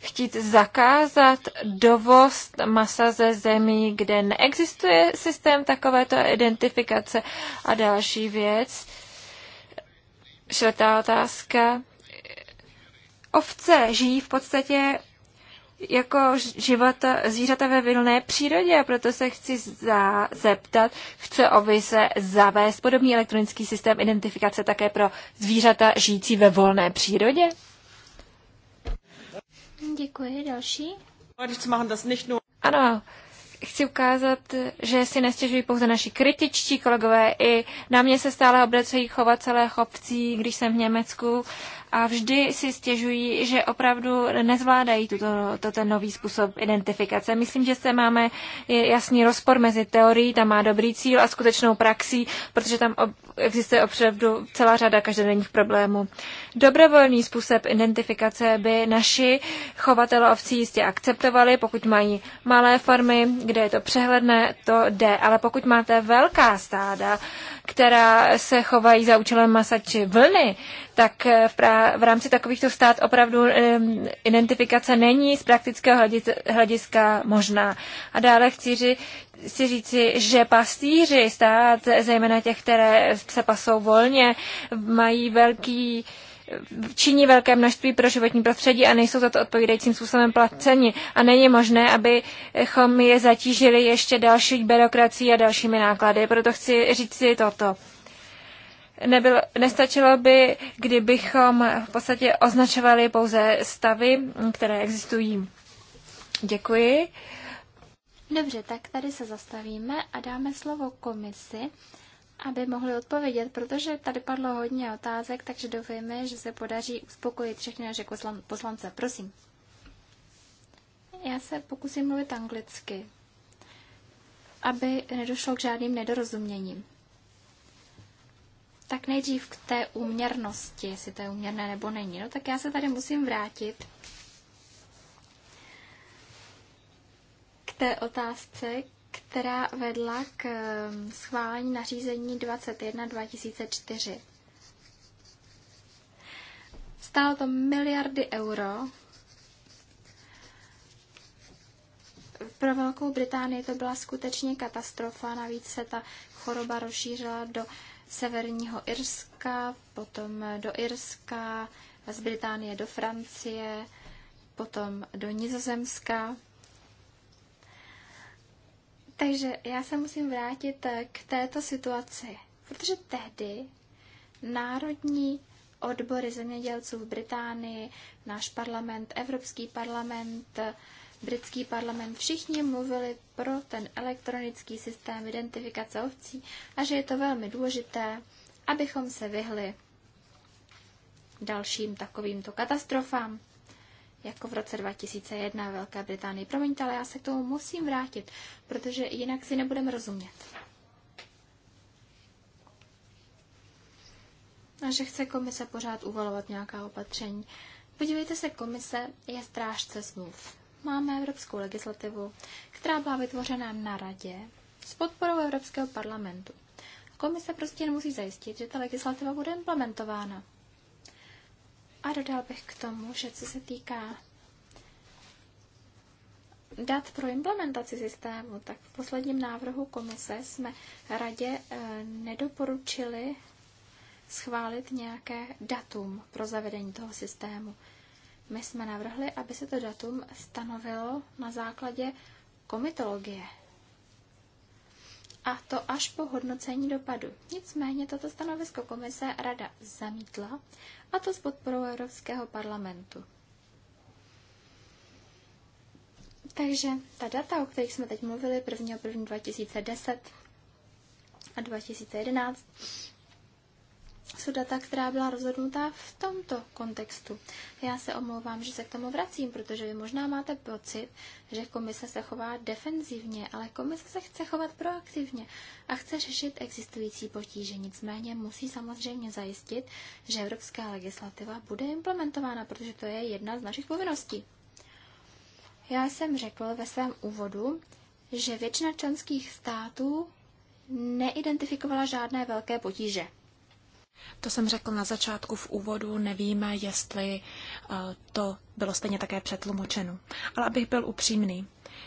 chtít zakázat dovoz masa ze zemí, kde neexistuje systém takovéto identifikace. A další věc, čtvrtá otázka. Ovce žijí v podstatě jako život zvířata ve vilné přírodě a proto se chci za, zeptat, chce se zavést podobný elektronický systém identifikace také pro zvířata žijící ve volné přírodě? Děkuji. Další? Ano, chci ukázat, že si nestěžují pouze naši kritičtí kolegové. I na mě se stále obracejí chovat celé chovcí, když jsem v Německu a vždy si stěžují, že opravdu nezvládají tuto, to, ten nový způsob identifikace. Myslím, že se máme jasný rozpor mezi teorií, tam má dobrý cíl a skutečnou praxí, protože tam existuje opravdu celá řada každodenních problémů. Dobrovolný způsob identifikace by naši chovatele ovcí jistě akceptovali, pokud mají malé farmy, kde je to přehledné, to jde. Ale pokud máte velká stáda, která se chovají za účelem masa či vlny, tak v, v rámci takovýchto stát opravdu um, identifikace není z praktického hlediska možná. A dále chci říct, si říci, že pastýři stát, zejména těch, které se pasou volně, mají velký činí velké množství pro životní prostředí a nejsou za to odpovídajícím způsobem placeni. A není možné, abychom je zatížili ještě další byrokracií a dalšími náklady. Proto chci říct si toto. Nebylo, nestačilo by, kdybychom v podstatě označovali pouze stavy, které existují. Děkuji. Dobře, tak tady se zastavíme a dáme slovo komisi, aby mohli odpovědět, protože tady padlo hodně otázek, takže doufejme, že se podaří uspokojit všechny naše poslance. Prosím. Já se pokusím mluvit anglicky, aby nedošlo k žádným nedorozuměním. Tak nejdřív k té úměrnosti, jestli to je úměrné nebo není. No tak já se tady musím vrátit té otázce, která vedla k ehm, schválení nařízení 21 2004. Stálo to miliardy euro. Pro Velkou Británii to byla skutečně katastrofa, navíc se ta choroba rozšířila do severního Irska, potom do Irska, z Británie do Francie, potom do Nizozemska. Takže já se musím vrátit eh, k této situaci, protože tehdy národní odbory zemědělců v Británii, náš parlament, Evropský parlament, eh, britský parlament, všichni mluvili pro ten elektronický systém identifikace ovcí a že je to velmi důležité, abychom se vyhli dalším takovýmto katastrofám jako v roce 2001 Velké Británii. Promiňte, ale já se k tomu musím vrátit, protože jinak si nebudeme rozumět. A že chce komise pořád uvalovat nějaká opatření. Podívejte se, komise je strážce smluv. Máme evropskou legislativu, která byla vytvořena na radě s podporou Evropského parlamentu. Komise prostě musí zajistit, že ta legislativa bude implementována. A dodal bych k tomu, že co se týká dat pro implementaci systému, tak v posledním návrhu komise jsme radě eh, nedoporučili schválit nějaké datum pro zavedení toho systému. My jsme navrhli, aby se to datum stanovilo na základě komitologie a to až po hodnocení dopadu. Nicméně toto stanovisko komise rada zamítla, a to s podporou Evropského parlamentu. Takže ta data, o kterých jsme teď mluvili, 1.1.2010 a 2011, jsou data, která byla rozhodnutá v tomto kontextu. Já se omlouvám, že se k tomu vracím, protože vy možná máte pocit, že komise se chová defenzivně, ale komise se chce chovat proaktivně a chce řešit existující potíže. Nicméně musí samozřejmě zajistit, že evropská legislativa bude implementována, protože to je jedna z našich povinností. Já jsem řekl ve svém úvodu, že většina členských států neidentifikovala žádné velké potíže. To jsem řekl na začátku v úvodu, nevíme, jestli eh, to bylo stejně také přetlumočeno. Ale abych byl upřímný,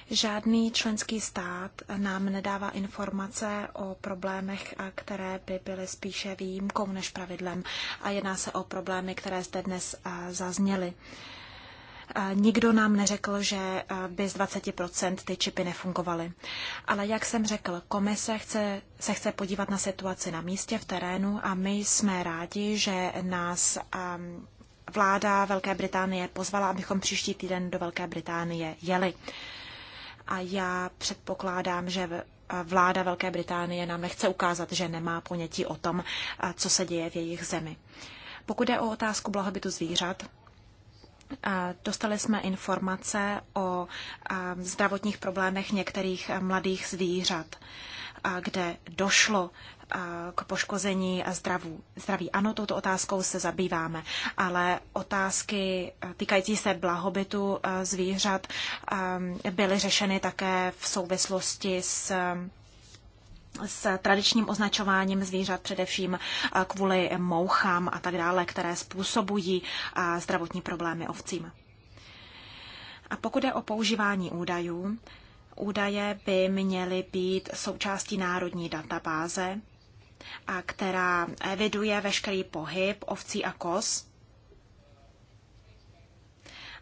žádný členský stát nám nedává informace o problémech, které by byly spíše výjimkou než pravidlem. A jedná se o problémy, které zde dnes eh, zazněly. Nikdo nám neřekl, že eh, by z 20% ty čipy nefungovaly. Ale jak jsem řekl, komise chce, se chce podívat na situaci na místě, v terénu a my jsme rádi, že nás ehm, vláda Velké Británie pozvala, abychom příští týden do Velké Británie jeli. A já předpokládám, že eh, vláda Velké Británie nám nechce ukázat, že nemá ponětí o tom, eh, co se děje v jejich zemi. Pokud je o otázku blahobytu zvířat, Dostali jsme informace o zdravotních problémech některých mladých zvířat, kde došlo k poškození zdravu. zdraví. Ano, touto otázkou se zabýváme, ale otázky týkající se blahobytu zvířat byly řešeny také v souvislosti s s tradičním označováním zvířat, především eh, kvůli mouchám a tak dále, které způsobují eh, zdravotní problémy ovcím. A pokud je o používání údajů, údaje by měly být součástí národní databáze, a která eviduje veškerý pohyb ovcí a kos.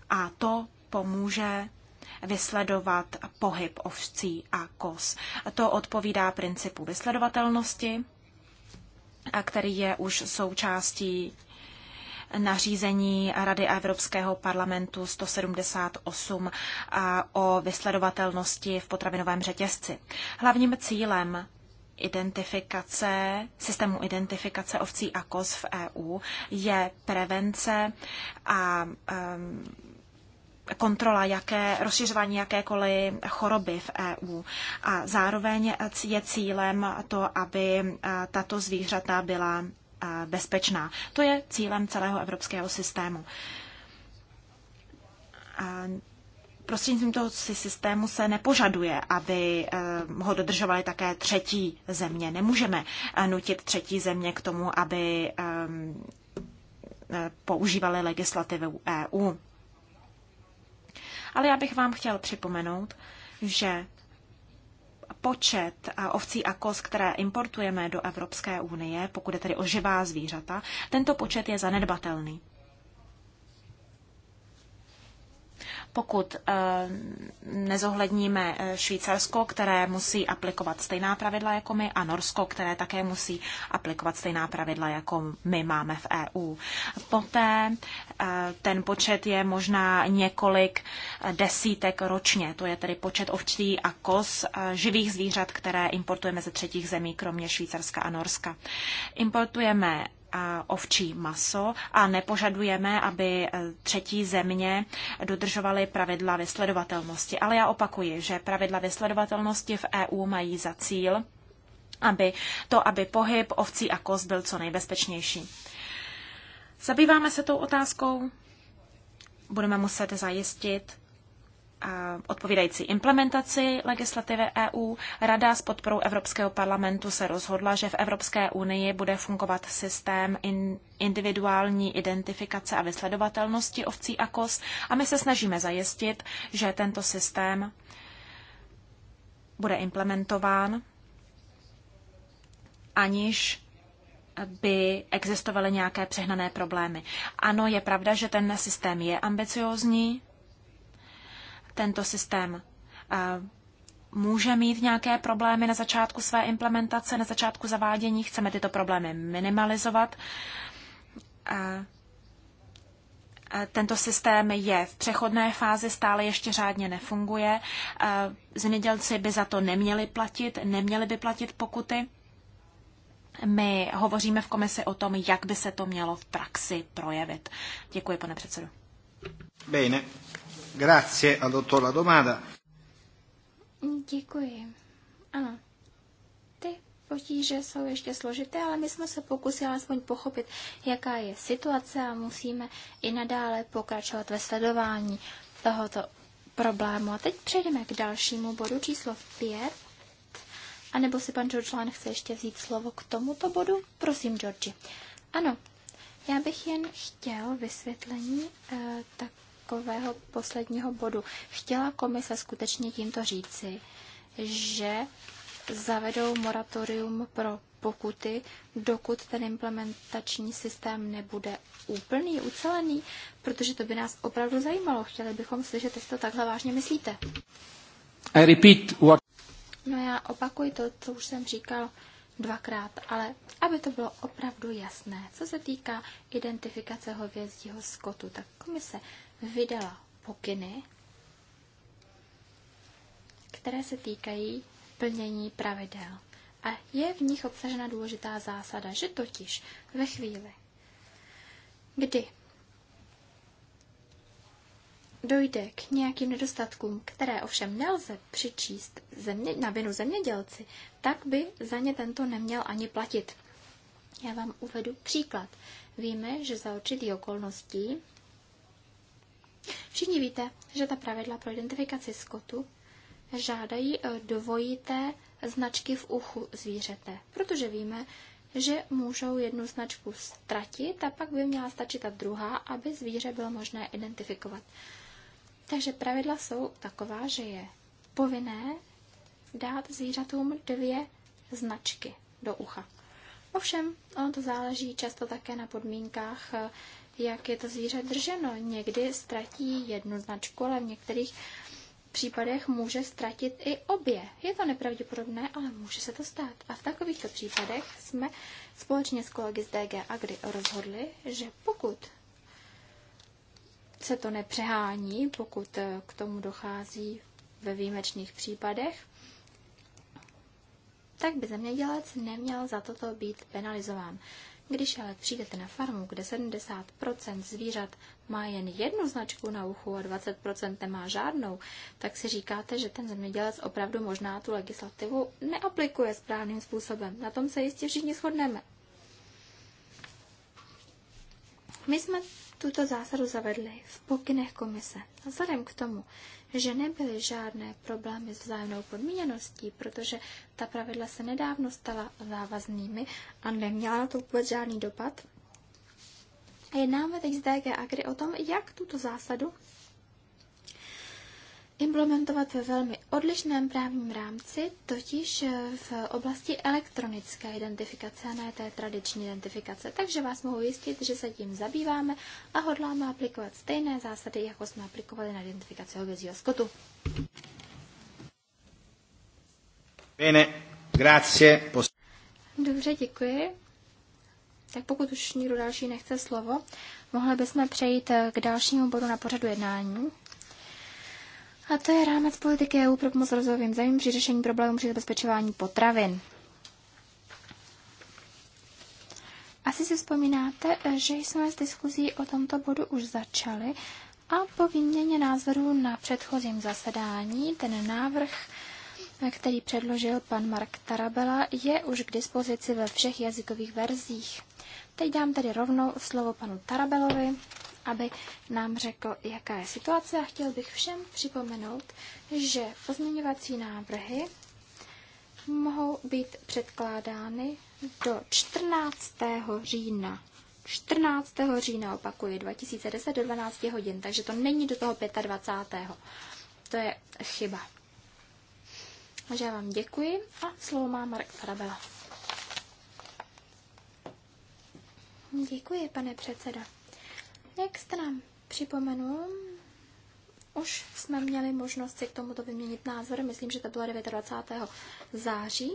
A to pomůže vysledovat pohyb ovcí a kos. To odpovídá principu vysledovatelnosti, který je už součástí nařízení Rady Evropského parlamentu 178 o vysledovatelnosti v potravinovém řetězci. Hlavním cílem identifikace, systému identifikace ovcí a koz v EU je prevence a um, kontrola jaké, rozšiřování jakékoliv choroby v EU. A zároveň je cílem to, aby eh, tato zvířata byla eh, bezpečná. To je cílem celého evropského systému. A prostřednictvím toho systému se nepožaduje, aby eh, ho dodržovaly také třetí země. Nemůžeme nutit třetí země k tomu, aby používali legislativu EU. Ale já bych vám chtěl připomenout, že počet eh, ovcí a koz, které importujeme do Evropské unie, pokud je tedy o živá zvířata, tento počet je zanedbatelný. Pokud eh, nezohledníme eh, Švýcarsko, které musí aplikovat stejná pravidla jako my, a Norsko, které také musí aplikovat stejná pravidla jako my máme v EU. Poté eh, ten počet je možná několik desítek ročně. To je tedy počet ovčí a kos živých zvířat, které importujeme ze třetích zemí, kromě Švýcarska a Norska. Importujeme ovčí maso a nepožadujeme, aby e, třetí země dodržovaly pravidla vysledovatelnosti. Ale já opakuji, že pravidla vysledovatelnosti v EU mají za cíl aby to, aby pohyb ovcí a kost byl co nejbezpečnější. Zabýváme se tou otázkou, budeme muset zajistit, odpovídající implementaci legislativy EU, Rada s podporou Evropského parlamentu se rozhodla, že v Evropské unii bude fungovat systém in, individuální identifikace a vysledovatelnosti ovcí a kos a my se snažíme zajistit, že tento systém bude implementován, aniž by existovaly nějaké přehnané problémy. Ano, je pravda, že ten systém je ambiciózní, tento systém eh, může mít nějaké problémy na začátku své implementace, na začátku zavádění. Chceme tyto problémy minimalizovat. Eh, eh, tento systém je v přechodné fázi, stále ještě řádně nefunguje. Zemědělci by za to neměli platit, neměli by platit pokuty. My hovoříme v komisi o tom, jak by se to mělo v praxi projevit. Děkuji, pane předsedu. Bene. Grazie al dottor La Domada. Děkuji. Ano. Ty potíže jsou ještě složité, ale my jsme se pokusili alespoň pochopit, jaká je situace a musíme i nadále pokračovat ve sledování tohoto problému. A teď přejdeme k dalšímu bodu číslo 5. A nebo si pan George Lane chce ještě vzít slovo k tomuto bodu? Prosím, Georgi. Ano, já bych jen chtěl vysvětlení eh, tak takového posledního bodu. Chtěla komise skutečně tímto říci, že zavedou moratorium pro pokuty, dokud ten implementační systém nebude úplný, ucelený, protože to by nás opravdu zajímalo. Chtěli bychom slyšet, jestli to takhle vážně myslíte. I repeat what... No já opakuji to, co už jsem říkal dvakrát, ale aby to bylo opravdu jasné, co se týká identifikace hovězdího skotu, tak komise vydala pokyny, které se týkají plnění pravidel. A je v nich obsažena důležitá zásada, že totiž ve chvíli, kdy dojde k nějakým nedostatkům, které ovšem nelze přičíst země, na vinu zemědělci, tak by za ně tento neměl ani platit. Já vám uvedu příklad. Víme, že za určitý okolností Všichni víte, že ta pravidla pro identifikaci skotu žádají eh, dvojité značky v uchu zvířete, protože víme, že můžou jednu značku ztratit a pak by měla stačit ta druhá, aby zvíře bylo možné identifikovat. Takže pravidla jsou taková, že je povinné dát zvířatům dvě značky do ucha. Ovšem, ono to záleží často také na podmínkách eh, jak je to zvíře drženo. Někdy ztratí jednu značku, ale v některých případech může ztratit i obě. Je to nepravděpodobné, ale může se to stát. A v takovýchto případech jsme společně s kolegy z DG Agri rozhodli, že pokud se to nepřehání, pokud eh, k tomu dochází ve výjimečných případech, tak by zemědělec neměl za toto být penalizován. Když ale přijdete na farmu, kde 70% zvířat má jen jednu značku na uchu a 20% nemá žádnou, tak si říkáte, že ten zemědělec opravdu možná tu legislativu neaplikuje správným způsobem. Na tom se jistě všichni shodneme. My jsme tuto zásadu zavedli v pokynech komise. Vzhledem k tomu, že nebyly žádné problémy s vzájemnou podmíněností, protože ta pravidla se nedávno stala závaznými a neměla na to vůbec žádný dopad. A jednáme teď z DG Agri o tom, jak tuto zásadu implementovat ve velmi odlišném právním rámci, totiž v oblasti elektronické identifikace a ne té tradiční identifikace. Takže vás mohu jistit, že se tím zabýváme a hodláme aplikovat stejné zásady, jako jsme aplikovali na identifikaci hovězího skotu. Bene, grazie. Dobře, děkuji. Tak pokud už nikdo další nechce slovo, mohli bychom přejít k dalšímu bodu na pořadu jednání. A to je rámec politiky EU pro pomoc rozvojovým zemím při řešení problémů při zabezpečování potravin. Asi si vzpomínáte, že jsme s diskuzí o tomto bodu už začali a po výměně názorů na předchozím zasedání ten návrh, který předložil pan Mark Tarabela, je už k dispozici ve všech jazykových verzích. Teď dám tedy rovnou slovo panu Tarabelovi, aby nám řekl, jaká je situace a chtěl bych všem připomenout, že pozměňovací návrhy mohou být předkládány do 14. října. 14. října, opakuji, 2010 do 12 hodin, takže to není do toho 25. To je chyba. Takže já vám děkuji a slovo má Mark Farabela. Děkuji, pane předsedo. Jak jste nám připomenul, už jsme měli možnost si k tomuto vyměnit názor, myslím, že to bylo 29. září,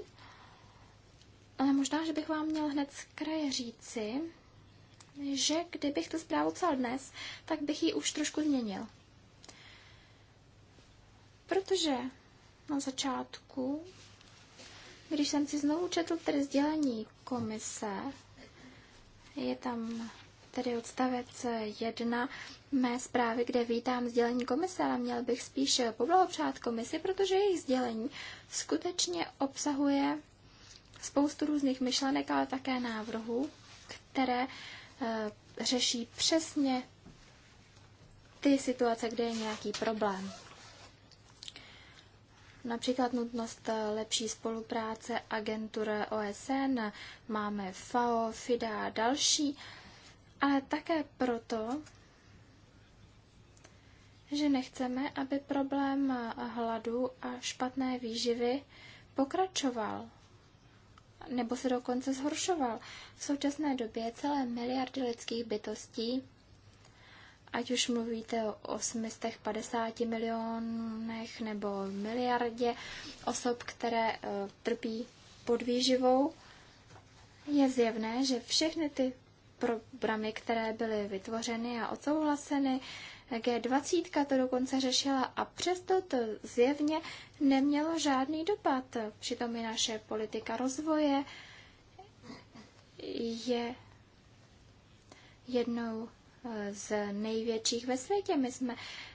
ale možná, že bych vám měl hned z kraje říci, že kdybych tu zprávu psal dnes, tak bych ji už trošku změnil. Protože na začátku, když jsem si znovu četl tedy sdělení komise, je tam tedy odstavec 1 mé zprávy, kde vítám sdělení komise, ale měl bych spíš poblahopřát komisi, protože jejich sdělení skutečně obsahuje spoustu různých myšlenek, ale také návrhů, které eh, řeší přesně ty situace, kde je nějaký problém. Například nutnost eh, lepší spolupráce agentur OSN, máme FAO, FIDA a další ale také proto, že nechceme, aby problém hladu a špatné výživy pokračoval nebo se dokonce zhoršoval. V současné době celé miliardy lidských bytostí, ať už mluvíte o 850 milionech nebo miliardě osob, které eh, trpí podvýživou, je zjevné, že všechny ty programy, které byly vytvořeny a odsouhlaseny. G20 to dokonce řešila a přesto to zjevně nemělo žádný dopad. Přitom i naše politika rozvoje je jednou eh, z největších ve světě. My jsme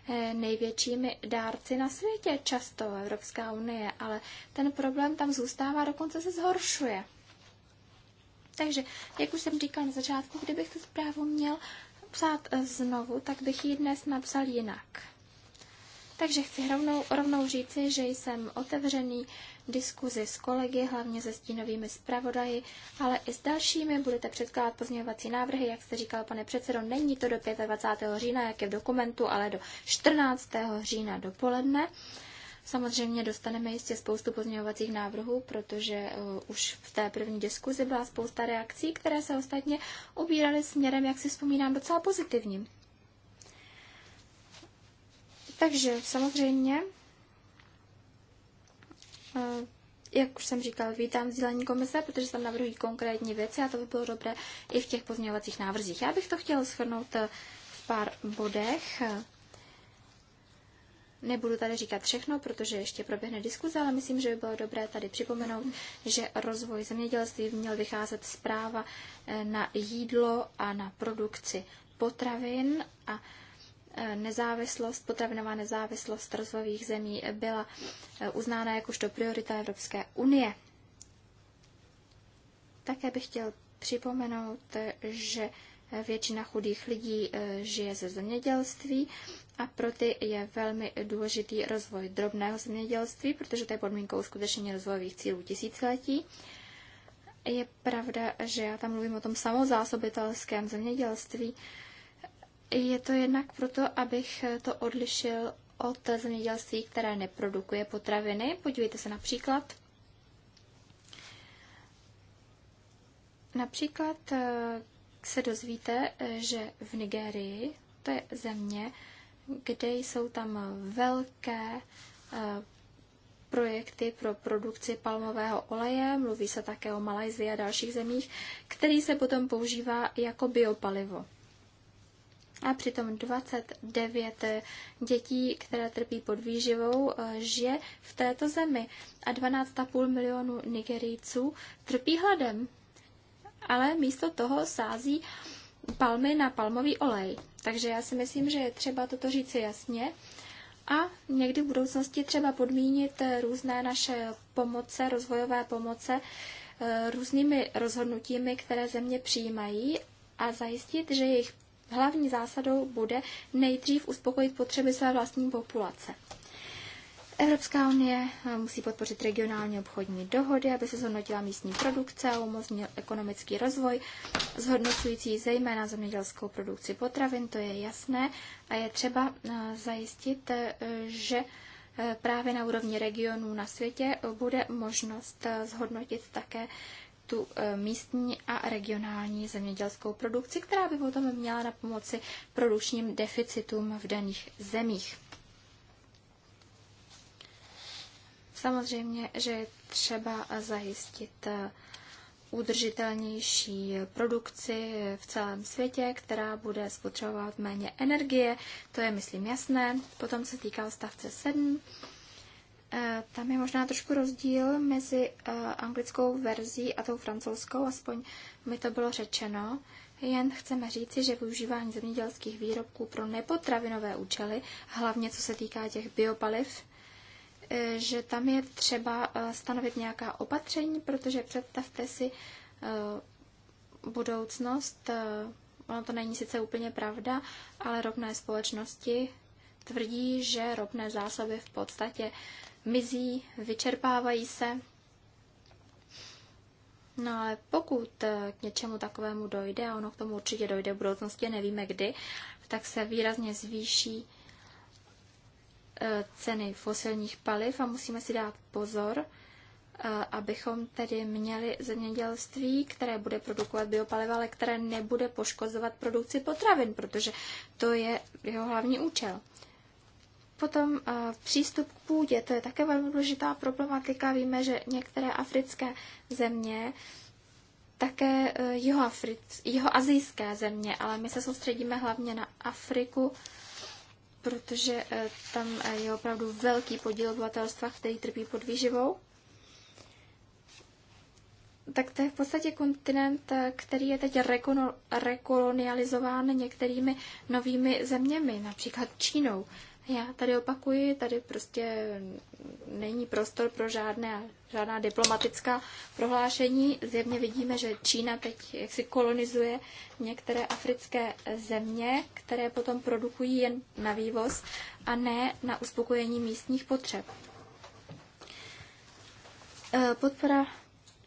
eh, největšími dárci na světě, často Evropská unie, ale ten problém tam zůstává, dokonce se zhoršuje. Takže, jak už jsem říkal na začátku, kdybych tu zprávu měl psát eh, znovu, tak bych ji dnes napsal jinak. Takže chci rovnou, rovnou říci, že jsem otevřený diskuzi s kolegy, hlavně se stínovými zpravodaji, ale i s dalšími budete předkládat pozměňovací návrhy, jak jste říkal, pane předsedo, není to do 25. října, jak je v dokumentu, ale do 14. října dopoledne. Samozřejmě dostaneme jistě spoustu pozměňovacích návrhů, protože eh, už v té první diskuzi byla spousta reakcí, které se ostatně ubíraly směrem, jak si vzpomínám, docela pozitivním. Takže samozřejmě, eh, jak už jsem říkal, vítám vzdělení komise, protože tam navrhují konkrétní věci a to by bylo dobré i v těch pozměňovacích návrzích. Já bych to chtěla shrnout eh, v pár bodech. Nebudu tady říkat všechno, protože ještě proběhne diskuze, ale myslím, že by bylo dobré tady připomenout, že rozvoj zemědělství měl vycházet z práva eh, na jídlo a na produkci potravin a eh, nezávislost, potravinová nezávislost rozvojových zemí byla eh, uznána jakožto priorita Evropské unie. Také bych chtěl připomenout, že Většina chudých lidí eh, žije ze zemědělství a pro ty je velmi důležitý rozvoj drobného zemědělství, protože to je podmínkou skutečně rozvojových cílů tisíciletí. Je pravda, že já tam mluvím o tom samozásobitelském zemědělství. Je to jednak proto, abych to odlišil od zemědělství, které neprodukuje potraviny. Podívejte se například. Například eh, se dozvíte, že v Nigérii, to je země, kde jsou tam velké eh, projekty pro produkci palmového oleje, mluví se také o Malajzi a dalších zemích, který se potom používá jako biopalivo. A přitom 29 eh, dětí, které trpí výživou, eh, žije v této zemi a 12,5 milionů Nigerijců trpí hladem ale místo toho sází palmy na palmový olej. Takže já si myslím, že je třeba toto říci jasně. A někdy v budoucnosti třeba podmínit eh, různé naše pomoce, rozvojové pomoce, eh, různými rozhodnutími, které země přijímají a zajistit, že jejich hlavní zásadou bude nejdřív uspokojit potřeby své vlastní populace. Evropská unie eh, musí podpořit regionální obchodní dohody, aby se zhodnotila místní produkce a umožnil ekonomický rozvoj, zhodnocující zejména zemědělskou produkci potravin, to je jasné. A je třeba eh, zajistit, eh, že právě na úrovni regionů na světě bude možnost zhodnotit také tu místní a regionální zemědělskou produkci, která by potom měla na pomoci produkčním deficitům v daných zemích. Samozřejmě, že je třeba zajistit eh, udržitelnější produkci v celém světě, která bude spotřebovat méně energie. To je, myslím, jasné. Potom se týká stavce 7. Eh, tam je možná trošku rozdíl mezi eh, anglickou verzí a tou francouzskou, aspoň mi to bylo řečeno. Jen chceme říci, že využívání zemědělských výrobků pro nepotravinové účely, hlavně co se týká těch biopaliv, že tam je třeba eh, stanovit nějaká opatření, protože představte si eh, budoucnost, eh, ono to není sice úplně pravda, ale ropné společnosti tvrdí, že ropné zásoby v podstatě mizí, vyčerpávají se. No ale pokud k něčemu takovému dojde, a ono k tomu určitě dojde v budoucnosti, nevíme kdy, tak se výrazně zvýší ceny fosilních paliv a musíme si dát pozor, eh, abychom tedy měli zemědělství, které bude produkovat biopaliva, ale které nebude poškozovat produkci potravin, protože to je jeho hlavní účel. Potom eh, přístup k půdě, to je také velmi důležitá problematika. Víme, že některé africké země, také jeho, Afric, jeho azijské země, ale my se soustředíme hlavně na Afriku, protože eh, tam eh, je opravdu velký podíl obyvatelstva, který trpí podvýživou. Tak to je v podstatě kontinent, eh, který je teď rekolonializován některými novými zeměmi, například Čínou. Já tady opakuji, tady prostě není prostor pro žádné, žádná diplomatická prohlášení. Zjevně vidíme, že Čína teď jaksi kolonizuje některé africké země, které potom produkují jen na vývoz a ne na uspokojení místních potřeb. E, podpora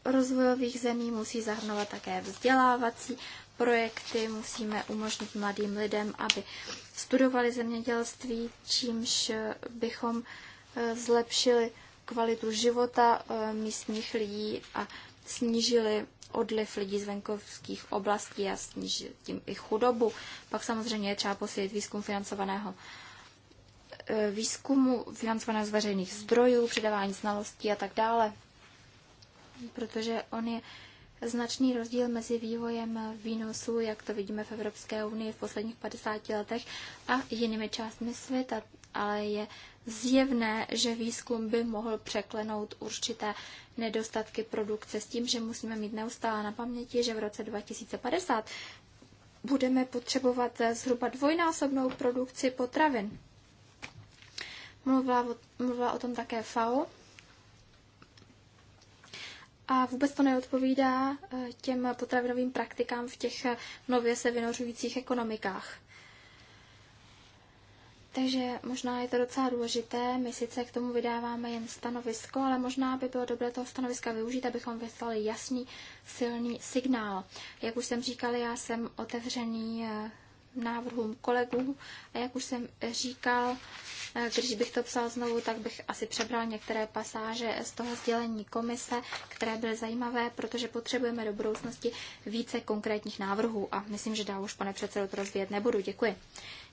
rozvojových zemí musí zahrnovat také vzdělávací projekty, musíme umožnit mladým lidem, aby studovali zemědělství, čímž eh, bychom eh, zlepšili kvalitu života eh, místních lidí a snížili odliv lidí z venkovských oblastí a snížit tím i chudobu. Pak samozřejmě je třeba posílit výzkum financovaného výzkumu, financovaného z veřejných zdrojů, předávání znalostí a tak dále. Protože on je značný rozdíl mezi vývojem výnosů, jak to vidíme v Evropské unii v posledních 50 letech a jinými částmi světa, ale je zjevné, že výzkum by mohl překlenout určité nedostatky produkce s tím, že musíme mít neustále na paměti, že v roce 2050 budeme potřebovat zhruba dvojnásobnou produkci potravin. Mluvila o, mluvila o tom také FAO a vůbec to neodpovídá eh, těm potravinovým praktikám v těch eh, nově se vynořujících ekonomikách. Takže možná je to docela důležité. My sice k tomu vydáváme jen stanovisko, ale možná by bylo dobré toho stanoviska využít, abychom vyslali jasný, silný signál. Jak už jsem říkala, já jsem otevřený eh, návrhům kolegů a jak už jsem říkal, když bych to psal znovu, tak bych asi přebral některé pasáže z toho sdělení komise, které byly zajímavé, protože potřebujeme do budoucnosti více konkrétních návrhů. A myslím, že dál už, pane předsedo, to rozvíjet nebudu. Děkuji.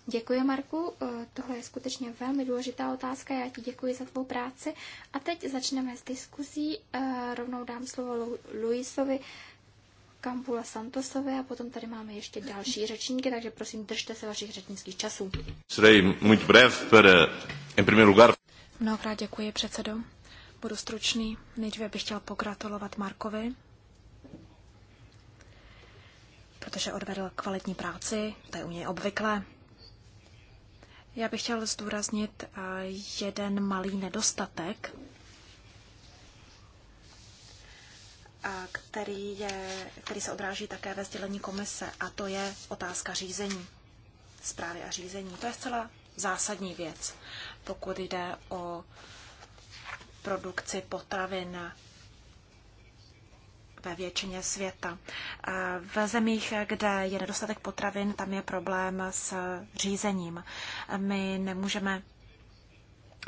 Děkuji, Marku. E, tohle je skutečně velmi důležitá otázka. Já ti děkuji za tvou práci. A teď začneme s diskuzí. E, rovnou dám slovo Luisovi Kampula Santosové a potom tady máme ještě další řečníky, takže prosím držte se vašich řečnických časů. Mnohokrát děkuji, předsedo. Budu stručný. Nejdříve bych chtěl pogratulovat Markovi, protože odvedl kvalitní práci, to je u něj obvyklé. Já bych chtěl zdůraznit eh, jeden malý nedostatek, který, je, který se odráží také ve sdělení komise, a to je otázka řízení, zprávy a řízení. To je zcela zásadní věc, pokud jde o produkci potravin ve většině světa. Ve zemích, kde je nedostatek potravin, tam je problém s řízením. My nemůžeme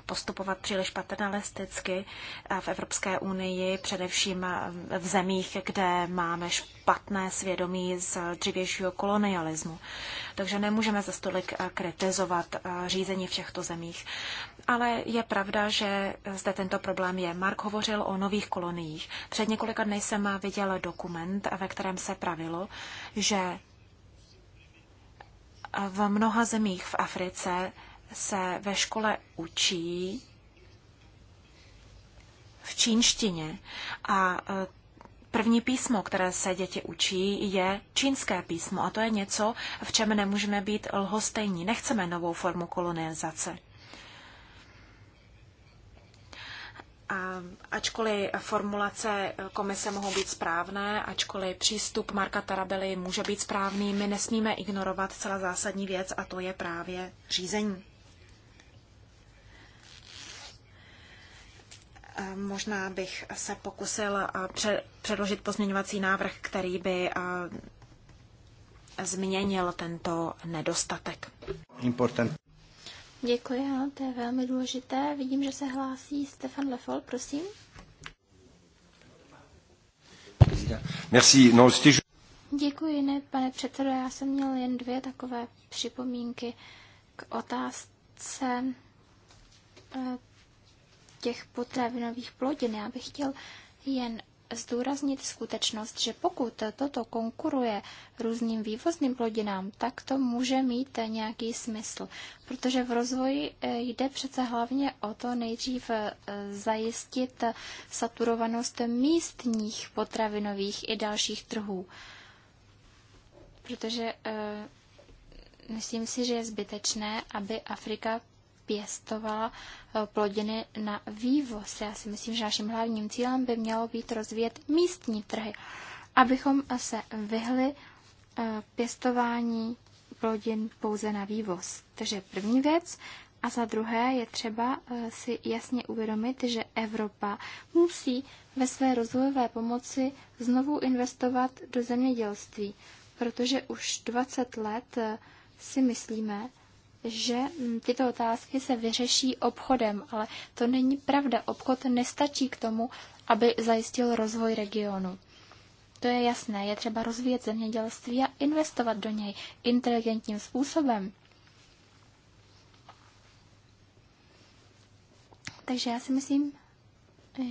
postupovat příliš paternalisticky v Evropské unii, především v zemích, kde máme špatné svědomí z dřívějšího kolonialismu. Takže nemůžeme za stolik eh, kritizovat eh, řízení v těchto zemích. Ale je pravda, že zde tento problém je. Mark hovořil o nových koloniích. Před několika dny jsem viděl dokument, ve kterém se pravilo, že v mnoha zemích v Africe se ve škole učí v čínštině a e, První písmo, které se děti učí, je čínské písmo a to je něco, v čem nemůžeme být lhostejní. Nechceme novou formu kolonizace. A ačkoliv formulace komise mohou být správné, ačkoliv přístup Marka Tarabely může být správný, my nesmíme ignorovat celá zásadní věc a to je právě řízení. Možná bych se pokusil eh, předložit pozměňovací návrh, který by eh, změnil tento nedostatek. Important. Děkuji, ano, to je velmi důležité. Vidím, že se hlásí Stefan Lefol, prosím. Merci. No, stěžu... Děkuji, ne, pane předsedo, já jsem měl jen dvě takové připomínky k otázce eh, těch potravinových plodin. Já bych chtěl jen zdůraznit skutečnost, že pokud toto konkuruje různým vývozným plodinám, tak to může mít nějaký smysl, protože v rozvoji eh, jde přece hlavně o to nejdřív eh, zajistit saturovanost místních potravinových i dalších trhů. Protože eh, myslím si, že je zbytečné, aby Afrika pěstovala eh, plodiny na vývoz. Já si myslím, že naším hlavním cílem by mělo být rozvíjet místní trhy, abychom se vyhli eh, pěstování plodin pouze na vývoz. Takže první věc. A za druhé je třeba eh, si jasně uvědomit, že Evropa musí ve své rozvojové pomoci znovu investovat do zemědělství, protože už 20 let si myslíme, že mm, tyto otázky se vyřeší obchodem, ale to není pravda. Obchod nestačí k tomu, aby zajistil rozvoj regionu. To je jasné, je třeba rozvíjet zemědělství a investovat do něj inteligentním způsobem. Takže já si myslím,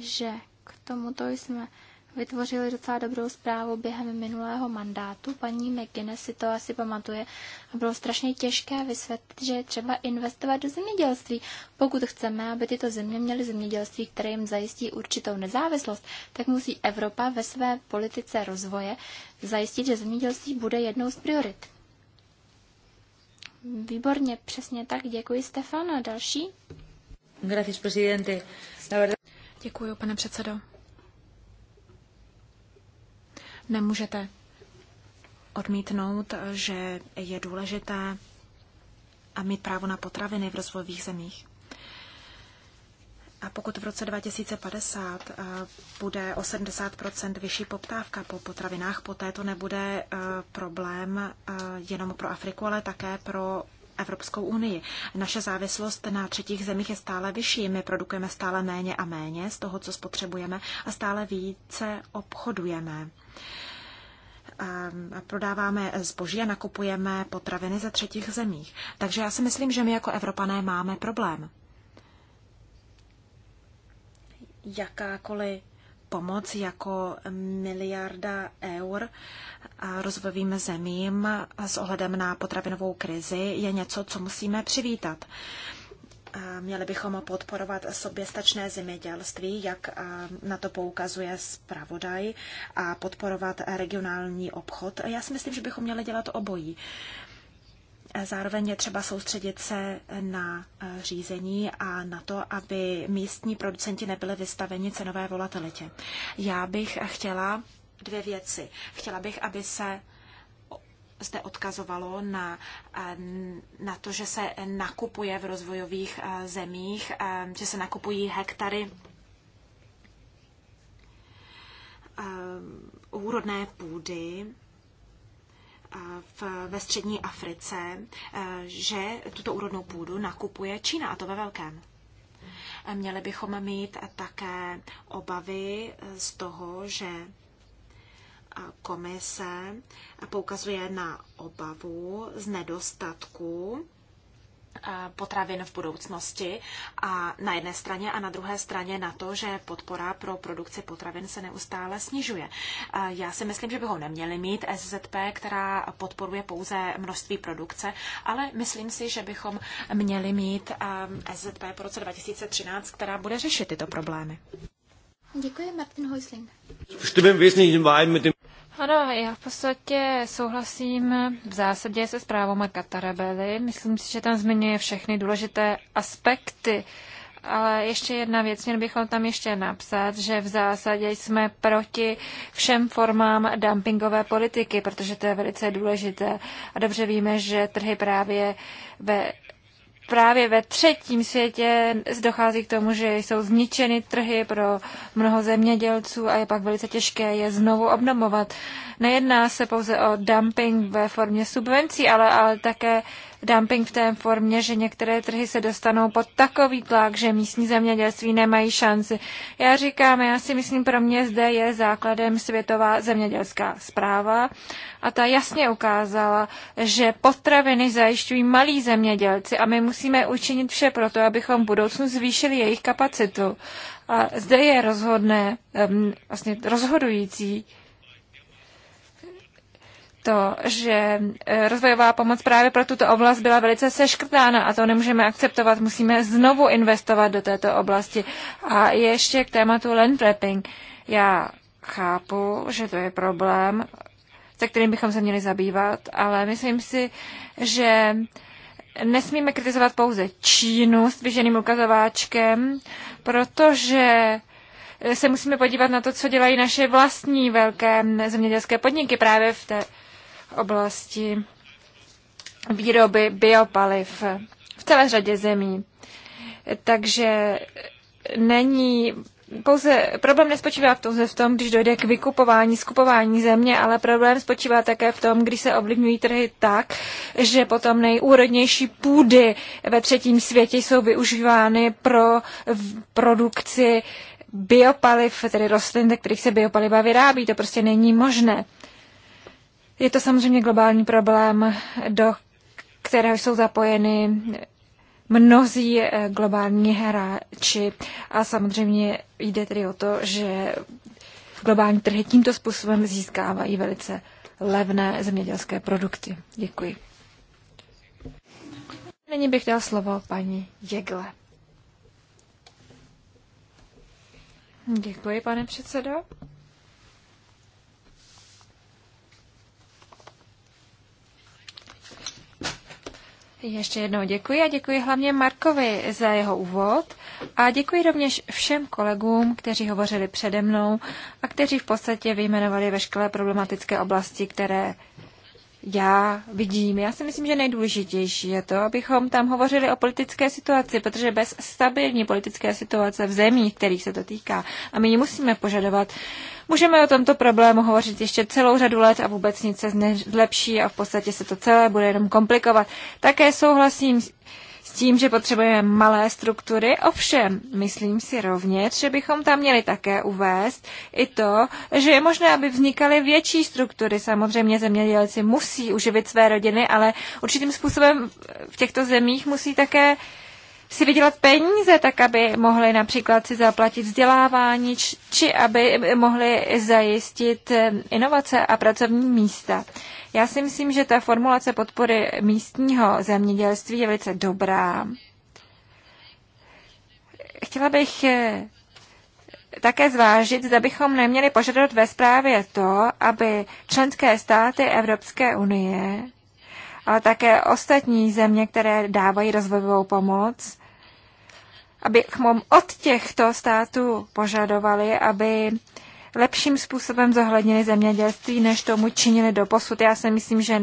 že k tomuto jsme vytvořili docela dobrou zprávu během minulého mandátu. Paní McGuinness si to asi pamatuje a bylo strašně těžké vysvětlit, že je třeba investovat do zemědělství. Pokud chceme, aby tyto země měly zemědělství, které jim zajistí určitou nezávislost, tak musí Evropa ve své politice rozvoje zajistit, že zemědělství bude jednou z priorit. Výborně, přesně tak. Děkuji, Stefano. Další? Gracias, presidente. Děkuji, pane předsedo. Nemůžete odmítnout, že je důležité a mít právo na potraviny v rozvojových zemích. A pokud v roce 2050 eh, bude o 70 vyšší poptávka po potravinách, poté to nebude eh, problém eh, jenom pro Afriku, ale také pro Evropskou unii. Naše závislost na třetích zemích je stále vyšší, my produkujeme stále méně a méně z toho, co spotřebujeme a stále více obchodujeme ehm, prodáváme zboží a nakupujeme potraviny ze třetích zemích. Takže já si myslím, že my jako Evropané máme problém. Jakákoliv pomoc jako miliarda eur rozvojovým zemím s ohledem na potravinovou krizi je něco, co musíme přivítat. Měli bychom podporovat soběstačné zemědělství, jak na to poukazuje zpravodaj, a podporovat regionální obchod. Já si myslím, že bychom měli dělat obojí. Zároveň je třeba soustředit se na e, řízení a na to, aby místní producenti nebyli vystaveni cenové volatilitě. Já bych chtěla dvě věci. Chtěla bych, aby se zde odkazovalo na, e, na to, že se nakupuje v rozvojových e, zemích, že se nakupují hektary úrodné půdy v, ve střední Africe, eh, že tuto úrodnou půdu nakupuje Čína a to ve velkém. Měli bychom mít také obavy z toho, že komise poukazuje na obavu z nedostatku E, potravin v budoucnosti a na jedné straně a na druhé straně na to, že podpora pro produkci potravin se neustále snižuje. E, já si myslím, že by ho neměli mít SZP, která podporuje pouze množství produkce, ale myslím si, že bychom měli mít e, SZP po roce 2013, která bude řešit tyto problémy. Děkuji, Martin Hojsling. Stimmen wesentlich überein mit dem ano, já v podstatě souhlasím v zásadě se zprávou Katarabely. Myslím si, že tam zmiňuje všechny důležité aspekty. Ale ještě jedna věc, měli bychom tam ještě napsat, že v zásadě jsme proti všem formám dumpingové politiky, protože to je velice důležité. A dobře víme, že trhy právě ve právě ve třetím světě dochází k tomu, že jsou zničeny trhy pro mnoho zemědělců a je pak velice těžké je znovu obnovovat. Nejedná se pouze o dumping ve formě subvencí, ale, ale také dumping v té formě, že některé trhy se dostanou pod takový tlak, že místní zemědělství nemají šanci. Já říkám, já si myslím, pro mě zde je základem světová zemědělská zpráva a ta jasně ukázala, že potraviny zajišťují malí zemědělci a my musíme učinit vše pro to, abychom v budoucnu zvýšili jejich kapacitu. A zde je rozhodné, vlastně rozhodující, to, že e, rozvojová pomoc právě pro tuto oblast byla velice seškrtána a to nemůžeme akceptovat. Musíme znovu investovat do této oblasti. A ještě k tématu landflapping. Já chápu, že to je problém, se kterým bychom se měli zabývat, ale myslím si, že nesmíme kritizovat pouze Čínu s vyženým ukazováčkem, protože se musíme podívat na to, co dělají naše vlastní velké zemědělské podniky právě v té oblasti výroby biopaliv v celé řadě zemí. Takže není pouze problém nespočívá pouze v tom, když dojde k vykupování, skupování země, ale problém spočívá také v tom, když se ovlivňují trhy tak, že potom nejúrodnější půdy ve třetím světě jsou využívány pro produkci biopaliv, tedy rostlin, ze kterých se biopaliva vyrábí. To prostě není možné. Je to samozřejmě globální problém, do kterého jsou zapojeny mnozí eh, globální hráči a samozřejmě jde tedy o to, že globální trhy tímto způsobem získávají velice levné zemědělské produkty. Děkuji. Nyní bych dal slovo paní Jegle. Děkuji, pane předsedo. Ještě jednou děkuji a děkuji hlavně Markovi za jeho úvod a děkuji rovněž všem kolegům, kteří hovořili přede mnou a kteří v podstatě vyjmenovali veškeré problematické oblasti, které já vidím. Já si myslím, že nejdůležitější je to, abychom tam hovořili o politické situaci, protože bez stabilní politické situace v zemích, kterých se to týká, a my ji musíme požadovat, můžeme o tomto problému hovořit ještě celou řadu let a vůbec nic se zlepší a v podstatě se to celé bude jenom komplikovat. Také souhlasím s tím, že potřebujeme malé struktury. Ovšem, myslím si rovněž, že bychom tam měli také uvést i to, že je možné, aby vznikaly větší struktury. Samozřejmě zemědělci musí uživit své rodiny, ale určitým způsobem v těchto zemích musí také uh, si vydělat peníze, tak aby mohli například si zaplatit vzdělávání, či aby mohli zajistit eh, inovace a pracovní místa. Já si myslím, že ta formulace podpory místního zemědělství je velice dobrá. Chtěla bych eh, také zvážit, zda bychom neměli požadovat ve zprávě to, aby členské státy Evropské unie, ale také ostatní země, které dávají rozvojovou pomoc, abychom od těchto států požadovali, aby lepším způsobem zohlednili zemědělství, než tomu činili do posud. Já si myslím, že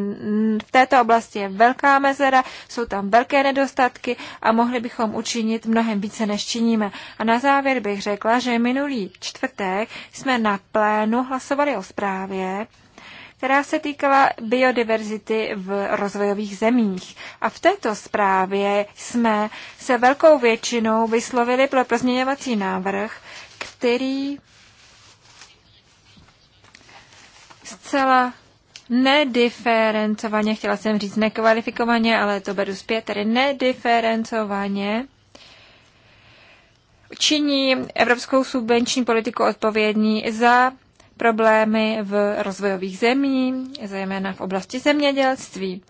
v této oblasti je velká mezera, jsou tam velké nedostatky a mohli bychom učinit mnohem více, než činíme. A na závěr bych řekla, že minulý čtvrtek jsme na plénu hlasovali o zprávě, která se týkala biodiverzity v rozvojových zemích. A v této zprávě jsme se velkou většinou vyslovili pro pozměňovací návrh, který zcela nediferencovaně, chtěla jsem říct nekvalifikovaně, ale to beru zpět, tedy nediferencovaně činí evropskou subvenční politiku odpovědní za problémy v rozvojových zemí, zejména v oblasti zemědělství.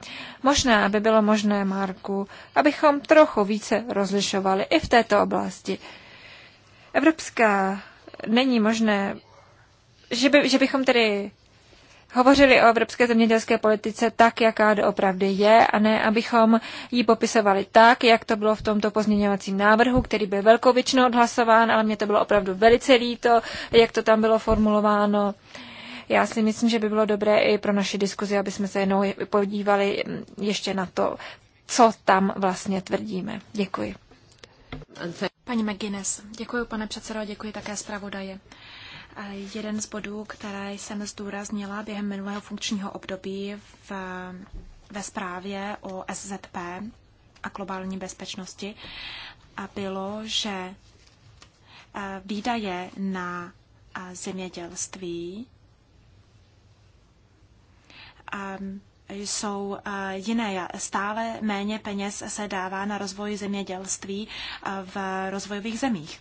Možná by bylo možné, Marku, abychom trochu více rozlišovali i v této oblasti. Evropská není možné, že, by, že bychom tedy hovořili o evropské zemědělské politice tak, jaká doopravdy je, a ne abychom ji popisovali tak, jak to bylo v tomto pozměňovacím návrhu, který byl velkou většinou odhlasován, ale mě to bylo opravdu velice líto, jak to tam bylo formulováno. Já si myslím, že by bylo dobré i pro naši diskuzi, aby jsme se jenom podívali ještě na to, co tam vlastně tvrdíme. Děkuji. Paní McGuinness, děkuji pane předsedo a děkuji také zpravodaje jeden z bodů, které jsem zdůraznila během minulého funkčního období v, ve zprávě o SZP a globální bezpečnosti, a bylo, že e, výdaje na e, zemědělství e, jsou jiné. Stále méně peněz se dává na rozvoj zemědělství v rozvojových zemích.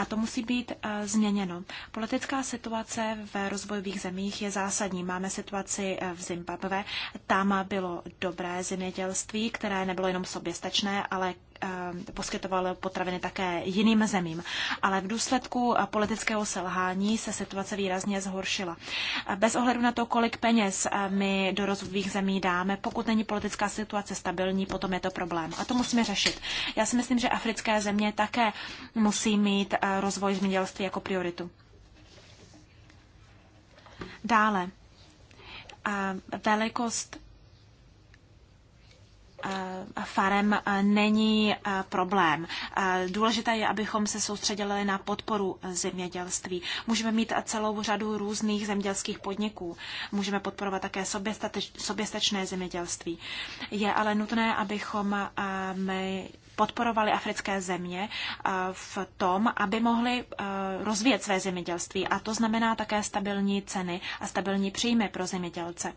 A to musí být eh, změněno. Politická situace v rozvojových zemích je zásadní. Máme situaci eh, v Zimbabwe. Tam bylo dobré zemědělství, které nebylo jenom soběstačné, ale Eh, poskytoval potraviny také jiným zemím. Ale v důsledku eh, politického selhání se situace výrazně zhoršila. Eh, bez ohledu na to, kolik peněz my do rozvojových zemí dáme, pokud není politická situace stabilní, potom je to problém. A to musíme řešit. Já si myslím, že africké země také musí mít rozvoj zemědělství jako prioritu. Dále. Velikost farem není problém. Důležité je, abychom se soustředili na podporu zemědělství. Můžeme mít celou řadu různých zemědělských podniků. Můžeme podporovat také soběstačné zemědělství. Je ale nutné, abychom my podporovali africké země eh, v tom, aby mohli eh, rozvíjet své zemědělství. A to znamená také stabilní ceny a stabilní příjmy pro zemědělce.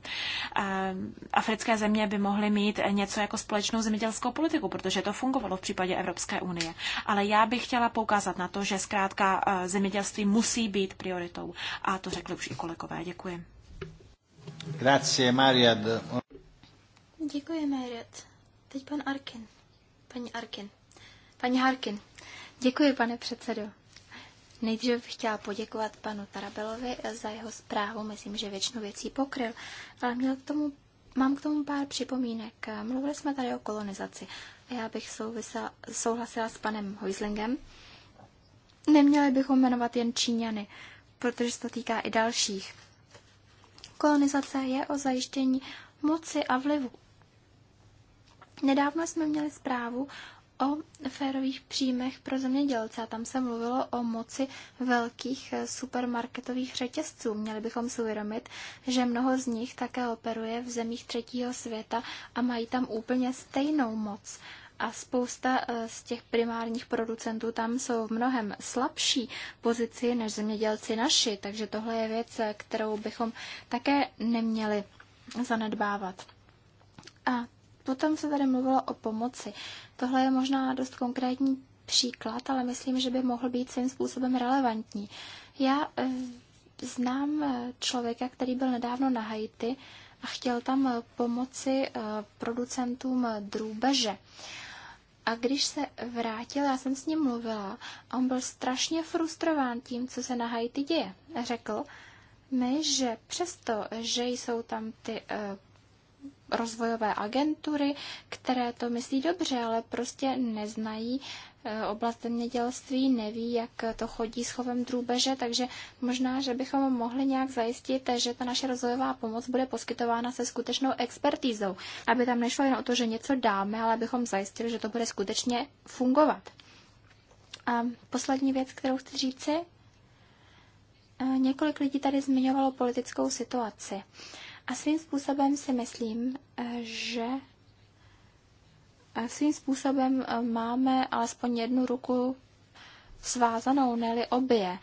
Eh, africké země by mohly mít něco jako společnou zemědělskou politiku, protože to fungovalo v případě Evropské unie. Ale já bych chtěla poukázat na to, že zkrátka zemědělství musí být prioritou. A to řekli už i kolegové. Děkuji. Grazie, Mariad. Děkuji, Mariad. Teď pan Arkin. Paní Arkin. Paní Harkin. Děkuji, pane předsedo. Nejdříve bych chtěla poděkovat panu Tarabelovi za jeho zprávu. Myslím, že většinu věcí pokryl, ale měl k tomu, mám k tomu pár připomínek. Mluvili jsme tady o kolonizaci a já bych souvisela, souhlasila s panem Hoislingem. Neměli bychom jmenovat jen Číňany, protože se to týká i dalších. Kolonizace je o zajištění moci a vlivu. Nedávno jsme měli zprávu o férových příjmech pro zemědělce a tam se mluvilo o moci velkých eh, supermarketových řetězců. Měli bychom si uvědomit, že mnoho z nich také operuje v zemích třetího světa a mají tam úplně stejnou moc. A spousta eh, z těch primárních producentů tam jsou v mnohem slabší pozici než zemědělci naši, takže tohle je věc, eh, kterou bychom také neměli zanedbávat. A Potom se tady mluvilo o pomoci. Tohle je možná dost konkrétní příklad, ale myslím, že by mohl být svým způsobem relevantní. Já eh, znám eh, člověka, který byl nedávno na Haiti a chtěl tam eh, pomoci producentům drůbeže. A když se vrátil, já jsem s ním mluvila a on byl strašně frustrován tím, co se na Haiti děje. Řekl mi, že přesto, že jsou tam ty rozvojové agentury, které to myslí dobře, ale prostě neznají eh, oblast zemědělství, neví, jak to chodí s chovem drůbeže, takže možná, že bychom mohli nějak zajistit, že ta naše rozvojová pomoc bude poskytována se skutečnou expertízou, aby tam nešlo jen o to, že něco dáme, ale abychom zajistili, že to bude skutečně fungovat. A poslední věc, kterou chci říci, eh, Několik lidí tady zmiňovalo politickou situaci. A svým způsobem si myslím, eh, že svým způsobem eh, máme alespoň jednu ruku svázanou, neli obě.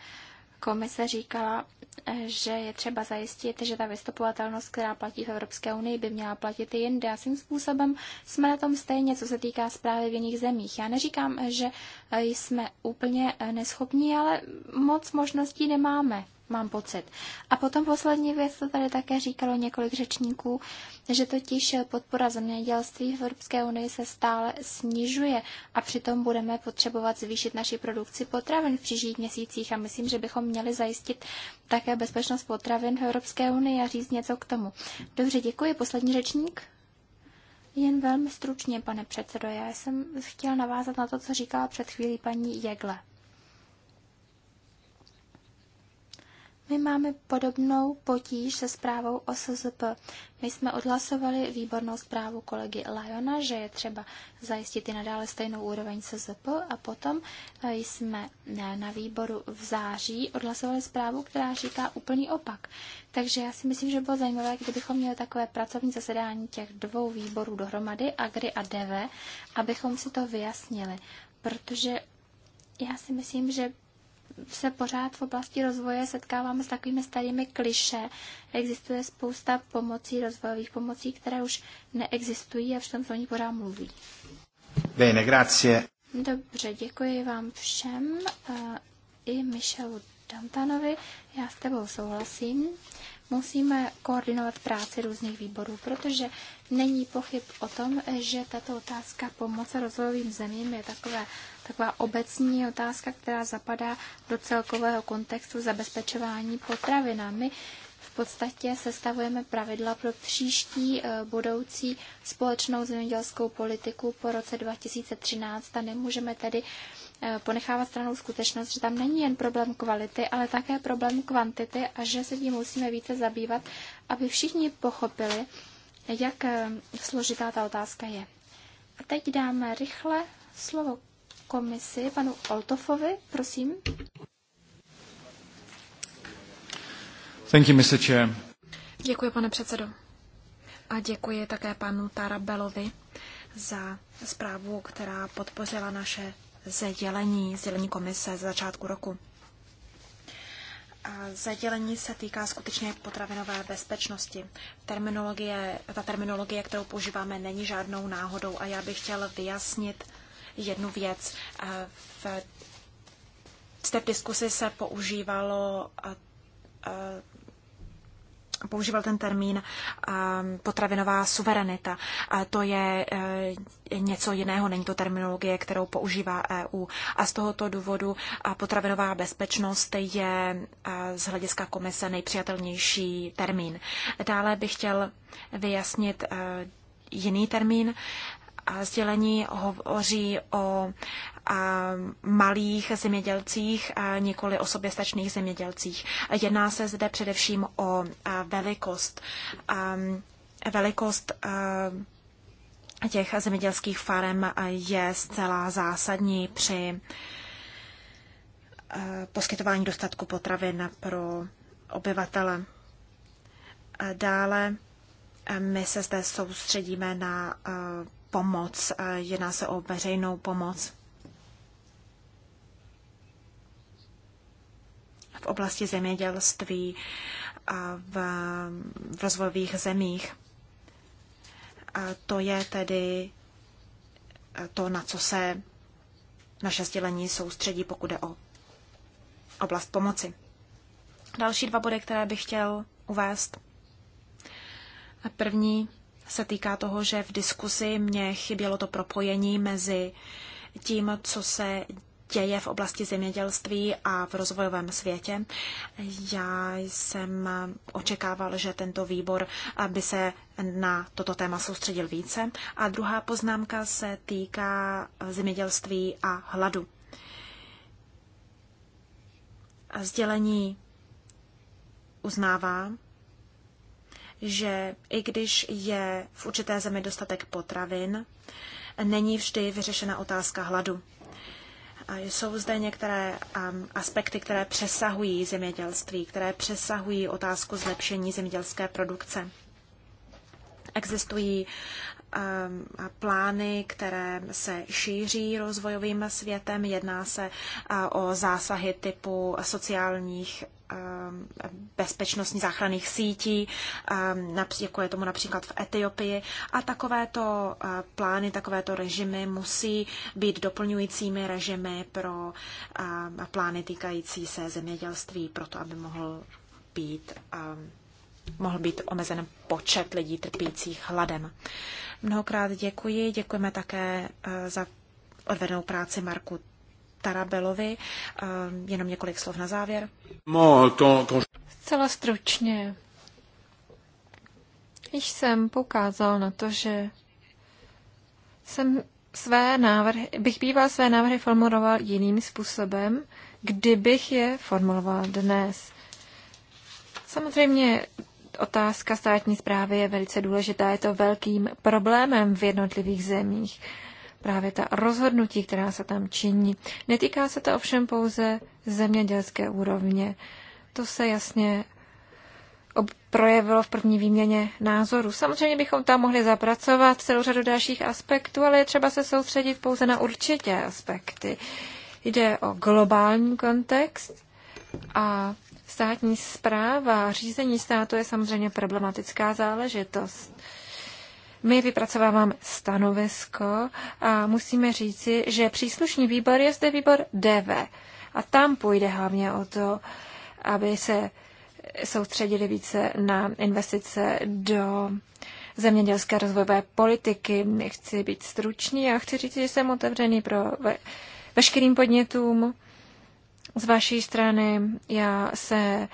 Komise říkala, eh, že je třeba zajistit, že ta vystupovatelnost, která platí v Evropské unii, by měla platit i jinde. A svým způsobem jsme na tom stejně, co se týká zprávy v jiných zemích. Já neříkám, že jsme úplně neschopní, ale moc možností nemáme mám pocit. A potom poslední věc, to tady také říkalo několik řečníků, že totiž podpora zemědělství v Evropské unii se stále snižuje a přitom budeme potřebovat zvýšit naši produkci potravin v příštích měsících a myslím, že bychom měli zajistit také bezpečnost potravin v Evropské unii a říct něco k tomu. Dobře, děkuji. Poslední řečník. Jen velmi stručně, pane předsedo, já jsem chtěla navázat na to, co říkala před chvílí paní Jegle. My máme podobnou potíž se zprávou o SZP. My jsme odhlasovali výbornou zprávu kolegy Lajona, že je třeba zajistit i nadále stejnou úroveň SZP a potom eh, jsme eh, na výboru v září odhlasovali zprávu, která říká úplný opak. Takže já si myslím, že bylo zajímavé, kdybychom měli takové pracovní zasedání těch dvou výborů dohromady, Agri a DV, abychom si to vyjasnili. Protože já si myslím, že se pořád v oblasti rozvoje setkáváme s takovými starými kliše. Existuje spousta pomocí, rozvojových pomocí, které už neexistují a všem se o pořád mluví. Bene, grazie. Dobře, děkuji vám všem eh, i Michelu Dantanovi. Já s tebou souhlasím. Musíme koordinovat práci různých výborů, protože není pochyb o tom, že tato otázka pomoce rozvojovým zemím je takové taková obecní otázka, která zapadá do celkového kontextu zabezpečování potravinami. V podstatě sestavujeme pravidla pro příští eh, budoucí společnou zemědělskou politiku po roce 2013 a nemůžeme tedy eh, ponechávat stranou skutečnost, že tam není jen problém kvality, ale také problém kvantity a že se tím musíme více zabývat, aby všichni pochopili, jak eh, složitá ta otázka je. A teď dáme rychle slovo komisi, panu Oltofovi, prosím. Thank you, Mr. Chair. Děkuji, pane předsedo. A děkuji také panu Tarabelovi za zprávu, která podpořila naše zedělení sdělení komise z začátku roku. A zadělení se týká skutečně potravinové bezpečnosti. Terminologie, ta terminologie, kterou používáme, není žádnou náhodou a já bych chtěl vyjasnit jednu věc. Eh, v té diskusi se používalo eh, používal ten termín eh, potravinová suverenita. A to je něco jiného, není to terminologie, kterou používá EU. A z tohoto důvodu potravinová bezpečnost je z hlediska komise nejpřijatelnější termín. Dále bych chtěl vyjasnit jiný termín sdělení hovoří o malých zemědělcích, nikoli o soběstačných zemědělcích. Jedná se zde především o velikost, velikost těch zemědělských farem je zcela zásadní při poskytování dostatku potravin pro obyvatele. Dále my se zde soustředíme na pomoc, eh, jedná se o veřejnou pomoc. v oblasti zemědělství a v, v rozvojových zemích. A to je tedy eh, to, na co se naše sdělení soustředí, pokud jde o oblast pomoci. Další dva body, které bych chtěl uvést. První se týká toho, že v diskusi mě chybělo to propojení mezi tím, co se děje v oblasti zemědělství a v rozvojovém světě. Já jsem očekával, že tento výbor by se na toto téma soustředil více. A druhá poznámka se týká zemědělství a hladu. Sdělení uznává, že i když je v určité zemi dostatek potravin, není vždy vyřešena otázka hladu. Jsou zde některé um, aspekty, které přesahují zemědělství, které přesahují otázku zlepšení zemědělské produkce. Existují um, plány, které se šíří rozvojovým světem. Jedná se uh, o zásahy typu sociálních Um, bezpečnostní záchranných sítí, um, jako je tomu například v Etiopii. A takovéto uh, plány, takovéto režimy musí být doplňujícími režimy pro um, plány týkající se zemědělství, proto aby mohl být mohl být omezen počet lidí trpících hladem. Mnohokrát děkuji. Děkujeme také uh, za odvednou práci Marku Tarabelovi. Eh, jenom několik slov na závěr. Zcela stručně. Již jsem poukázal na to, že jsem své návrhy, bych býval své návrhy formuloval jiným způsobem, kdybych je formuloval dnes. Samozřejmě otázka státní zprávy je velice důležitá, je to velkým problémem v jednotlivých zemích právě ta rozhodnutí, která se tam činí. Netýká se to ovšem pouze zemědělské úrovně. To se jasně projevilo v první výměně názorů. Samozřejmě bychom tam mohli zapracovat celou řadu dalších aspektů, ale je třeba se soustředit pouze na určitě aspekty. Jde o globální kontext a státní zpráva, řízení státu je samozřejmě problematická záležitost. My vypracováváme stanovisko a musíme říci, že příslušný výbor je zde výbor DV. A tam půjde hlavně o to, aby se soustředili více na investice do zemědělské rozvojové politiky. Chci být stručný a chci říct, že jsem otevřený pro ve, veškerým podnětům z vaší strany. Já se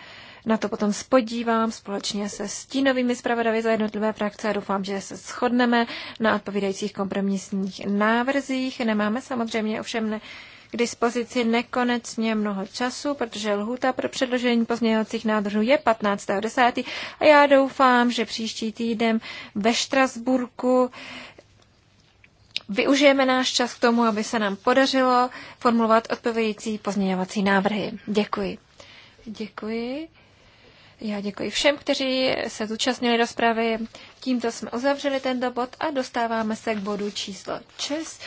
na to potom spodívám společně se stínovými zpravodavy za jednotlivé frakce a doufám, že se shodneme na odpovídajících kompromisních návrzích. Nemáme samozřejmě ovšem ne, k dispozici nekonečně mnoho času, protože lhůta pro předložení pozměňovacích návrhů je 15.10. a já doufám, že příští týden ve Štrasburku využijeme náš čas k tomu, aby se nám podařilo formulovat odpovědící pozměňovací návrhy. Děkuji. Děkuji. Já děkuji všem, kteří se zúčastnili rozpravy. Tímto jsme uzavřeli tento bod a dostáváme se k bodu číslo 6,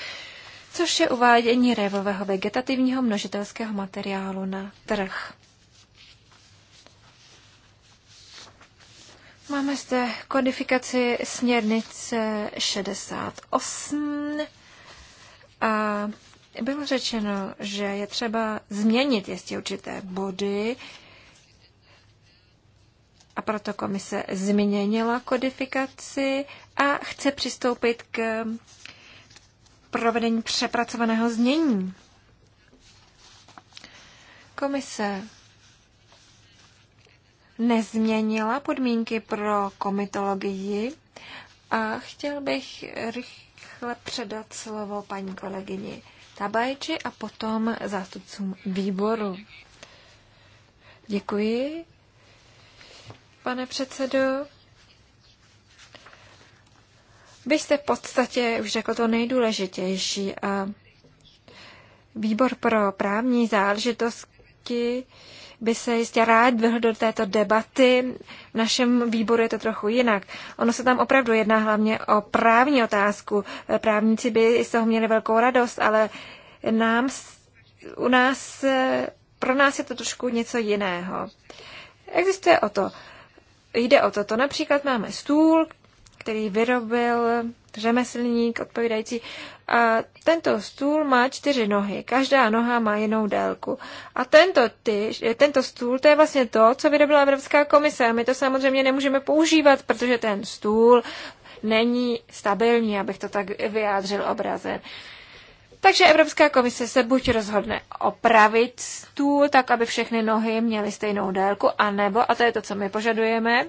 což je uvádění révového vegetativního množitelského materiálu na trh. Máme zde kodifikaci směrnice 68 a bylo řečeno, že je třeba změnit jistě určité body, a proto komise změnila kodifikaci a chce přistoupit k provedení přepracovaného znění. Komise nezměnila podmínky pro komitologii a chtěl bych rychle předat slovo paní kolegyni Tabajči a potom zástupcům výboru. Děkuji pane předsedo. Vy jste v podstatě už řekl to nejdůležitější a výbor pro právní záležitosti by se jistě rád vyhl do této debaty. V našem výboru je to trochu jinak. Ono se tam opravdu jedná hlavně o právní otázku. Právníci by z toho měli velkou radost, ale nám, u nás, pro nás je to trošku něco jiného. Existuje o to jde o toto. Například máme stůl, který vyrobil řemeslník odpovídající. A tento stůl má čtyři nohy, každá noha má jinou délku. A tento, ty, tento stůl, to je vlastně to, co vyrobila Evropská komise. A my to samozřejmě nemůžeme používat, protože ten stůl není stabilní, abych to tak vyjádřil obrazem. Uh, takže Evropská komise se buď rozhodne opravit stůl, tak aby všechny nohy měly stejnou délku, anebo, a to je to, co my požadujeme,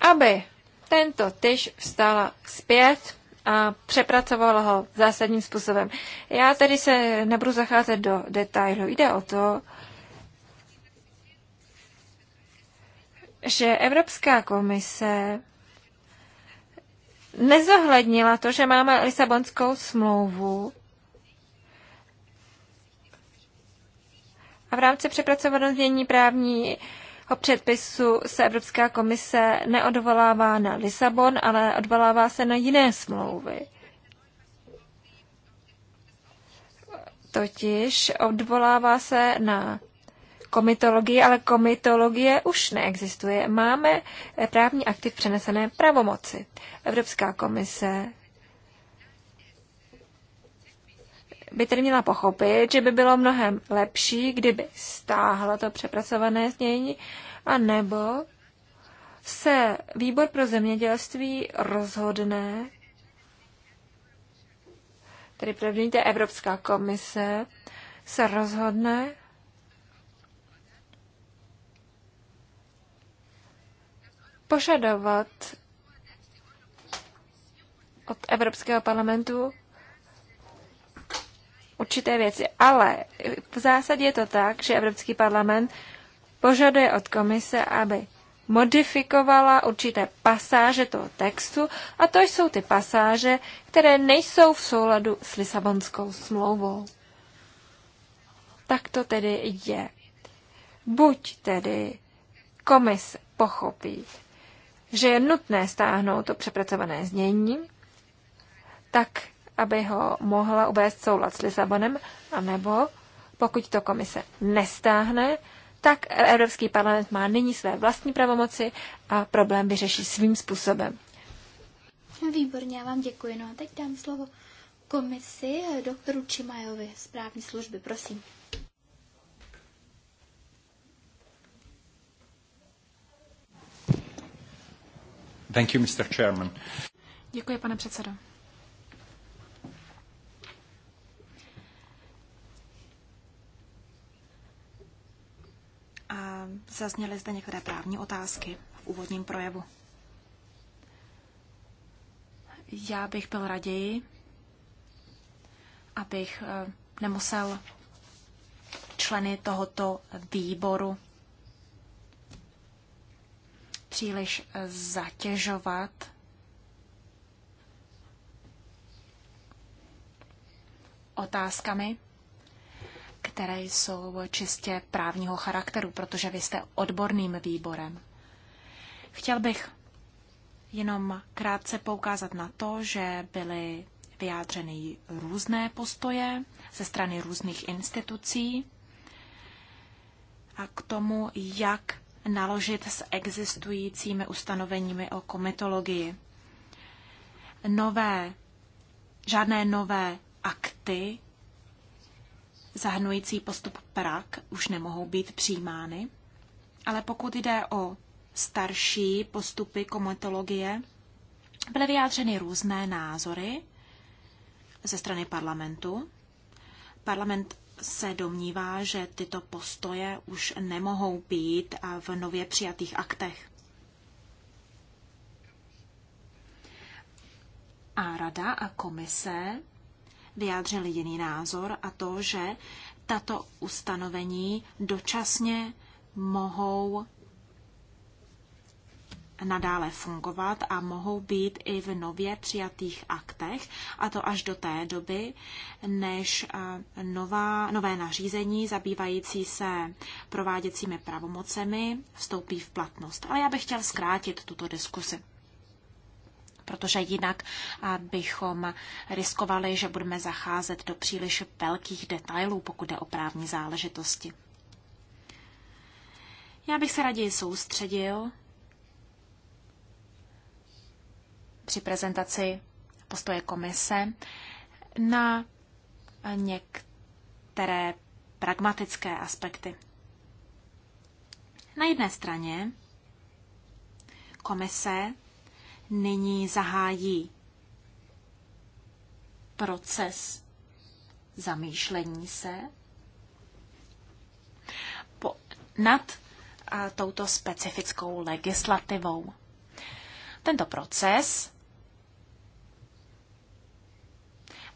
aby tento tyž vstala zpět a přepracovala ho zásadním způsobem. Já tedy se nebudu zacházet do detailu. Jde o to, že Evropská komise nezohlednila to, že máme Lisabonskou smlouvu a v rámci přepracovaného znění právní předpisu se Evropská komise neodvolává na Lisabon, ale odvolává se na jiné smlouvy. Totiž odvolává se na komitologii, ale komitologie už neexistuje. Máme právní akty v přenesené pravomoci. Evropská komise by tedy měla pochopit, že by bylo mnohem lepší, kdyby stáhla to přepracované znění, anebo se výbor pro zemědělství rozhodne, tedy první té Evropská komise, se rozhodne, požadovat od Evropského parlamentu určité věci. Ale v zásadě je to tak, že Evropský parlament požaduje od komise, aby modifikovala určité pasáže toho textu a to jsou ty pasáže, které nejsou v souladu s Lisabonskou smlouvou. Tak to tedy je. Buď tedy komise pochopí, že je nutné stáhnout to přepracované znění, tak, aby ho mohla uvést soulad s Lisabonem, anebo pokud to komise nestáhne, tak Evropský parlament má nyní své vlastní pravomoci a problém vyřeší svým způsobem. Výborně, já vám děkuji. No a teď dám slovo komisi doktoru Čimajovi z právní služby, prosím. Thank you, Mr. Chairman. Děkuji, pane předsedo. A zazněly zde některé právní otázky v úvodním projevu. Já bych byl raději, abych eh, nemusel členy tohoto výboru příliš eh, zatěžovat otázkami, které jsou čistě právního charakteru, protože vy jste odborným výborem. Chtěl bych jenom krátce poukázat na to, že byly vyjádřeny různé postoje ze strany různých institucí a k tomu, jak naložit s existujícími ustanoveními o komitologii. Nové, žádné nové akty zahrnující postup prak už nemohou být přijímány, ale pokud jde o starší postupy komitologie, byly vyjádřeny různé názory ze strany parlamentu. Parlament se domnívá, že tyto postoje už nemohou být v nově přijatých aktech. A rada a komise vyjádřili jiný názor a to, že tato ustanovení dočasně mohou nadále fungovat a mohou být i v nově přijatých aktech, a to až do té doby, než eh, nová, nové nařízení zabývající se prováděcími pravomocemi vstoupí v platnost. Ale já bych chtěl zkrátit tuto diskusi protože jinak eh, bychom riskovali, že budeme zacházet do příliš velkých detailů, pokud jde o právní záležitosti. Já bych se raději soustředil při prezentaci postoje komise na některé pragmatické aspekty. Na jedné straně komise nyní zahájí proces zamýšlení se po, nad a, touto specifickou legislativou. Tento proces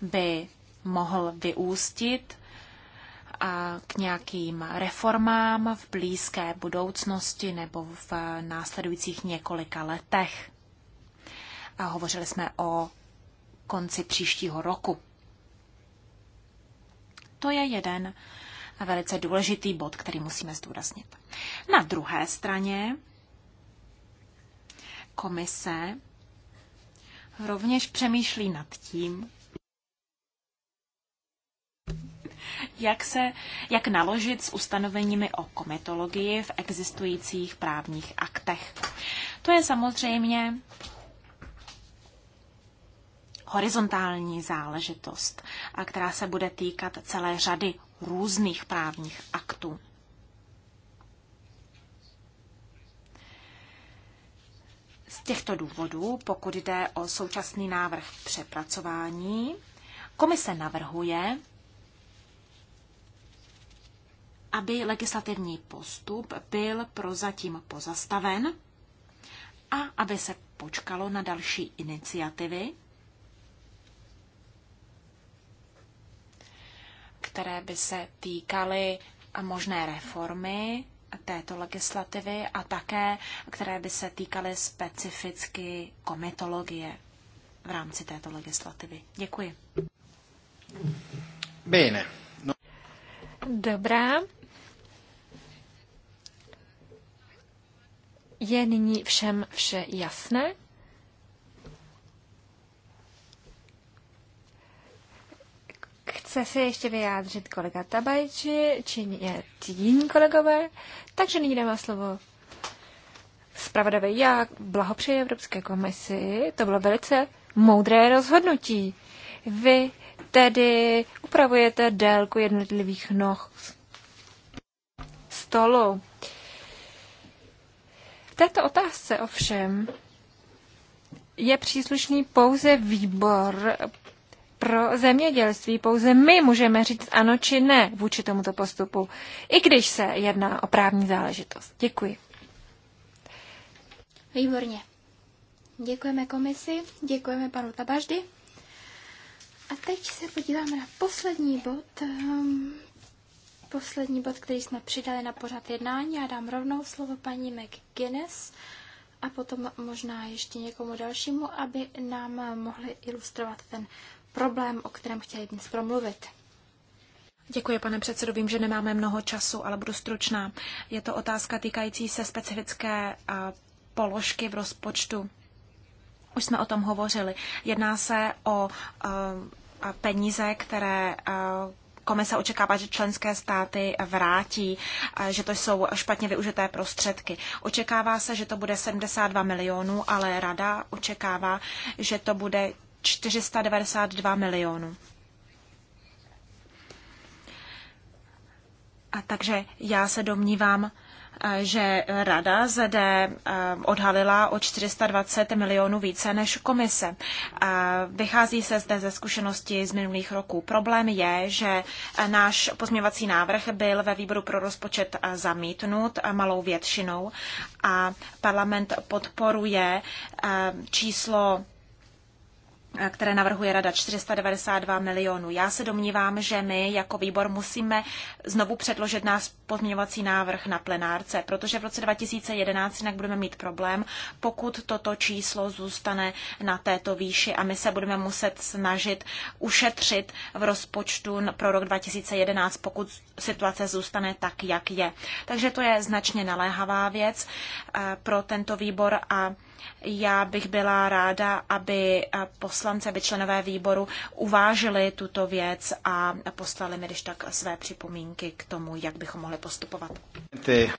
by mohl vyústit k nějakým reformám v blízké budoucnosti nebo v následujících několika letech. A hovořili jsme o konci příštího roku. To je jeden velice důležitý bod, který musíme zdůraznit. Na druhé straně komise rovněž přemýšlí nad tím, jak, se, jak naložit s ustanoveními o komitologii v existujících právních aktech. To je samozřejmě horizontální záležitost, a která se bude týkat celé řady různých právních aktů. Z těchto důvodů, pokud jde o současný návrh přepracování, komise navrhuje, aby legislativní postup byl prozatím pozastaven a aby se počkalo na další iniciativy, které by se týkaly možné reformy této legislativy a také, které by se týkaly specificky komitologie v rámci této legislativy. Děkuji. Bene. No. Dobrá, Je nyní všem vše jasné? Chce se ještě vyjádřit kolega Tabajči, či jiní kolegové, takže nyní dává slovo Spravodavě, já blahopřeji Evropské komisi, to bylo velice moudré rozhodnutí. Vy tedy upravujete délku jednotlivých noh stolu této otázce ovšem je příslušný pouze výbor pro zemědělství. Pouze my můžeme říct ano či ne vůči tomuto postupu, i když se jedná o právní záležitost. Děkuji. Výborně. Děkujeme komisi, děkujeme panu Tabaždy. A teď se podíváme na poslední bod ehm, poslední bod, který jsme přidali na pořad jednání. Já dám rovnou slovo paní McGuinness a potom možná ještě někomu dalšímu, aby nám mohli ilustrovat ten problém, o kterém chtěli dnes promluvit. Děkuji, pane předsedo. Vím, že nemáme mnoho času, ale budu stručná. Je to otázka týkající se specifické položky v rozpočtu. Už jsme o tom hovořili. Jedná se o peníze, které komise očekává, že členské státy vrátí, eh, že to jsou špatně využité prostředky. Očekává se, že to bude 72 milionů, ale rada očekává, že to bude 492 milionů. A takže já se domnívám, že rada zde eh, odhalila o 420 milionů více než komise. Eh, vychází se zde ze zkušenosti z minulých roků. Problém je, že eh, náš pozměvací návrh byl ve výboru pro rozpočet zamítnut malou většinou a parlament podporuje číslo které navrhuje Rada 492 milionů. Já se domnívám, že my jako výbor musíme znovu předložit nás pozměňovací návrh na plenárce, protože v roce 2011 jinak budeme mít problém, pokud toto číslo zůstane na této výši a my se budeme muset snažit ušetřit v rozpočtu pro rok 2011, pokud situace zůstane tak, jak je. Takže to je značně naléhavá věc eh, pro tento výbor a já bych byla ráda, aby eh, poslance, aby členové výboru uvážili tuto věc a poslali mi když tak své připomínky k tomu, jak bychom mohli postupovat. Ty.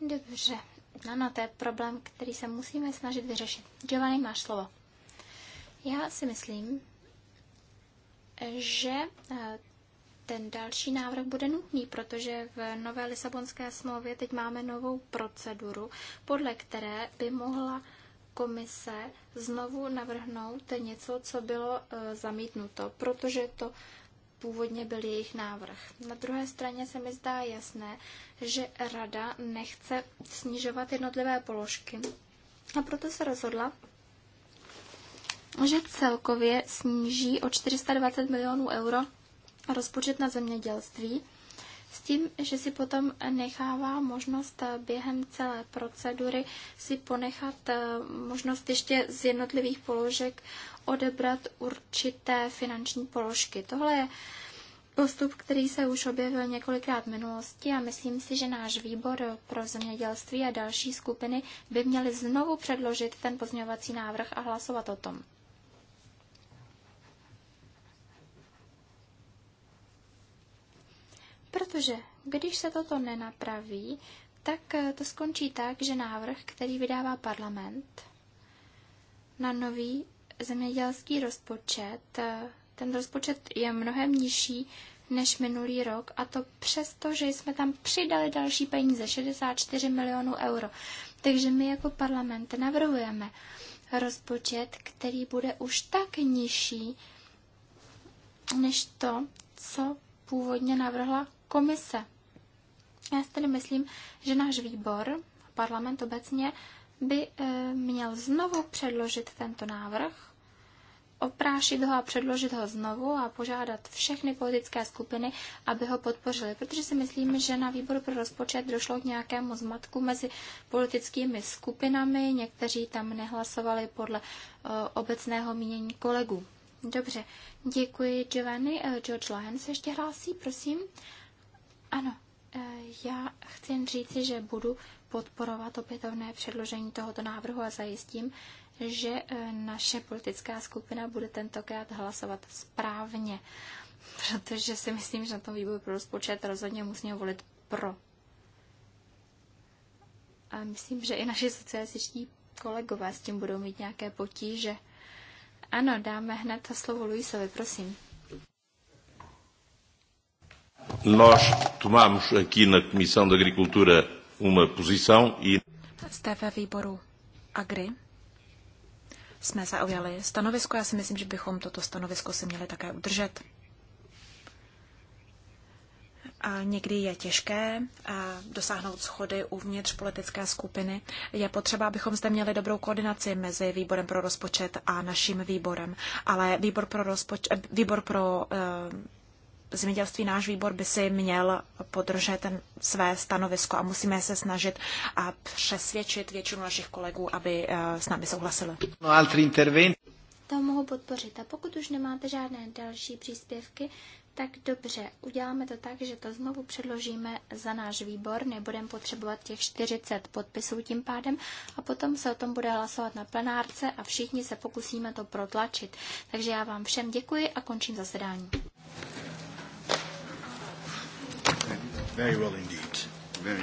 Dobře. Ano, to je problém, který se musíme snažit vyřešit. Giovanni, máš slovo. Já si myslím, že eh, ten další návrh bude nutný, protože v nové Lisabonské smlouvě teď máme novou proceduru, podle které by mohla komise znovu navrhnout něco, co bylo e, zamítnuto, protože to původně byl jejich návrh. Na druhé straně se mi zdá jasné, že rada nechce snižovat jednotlivé položky a proto se rozhodla, že celkově sníží o 420 milionů euro rozpočet na zemědělství, s tím, že si potom nechává možnost eh, během celé procedury si ponechat eh, možnost ještě z jednotlivých položek odebrat určité finanční položky. Tohle je postup, který se už objevil několikrát v minulosti a myslím si, že náš výbor pro zemědělství a další skupiny by měly znovu předložit ten pozměňovací návrh a hlasovat o tom. Protože když se toto nenapraví, tak eh, to skončí tak, že návrh, který vydává parlament na nový zemědělský rozpočet, eh, ten rozpočet je mnohem nižší než minulý rok a to přesto, že jsme tam přidali další peníze, 64 milionů euro. Takže my jako parlament navrhujeme rozpočet, který bude už tak nižší než to, co původně navrhla komise. Já si tedy myslím, že náš výbor, parlament obecně, by eh, měl znovu předložit tento návrh, oprášit ho a předložit ho znovu a požádat všechny politické skupiny, aby ho podpořili, protože si myslím, že na výboru pro rozpočet došlo k nějakému zmatku mezi politickými skupinami, někteří tam nehlasovali podle eh, obecného mínění kolegů. Dobře, děkuji Giovanni. Eh, George Lyons ještě hlásí, prosím. Ano, e, já chci jen říci, že budu podporovat opětovné předložení tohoto návrhu a zajistím, že e, naše politická skupina bude tentokrát hlasovat správně, protože si myslím, že na tom výboru pro rozpočet rozhodně musíme volit pro. A myslím, že i naši socialističtí kolegové s tím budou mít nějaké potíže. Ano, dáme hned to slovo Luisovi, prosím. Nós tomamos aqui na Comissão de Agricultura uma posição e... Jste ve výboru Agri. Jsme zaujali stanovisko. Já si myslím, že bychom toto stanovisko si měli také udržet. A někdy je těžké eh, dosáhnout schody uvnitř politické skupiny. Je potřeba, abychom zde měli dobrou koordinaci mezi výborem pro rozpočet a naším výborem. Ale výbor pro, rozpoč- eh, výbor pro uh, zemědělství náš výbor by si měl podržet své stanovisko a musíme se snažit a přesvědčit většinu našich kolegů, aby eh, s námi souhlasili. No, To mohu podpořit. A pokud už nemáte žádné další příspěvky, tak dobře, uděláme to tak, že to znovu předložíme za náš výbor, nebudeme potřebovat těch 40 podpisů tím pádem a potom se o tom bude hlasovat na plenárce a všichni se pokusíme to protlačit. Takže já vám všem děkuji a končím zasedání. Very well indeed.